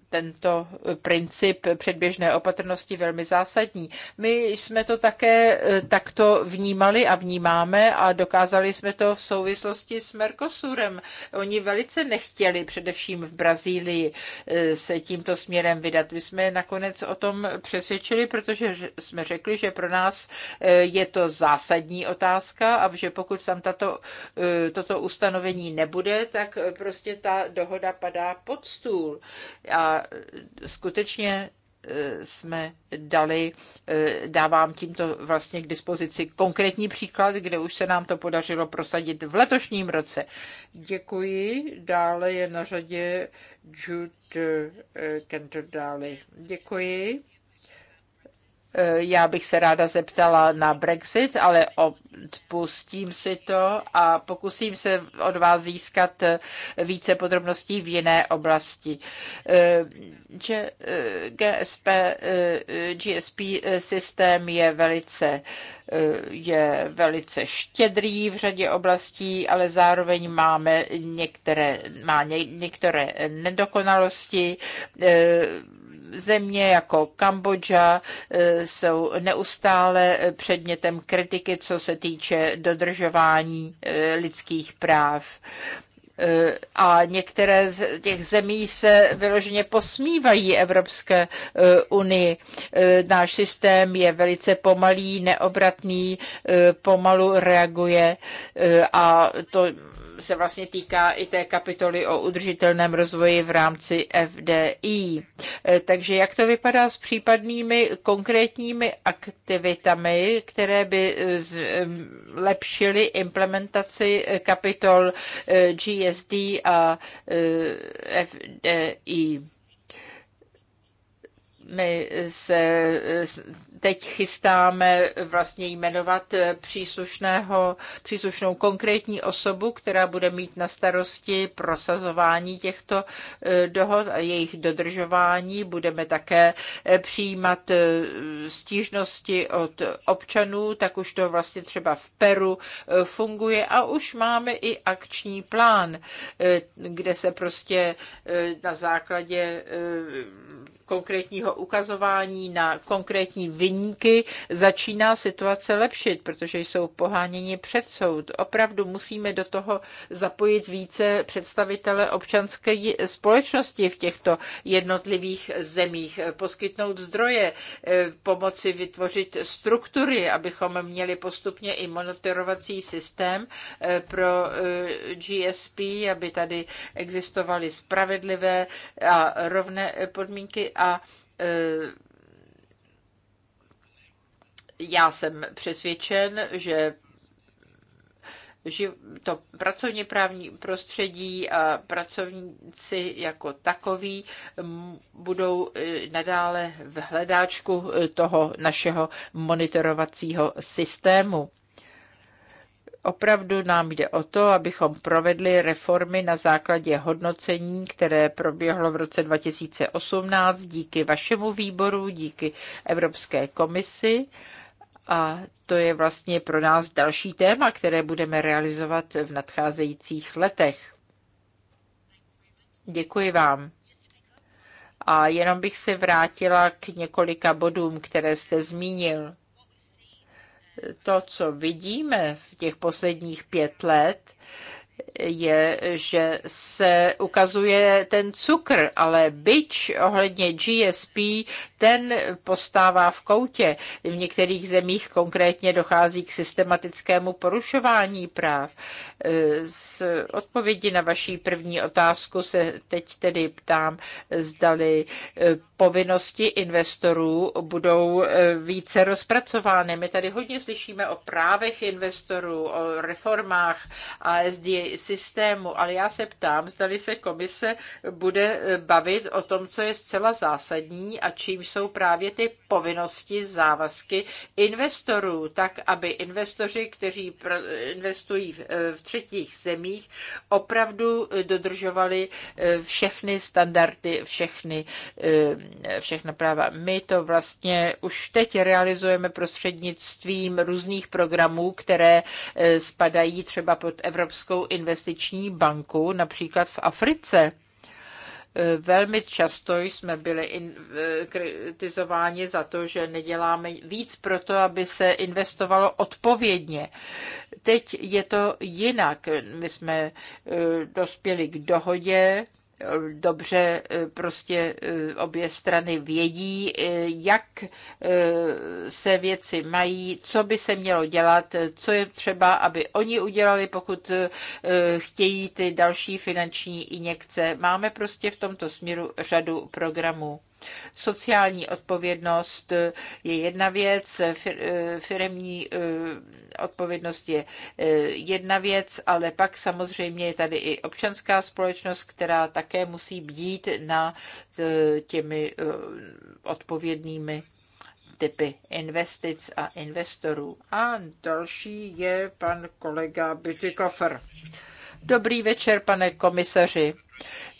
tento princip předběžné opatrnosti velmi zásadní. My jsme to také eh, takto vnímali a vnímáme a dokázali jsme to v souvislosti s Mercosurem. Oni velice nechtěli, především v Brazílii, eh, se tímto směrem vydat. My jsme nakonec o tom přesvědčili, protože jsme řekli, že pro nás eh, je to zásadní otázka a že pokud tam tato, eh, toto ustanovení nebude, tak eh, prostě ta dohoda padá pod stůl. A eh, skutečně jsme dali, dávám tímto vlastně k dispozici konkrétní příklad, kde už se nám to podařilo prosadit v letošním roce. Děkuji. Dále je na řadě Jude Kentor Dáli. Děkuji. Eh, já bych se ráda zeptala na Brexit, ale odpustím si to a pokusím se od vás získat eh, více podrobností v jiné oblasti. Eh, že GSP, GSP systém je velice je velice štědrý v řadě oblastí, ale zároveň máme některé, má ně, některé nedokonalosti země jako Kambodža eh, jsou neustále předmětem kritiky, co se týče dodržování eh, lidských práv eh, a některé z těch zemí se vyloženě posmívají Evropské unii. Náš systém je velice pomalý, neobratný, pomalu reaguje a to se vlastně týká i té kapitoly o udržitelném rozvoji v rámci FDI. E, takže jak to vypadá s případnými konkrétními aktivitami, které by e, zlepšily implementaci e, kapitol GSD a FDI? My se teď chystáme vlastně jmenovat příslušného, příslušnou konkrétní osobu, která bude mít na starosti prosazování těchto e, dohod a jejich dodržování. Budeme také e, přijímat e, stížnosti od občanů, tak už to vlastně třeba v Peru funguje a už máme i akční plán, kde se prostě na základě konkrétního ukazování na konkrétní vyníky začíná situace lepšit, protože jsou poháněni před soud. Opravdu musíme do toho zapojit více představitele občanské společnosti v těchto jednotlivých zemích, poskytnout zdroje, eh, pomoci vytvořit struktury, abychom měli postupně i monitorovací systém eh, pro eh, GSP, aby tady existovaly spravedlivé a rovné podmínky a e, já jsem přesvědčen, že to pracovně právní prostředí a pracovníci jako takoví budou e, nadále v hledáčku e, toho našeho monitorovacího systému. Opravdu nám jde o to, abychom provedli reformy na základě hodnocení, které proběhlo v roce 2018 díky vašemu výboru, díky Evropské komisi. A to je vlastně pro nás další téma, které budeme realizovat v nadcházejících letech. Děkuji vám. A jenom bych se vrátila k několika bodům, které jste zmínil to, co vidíme v těch posledních pět let, je, že se ukazuje ten cukr, ale byč ohledně GSP, ten postává v koutě. V některých zemích konkrétně dochází k systematickému porušování práv. Z odpovědi na vaší první otázku se teď tedy ptám, zdali povinnosti investorů budou více rozpracovány. My tady hodně slyšíme o právech investorů, o reformách ASDA systému, ale já se ptám, zdali se komise bude eh, bavit o tom, co je zcela zásadní a čím jsou právě ty povinnosti, závazky investorů, tak aby investoři, kteří investují eh, v třetích zemích, opravdu dodržovali eh, všechny standardy, všechny, všechny práva. My to vlastně už teď realizujeme prostřednictvím různých programů, které spadají třeba pod Evropskou investiční banku například v Africe. E, velmi často jsme byli e, kritizováni za to, že neděláme víc pro to, aby se investovalo odpovědně. Teď je to jinak. My jsme e, dospěli k dohodě dobře eh, prostě eh, obě strany vědí, eh, jak se věci mají, co by se mělo dělat, co je třeba, aby oni udělali, pokud chtějí ty další finanční injekce. Máme prostě v tomto směru řadu programů. Sociální odpovědnost je jedna věc, eh, firemní eh, odpovědnost je eh, jedna věc, ale pak samozřejmě je tady i občanská společnost, která také musí bdít na těmi odpovědnými typy investic a investorů. A další je pan kolega Bytykofer. Dobrý večer, pane komisaři.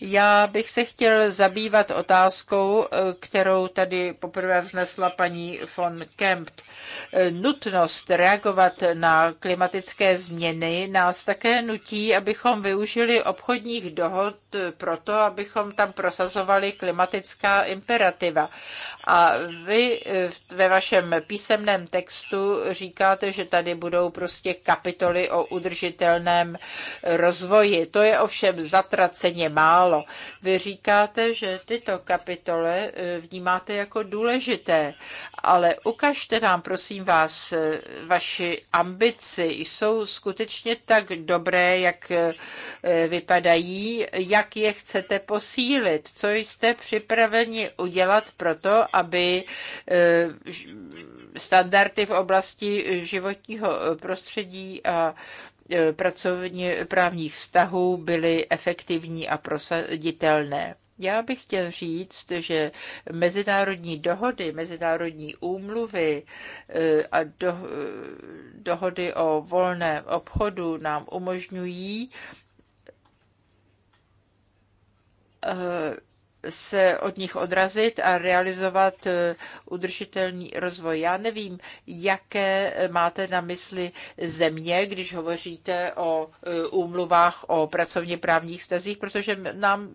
Já bych se chtěl zabývat otázkou, eh, kterou tady poprvé vznesla paní von Kemp. Eh, nutnost reagovat na klimatické změny nás také nutí, abychom využili obchodních dohod eh, pro to, abychom tam prosazovali klimatická imperativa. A vy ve vašem písemném textu říkáte, že tady budou prostě kapitoly o udržitelném rozvoji. To je ovšem zatraceně málo málo. Vy říkáte, že tyto kapitole eh, vnímáte jako důležité, ale ukažte nám, prosím vás, eh, vaši ambici. Jsou skutečně tak dobré, jak eh, vypadají, jak je chcete posílit, co jste připraveni udělat pro to, aby standardy v oblasti životního prostředí a E, pracovní právních vztahů byly efektivní a prosaditelné. Já bych chtěl říct, že mezinárodní dohody, mezinárodní úmluvy e, a do, e, dohody o volném obchodu nám umožňují se od nich odrazit a realizovat eh, udržitelný rozvoj. Já nevím, jaké eh, máte na mysli země, když hovoříte o eh, úmluvách o pracovně právních stazích, protože nám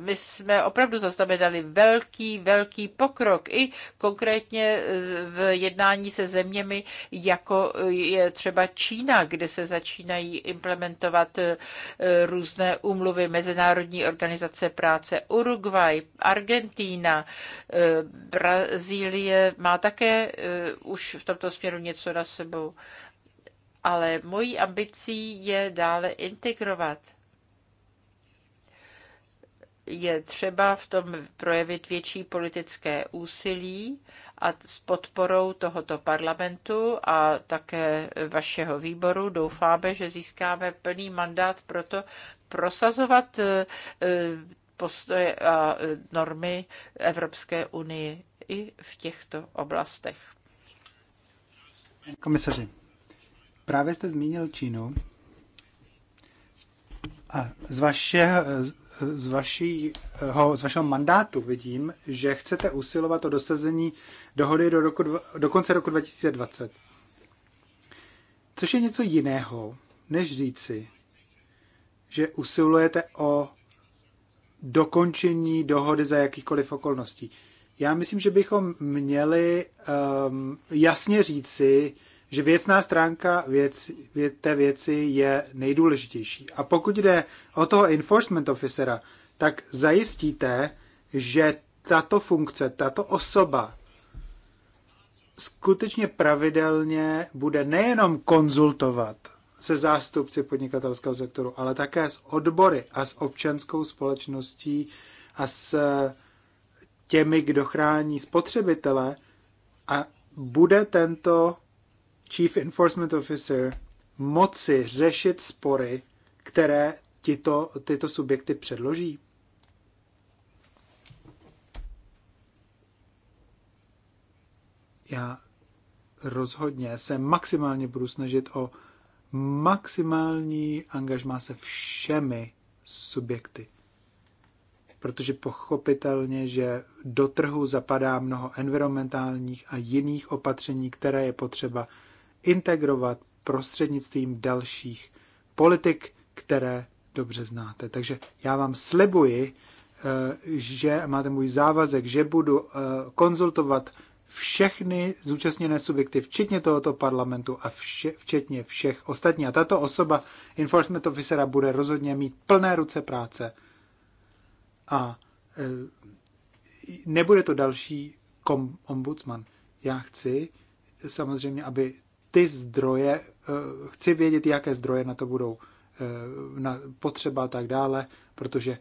my jsme opravdu zaznamenali velký, velký pokrok i konkrétně e, v jednání se zeměmi, jako je třeba Čína, kde se začínají implementovat e, různé umluvy Mezinárodní organizace práce Uruguay, Argentína, e, Brazílie má také už v tomto směru něco na sebou. Ale mojí ambicí je dále integrovat je třeba v tom projevit větší politické úsilí a s podporou tohoto parlamentu a také vašeho výboru doufáme, že získáme plný mandát pro to prosazovat eh, postoje a eh, normy Evropské unie i v těchto oblastech. Komisaři, právě jste zmínil Čínu. A z, vašeho z, vašího, z vašeho mandátu vidím, že chcete usilovat o dosazení dohody do, roku, do konce roku 2020. Což je něco jiného, než říci, že usilujete o dokončení dohody za jakýchkoliv okolností. Já myslím, že bychom měli um, jasně říci, že věcná stránka věc, vě, té věci je nejdůležitější. A pokud jde o toho enforcement officera, tak zajistíte, že tato funkce, tato osoba skutečně pravidelně bude nejenom konzultovat se zástupci podnikatelského sektoru, ale také s odbory a s občanskou společností a s těmi, kdo chrání spotřebitele a bude tento Chief Enforcement Officer moci řešit spory, které tyto tyto subjekty předloží? Já rozhodně se maximálně budu snažit o maximální angažmá se všemi subjekty. Protože pochopitelně, že do trhu zapadá mnoho environmentálních a jiných opatření, které je potřeba integrovat prostřednictvím dalších politik, které dobře znáte. Takže já vám slibuji, eh, že máte můj závazek, že budu eh, konzultovat všechny zúčastněné subjekty, včetně tohoto parlamentu a vše, včetně všech ostatních. A tato osoba, enforcement officera, bude rozhodně mít plné ruce práce a eh, nebude to další kom, ombudsman. Já chci samozřejmě, aby ty zdroje, eh, chci vědět, jaké zdroje na to budou eh, na potřeba a tak dále, protože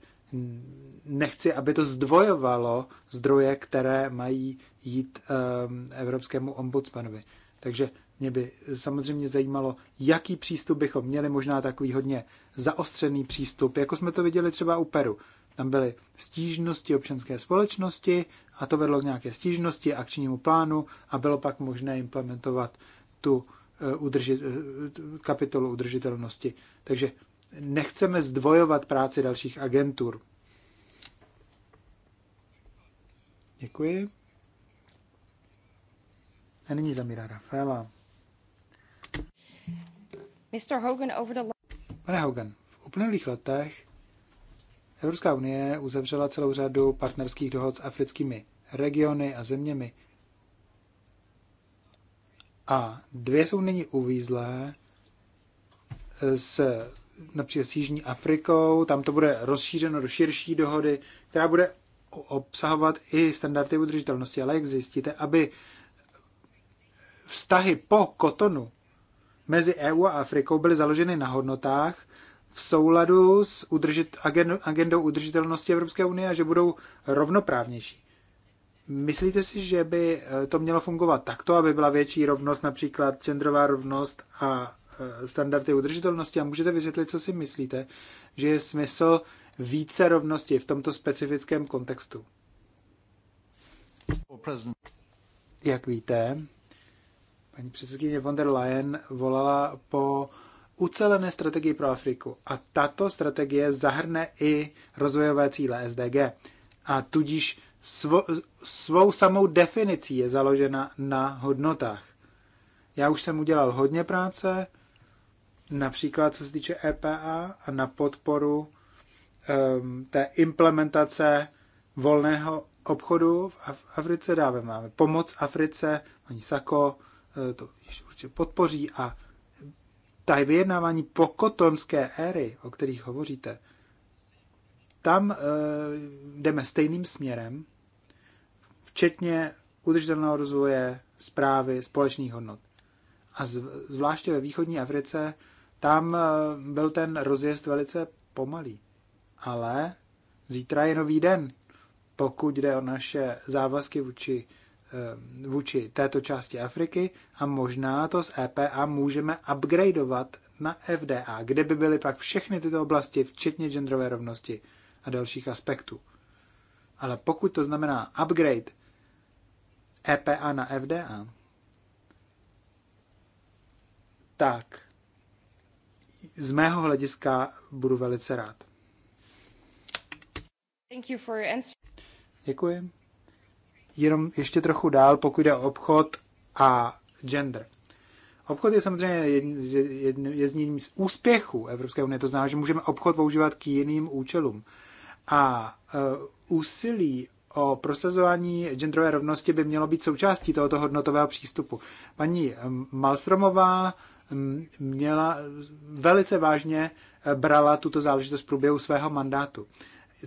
nechci, aby to zdvojovalo zdroje, které mají jít ehm, evropskému ombudsmanovi. Takže mě by samozřejmě zajímalo, jaký přístup bychom měli, možná takový hodně zaostřený přístup, jako jsme to viděli třeba u Peru. Tam byly stížnosti občanské společnosti a to vedlo k nějaké stížnosti, akčnímu plánu a bylo pak možné implementovat tu eh, udržit, eh, kapitolu udržitelnosti. Takže nechceme zdvojovat práci dalších agentur. Děkuji. A nyní zamírá Rafaela. Mr. Hogan, over the... Pane Hogan, v uplynulých letech Evropská unie uzavřela celou řadu partnerských dohod s africkými regiony a zeměmi, a dvě jsou nyní uvízlé eh, s například s Jižní Afrikou, tam to bude rozšířeno do širší dohody, která bude obsahovat i standardy udržitelnosti, ale jak zjistíte, aby vztahy po kotonu mezi EU a Afrikou byly založeny na hodnotách v souladu s udržit, agendou udržitelnosti Evropské unie a že budou rovnoprávnější. Myslíte si, že by eh, to mělo fungovat takto, aby byla větší rovnost, například genderová rovnost a eh, standardy udržitelnosti? A můžete vysvětlit, co si myslíte, že je smysl více rovnosti v tomto specifickém kontextu? Jak víte, paní předsedkyně von der Leyen volala po ucelené strategii pro Afriku a tato strategie zahrne i rozvojové cíle SDG. A tudíž svo, svou samou definicí je založena na hodnotách. Já už jsem udělal hodně práce, například co se týče EPA a na podporu um, té implementace volného obchodu v Africe dáme. Máme pomoc Africe, paní Sako eh, to určitě podpoří a ta vyjednávání kotonské éry, o kterých hovoříte, tam eh, jdeme stejným směrem, včetně udržitelného rozvoje, zprávy, společných hodnot. A zvláště ve východní Africe tam eh, byl ten rozjezd velice pomalý. Ale zítra je nový den, pokud jde o naše závazky vůči, eh, vůči této části Afriky a možná to z EPA můžeme upgradeovat na FDA, kde by byly pak všechny tyto oblasti, včetně genderové rovnosti a dalších aspektů. Ale pokud to znamená upgrade EPA na FDA, tak z mého hlediska budu velice rád. Thank you for your Děkuji. Jenom ještě trochu dál, pokud jde o obchod a gender. Obchod je samozřejmě jedním z úspěchů Evropské unie. To znamená, že můžeme obchod používat k jiným účelům. A e, úsilí o prosazování genderové rovnosti by mělo být součástí tohoto hodnotového přístupu. Paní e, Malstromová měla velice vážně e, brala tuto záležitost v průběhu svého mandátu.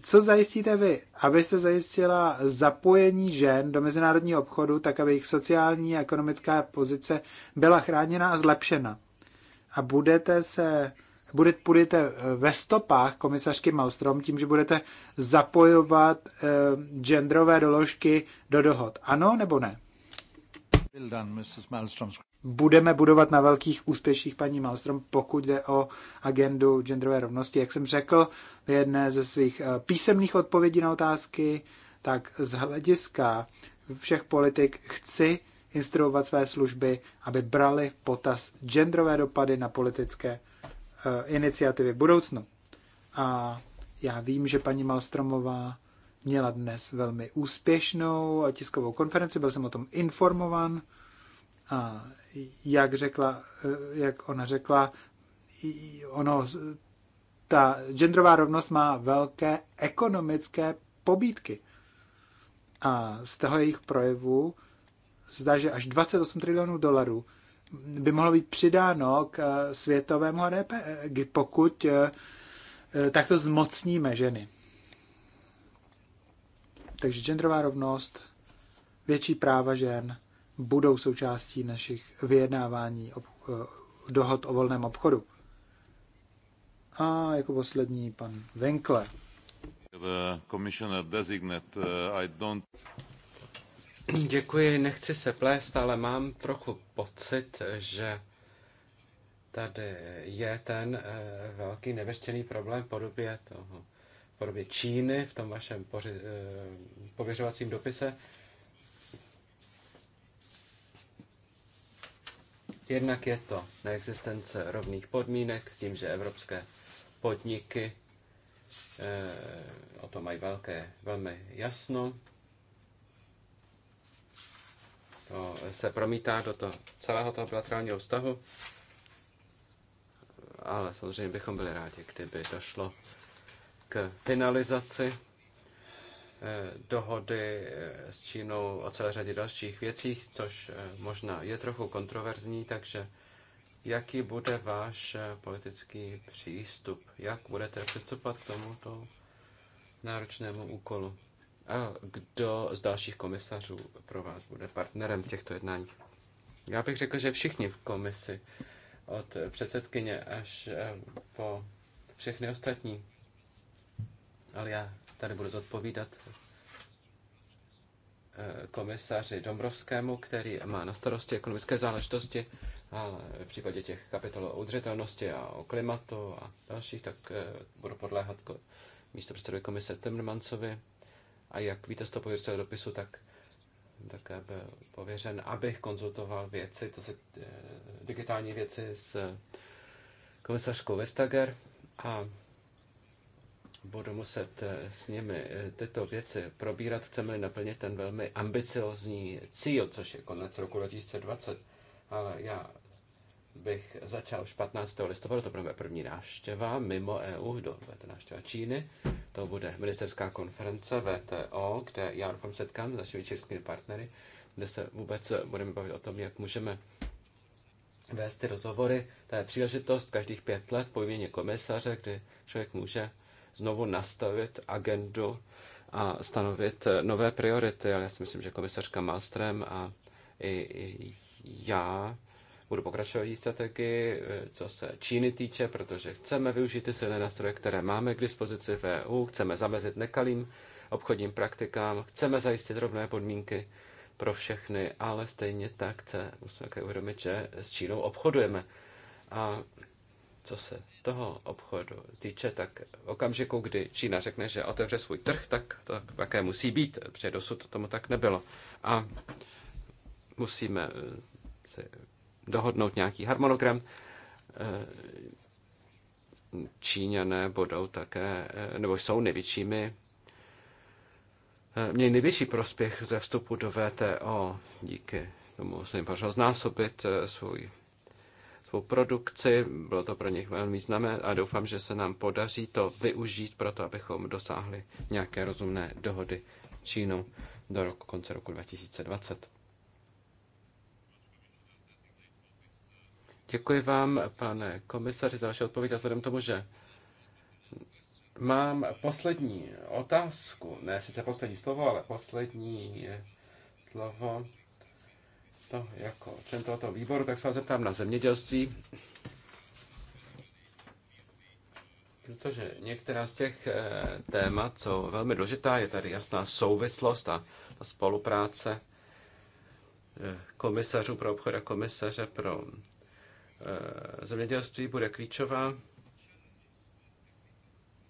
Co zajistíte vy? Abyste zajistila zapojení žen do mezinárodního obchodu, tak aby jejich sociální a ekonomická pozice byla chráněna a zlepšena. A budete se budete eh, ve stopách komisařky Malstrom tím, že budete zapojovat eh, genderové doložky do dohod. Ano nebo ne? Budeme budovat na velkých úspěších paní Malstrom, pokud jde o agendu genderové rovnosti. Jak jsem řekl v jedné ze svých eh, písemných odpovědí na otázky, tak z hlediska všech politik chci instruovat své služby, aby brali potaz genderové dopady na politické Eh, iniciativy v budoucnu. A já vím, že paní Malstromová měla dnes velmi úspěšnou tiskovou konferenci, byl jsem o tom informovan. A jak řekla, eh, jak ona řekla, ono, ta genderová rovnost má velké ekonomické pobídky. A z toho jejich projevu zdá, že až 28 trilionů dolarů by mohlo být přidáno k eh, světovému HDP, eh, pokud eh, takto zmocníme ženy. Takže genderová rovnost, větší práva žen budou součástí našich vyjednávání ob, dohod o volném obchodu. A jako poslední pan Winkler. The commissioner designate, uh, I don't... Děkuji, nechci se plést, ale mám trochu pocit, že tady je ten eh, velký nevyřešený problém v podobě, toho, v podobě Číny v tom vašem poři, eh, pověřovacím dopise. Jednak je to neexistence rovných podmínek s tím, že evropské podniky eh, o to mají velké, velmi jasno se promítá do toho, celého toho bilaterálního vztahu, ale samozřejmě bychom byli rádi, kdyby došlo k finalizaci eh, dohody eh, s Čínou o celé řadě dalších věcí, což eh, možná je trochu kontroverzní, takže jaký bude váš politický přístup? Jak budete přistupovat k tomuto náročnému úkolu? A kdo z dalších komisařů pro vás bude partnerem v těchto jednáních? Já bych řekl, že všichni v komisi, od předsedkyně až eh, po všechny ostatní. Ale já tady budu zodpovídat eh, komisaři Dombrovskému, který má na starosti ekonomické záležitosti, ale v případě těch kapitol o udržitelnosti a o klimatu a dalších, tak eh, budu podléhat místo předsedovi komise Temmermancovi a jak víte z toho pověřeného dopisu, tak také byl pověřen, abych konzultoval věci, co se eh, digitální věci s komisařkou Vestager a budu muset eh, s nimi eh, tyto věci probírat, chceme-li naplnit ten velmi ambiciozní cíl, což je konec roku 2020. Ale já bych začal už 15. listopadu, to bude první návštěva mimo EU, do, bude to návštěva Číny, to bude ministerská konference VTO, kde já doufám setkám s našimi čínskými partnery, kde se vůbec budeme bavit o tom, jak můžeme vést ty rozhovory. To je příležitost každých pět let po jméně komisaře, kdy člověk může znovu nastavit agendu a stanovit nové priority, ale já si myslím, že komisařka Malström a i, i já Budu pokračovat její strategii, eh, co se Číny týče, protože chceme využít ty silné nástroje, které máme k dispozici v EU, chceme zamezit nekalým obchodním praktikám, chceme zajistit rovné podmínky pro všechny, ale stejně tak se musíme také uvědomit, že s Čínou obchodujeme. A co se toho obchodu týče, tak v okamžiku, kdy Čína řekne, že otevře svůj trh, tak to také musí být, protože dosud tomu tak nebylo. A musíme eh, se dohodnout nějaký harmonogram. Eh, Číňané budou také, eh, nebo jsou největšími, eh, měli největší prospěch ze vstupu do VTO. Díky tomu se jim podařilo znásobit svůj, svou produkci. Bylo to pro nich velmi významné a doufám, že se nám podaří to využít pro to, abychom dosáhli nějaké rozumné dohody Čínu do roku, konce roku 2020. Děkuji vám, pane komisaři, za vaše odpověď a vzhledem tomu, že mám poslední otázku, ne sice poslední slovo, ale poslední slovo to jako člen tohoto výboru, tak se vás zeptám na zemědělství. Protože některá z těch eh, témat jsou velmi důležitá, je tady jasná souvislost a ta spolupráce eh, komisařů pro obchod a komisaře pro Eh, zemědělství bude klíčová.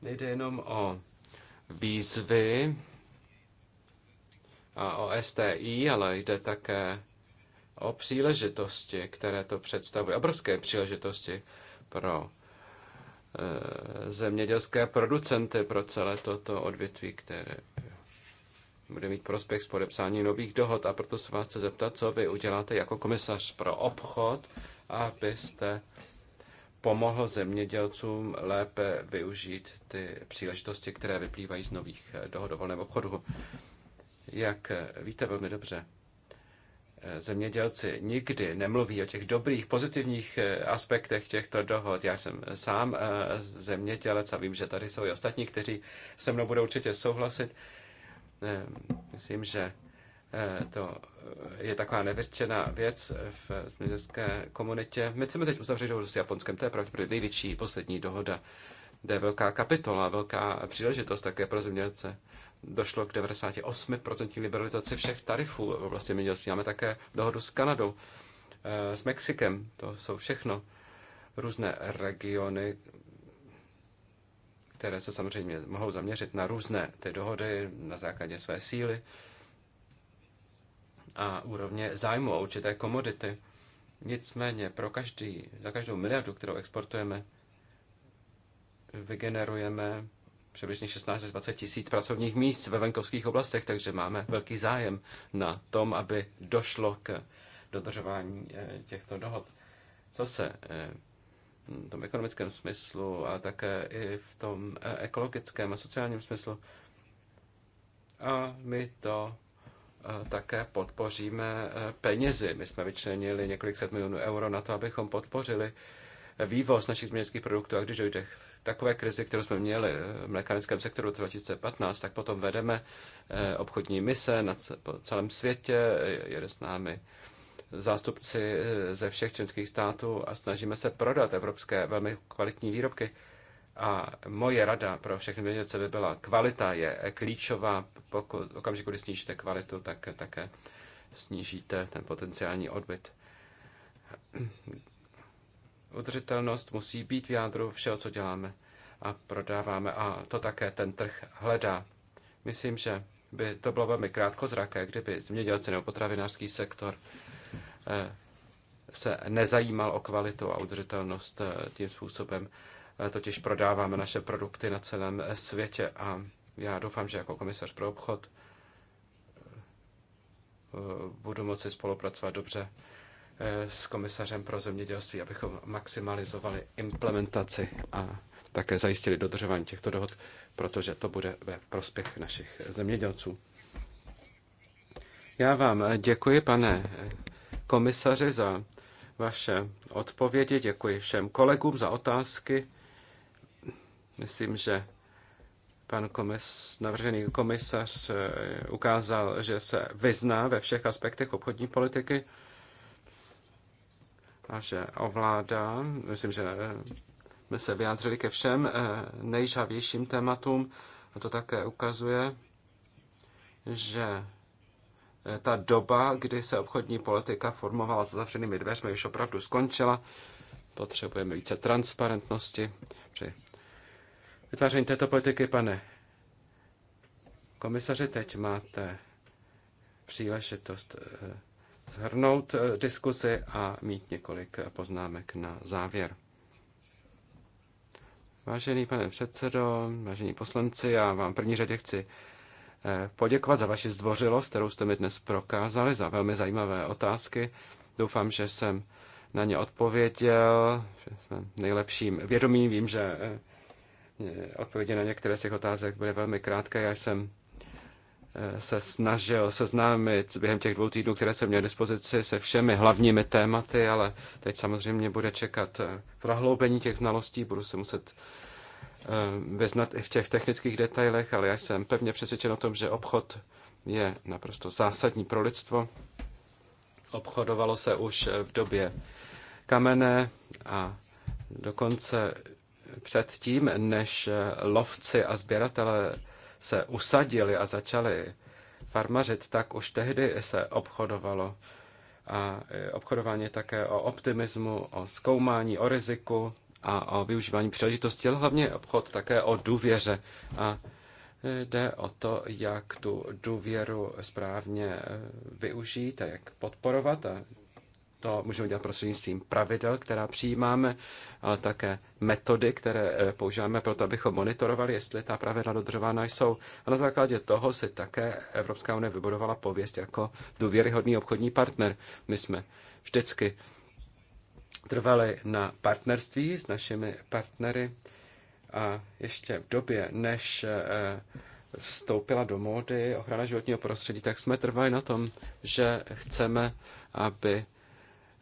Nejde jenom o výzvy a o STI, ale jde také o příležitosti, které to představuje, obrovské příležitosti pro eh, zemědělské producenty pro celé toto odvětví, které bude mít prospěch s podepsání nových dohod. A proto se vás chci zeptat, co vy uděláte jako komisař pro obchod, abyste pomohl zemědělcům lépe využít ty příležitosti, které vyplývají z nových eh, dohod o volném obchodu. Jak eh, víte velmi dobře, eh, zemědělci nikdy nemluví o těch dobrých, pozitivních aspektech těchto dohod. Já jsem sám zemědělec a vím, že tady jsou i ostatní, kteří se mnou budou určitě souhlasit. Myslím, že Eh, to eh, je taková nevyřčená věc v zemědělské komunitě. My chceme teď uzavřít dohodu s Japonskem, to je pravděpodobně největší poslední dohoda. kde je velká kapitola, velká příležitost také pro zemědělce. Došlo k 98% liberalizaci všech tarifů v oblasti zemědělství. Máme také dohodu s Kanadou, eh, s Mexikem, to jsou všechno různé regiony, které se samozřejmě mohou zaměřit na různé ty dohody na základě své síly a úrovně zájmu o určité komodity. Nicméně pro každý, za každou miliardu, kterou exportujeme, vygenerujeme přibližně 16 až 20 tisíc pracovních míst ve venkovských oblastech, takže máme velký zájem na tom, aby došlo k dodržování eh, těchto dohod. Co se eh, v tom ekonomickém smyslu, a také i v tom eh, ekologickém a sociálním smyslu. A my to také podpoříme eh, penězi. My jsme vyčlenili několik set milionů euro na to, abychom podpořili eh, vývoz našich změnických produktů. A když dojde takové krizi, kterou jsme měli eh, v mlékárenském sektoru v 2015, tak potom vedeme obchodní mise na celém světě, jede s námi zástupci ze všech členských států a snažíme se prodat evropské velmi kvalitní výrobky. A moje rada pro všechny vědělce by byla, kvalita je klíčová, pokud okamžiku, kdy snížíte kvalitu, tak také snížíte ten potenciální odbyt. Udržitelnost musí být v jádru všeho, co děláme a prodáváme a to také ten trh hledá. Myslím, že by to bylo velmi krátkozraké, kdyby zemědělci nebo potravinářský sektor eh, se nezajímal o kvalitu a udržitelnost eh, tím způsobem, Eh, totiž prodáváme naše produkty na celém eh, světě a já doufám, že jako komisař pro obchod eh, budu moci spolupracovat dobře s komisařem pro zemědělství, abychom maximalizovali implementaci a také zajistili dodržování těchto dohod, protože to bude ve prospěch našich zemědělců. Já vám děkuji, pane komisaři, za vaše odpovědi, děkuji všem kolegům za otázky. Myslím, že pan komis, navržený komisař eh, ukázal, že se vyzná ve všech aspektech obchodní politiky a že ovládá, myslím, že eh, jsme se vyjádřili ke všem eh, nejžavějším tématům a to také ukazuje, že ta doba, kdy se obchodní politika formovala za zavřenými dveřmi, už opravdu skončila. Potřebujeme více transparentnosti při vytváření této politiky, pane komisaři. Teď máte příležitost zhrnout eh, eh, diskuzi a mít několik poznámek na závěr. Vážený pane předsedo, vážení poslanci, já vám první řadě chci eh, poděkovat za vaši zdvořilost, kterou jste mi dnes prokázali, za velmi zajímavé otázky. Doufám, že jsem na ně odpověděl že jsem nejlepším vědomím. Vím, že Odpovědi na některé z těch otázek byly velmi krátké. Já jsem eh, se snažil seznámit během těch dvou týdnů, které jsem měl k dispozici, se všemi hlavními tématy, ale teď samozřejmě bude čekat eh, prohloubení těch znalostí, budu se muset eh, vyznat i v těch technických detailech, ale já jsem pevně přesvědčen o tom, že obchod je naprosto zásadní pro lidstvo. Obchodovalo se už v době kamené a dokonce předtím, než lovci a sběratelé se usadili a začali farmařit, tak už tehdy se obchodovalo. A e, obchodování také o optimismu, o zkoumání, o riziku a o využívání příležitosti, ale hlavně obchod také o důvěře. A jde o to, jak tu důvěru správně e, využít a jak podporovat. A to můžeme dělat prostřednictvím pravidel, která přijímáme, ale také metody, které eh, používáme pro to, abychom monitorovali, jestli ta pravidla dodržována jsou. A na základě toho si také Evropská unie vybudovala pověst jako důvěryhodný obchodní partner. My jsme vždycky trvali na partnerství s našimi partnery a ještě v době, než eh, vstoupila do módy ochrana životního prostředí, tak jsme trvali na tom, že chceme, aby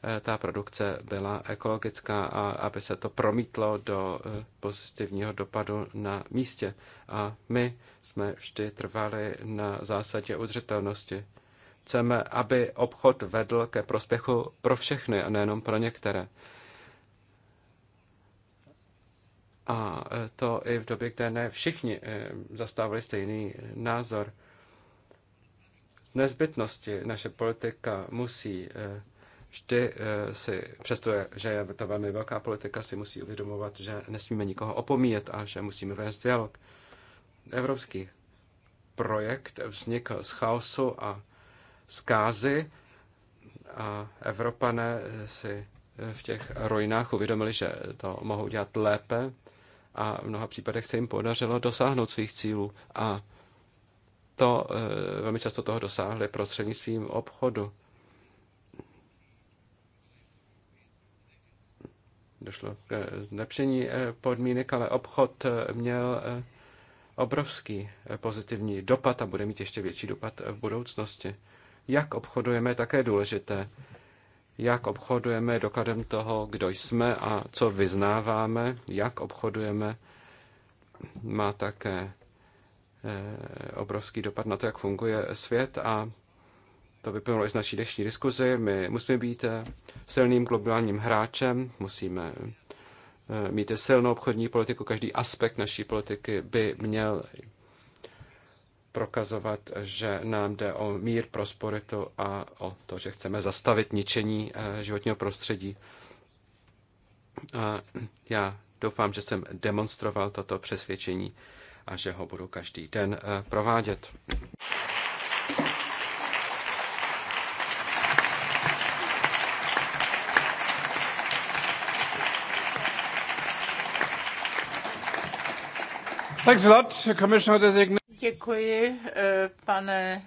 Eh, ta produkce byla ekologická a aby se to promítlo do eh, pozitivního dopadu na místě. A my jsme vždy trvali na zásadě udržitelnosti. Chceme, aby obchod vedl ke prospěchu pro všechny a nejenom pro některé. A eh, to i v době, kde ne všichni zastávali stejný názor. Nezbytnosti naše politika musí vždy eh, si, přesto že je to velmi velká politika, si musí uvědomovat, že nesmíme nikoho opomíjet a že musíme vést dialog. Evropský projekt vznikl z chaosu a zkázy a Evropané si v těch ruinách uvědomili, že to mohou dělat lépe a v mnoha případech se jim podařilo dosáhnout svých cílů a to eh, velmi často toho dosáhli prostřednictvím obchodu došlo k eh, zlepšení eh, podmínek, ale obchod eh, měl obrovský pozitivní dopad a bude mít ještě větší dopad v budoucnosti. Jak obchodujeme, také je důležité. Jak obchodujeme dokladem toho, kdo jsme a co vyznáváme, jak obchodujeme, má také obrovský dopad na to, jak funguje svět a to vyplnulo i z naší dnešní diskuzi. My musíme být eh, silným globálním hráčem, musíme eh, mít silnou obchodní politiku. Každý aspekt naší politiky by měl prokazovat, že nám jde o mír, prosperitu a o to, že chceme zastavit ničení eh, životního prostředí. A já doufám, že jsem demonstroval toto přesvědčení a že ho budu každý den provádět. Thanks a lot, Commissioner Designate. Děkuji, eh, pane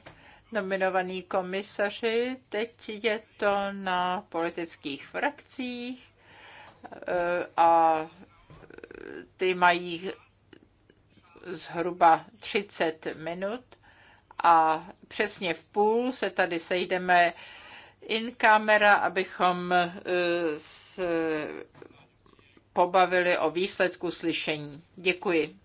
nominovaný komisaři. Teď je to na politických frakcích eh, a ty mají zhruba 30 minut a přesně v půl se tady sejdeme in camera, abychom eh, se pobavili o výsledku slyšení. Děkuji.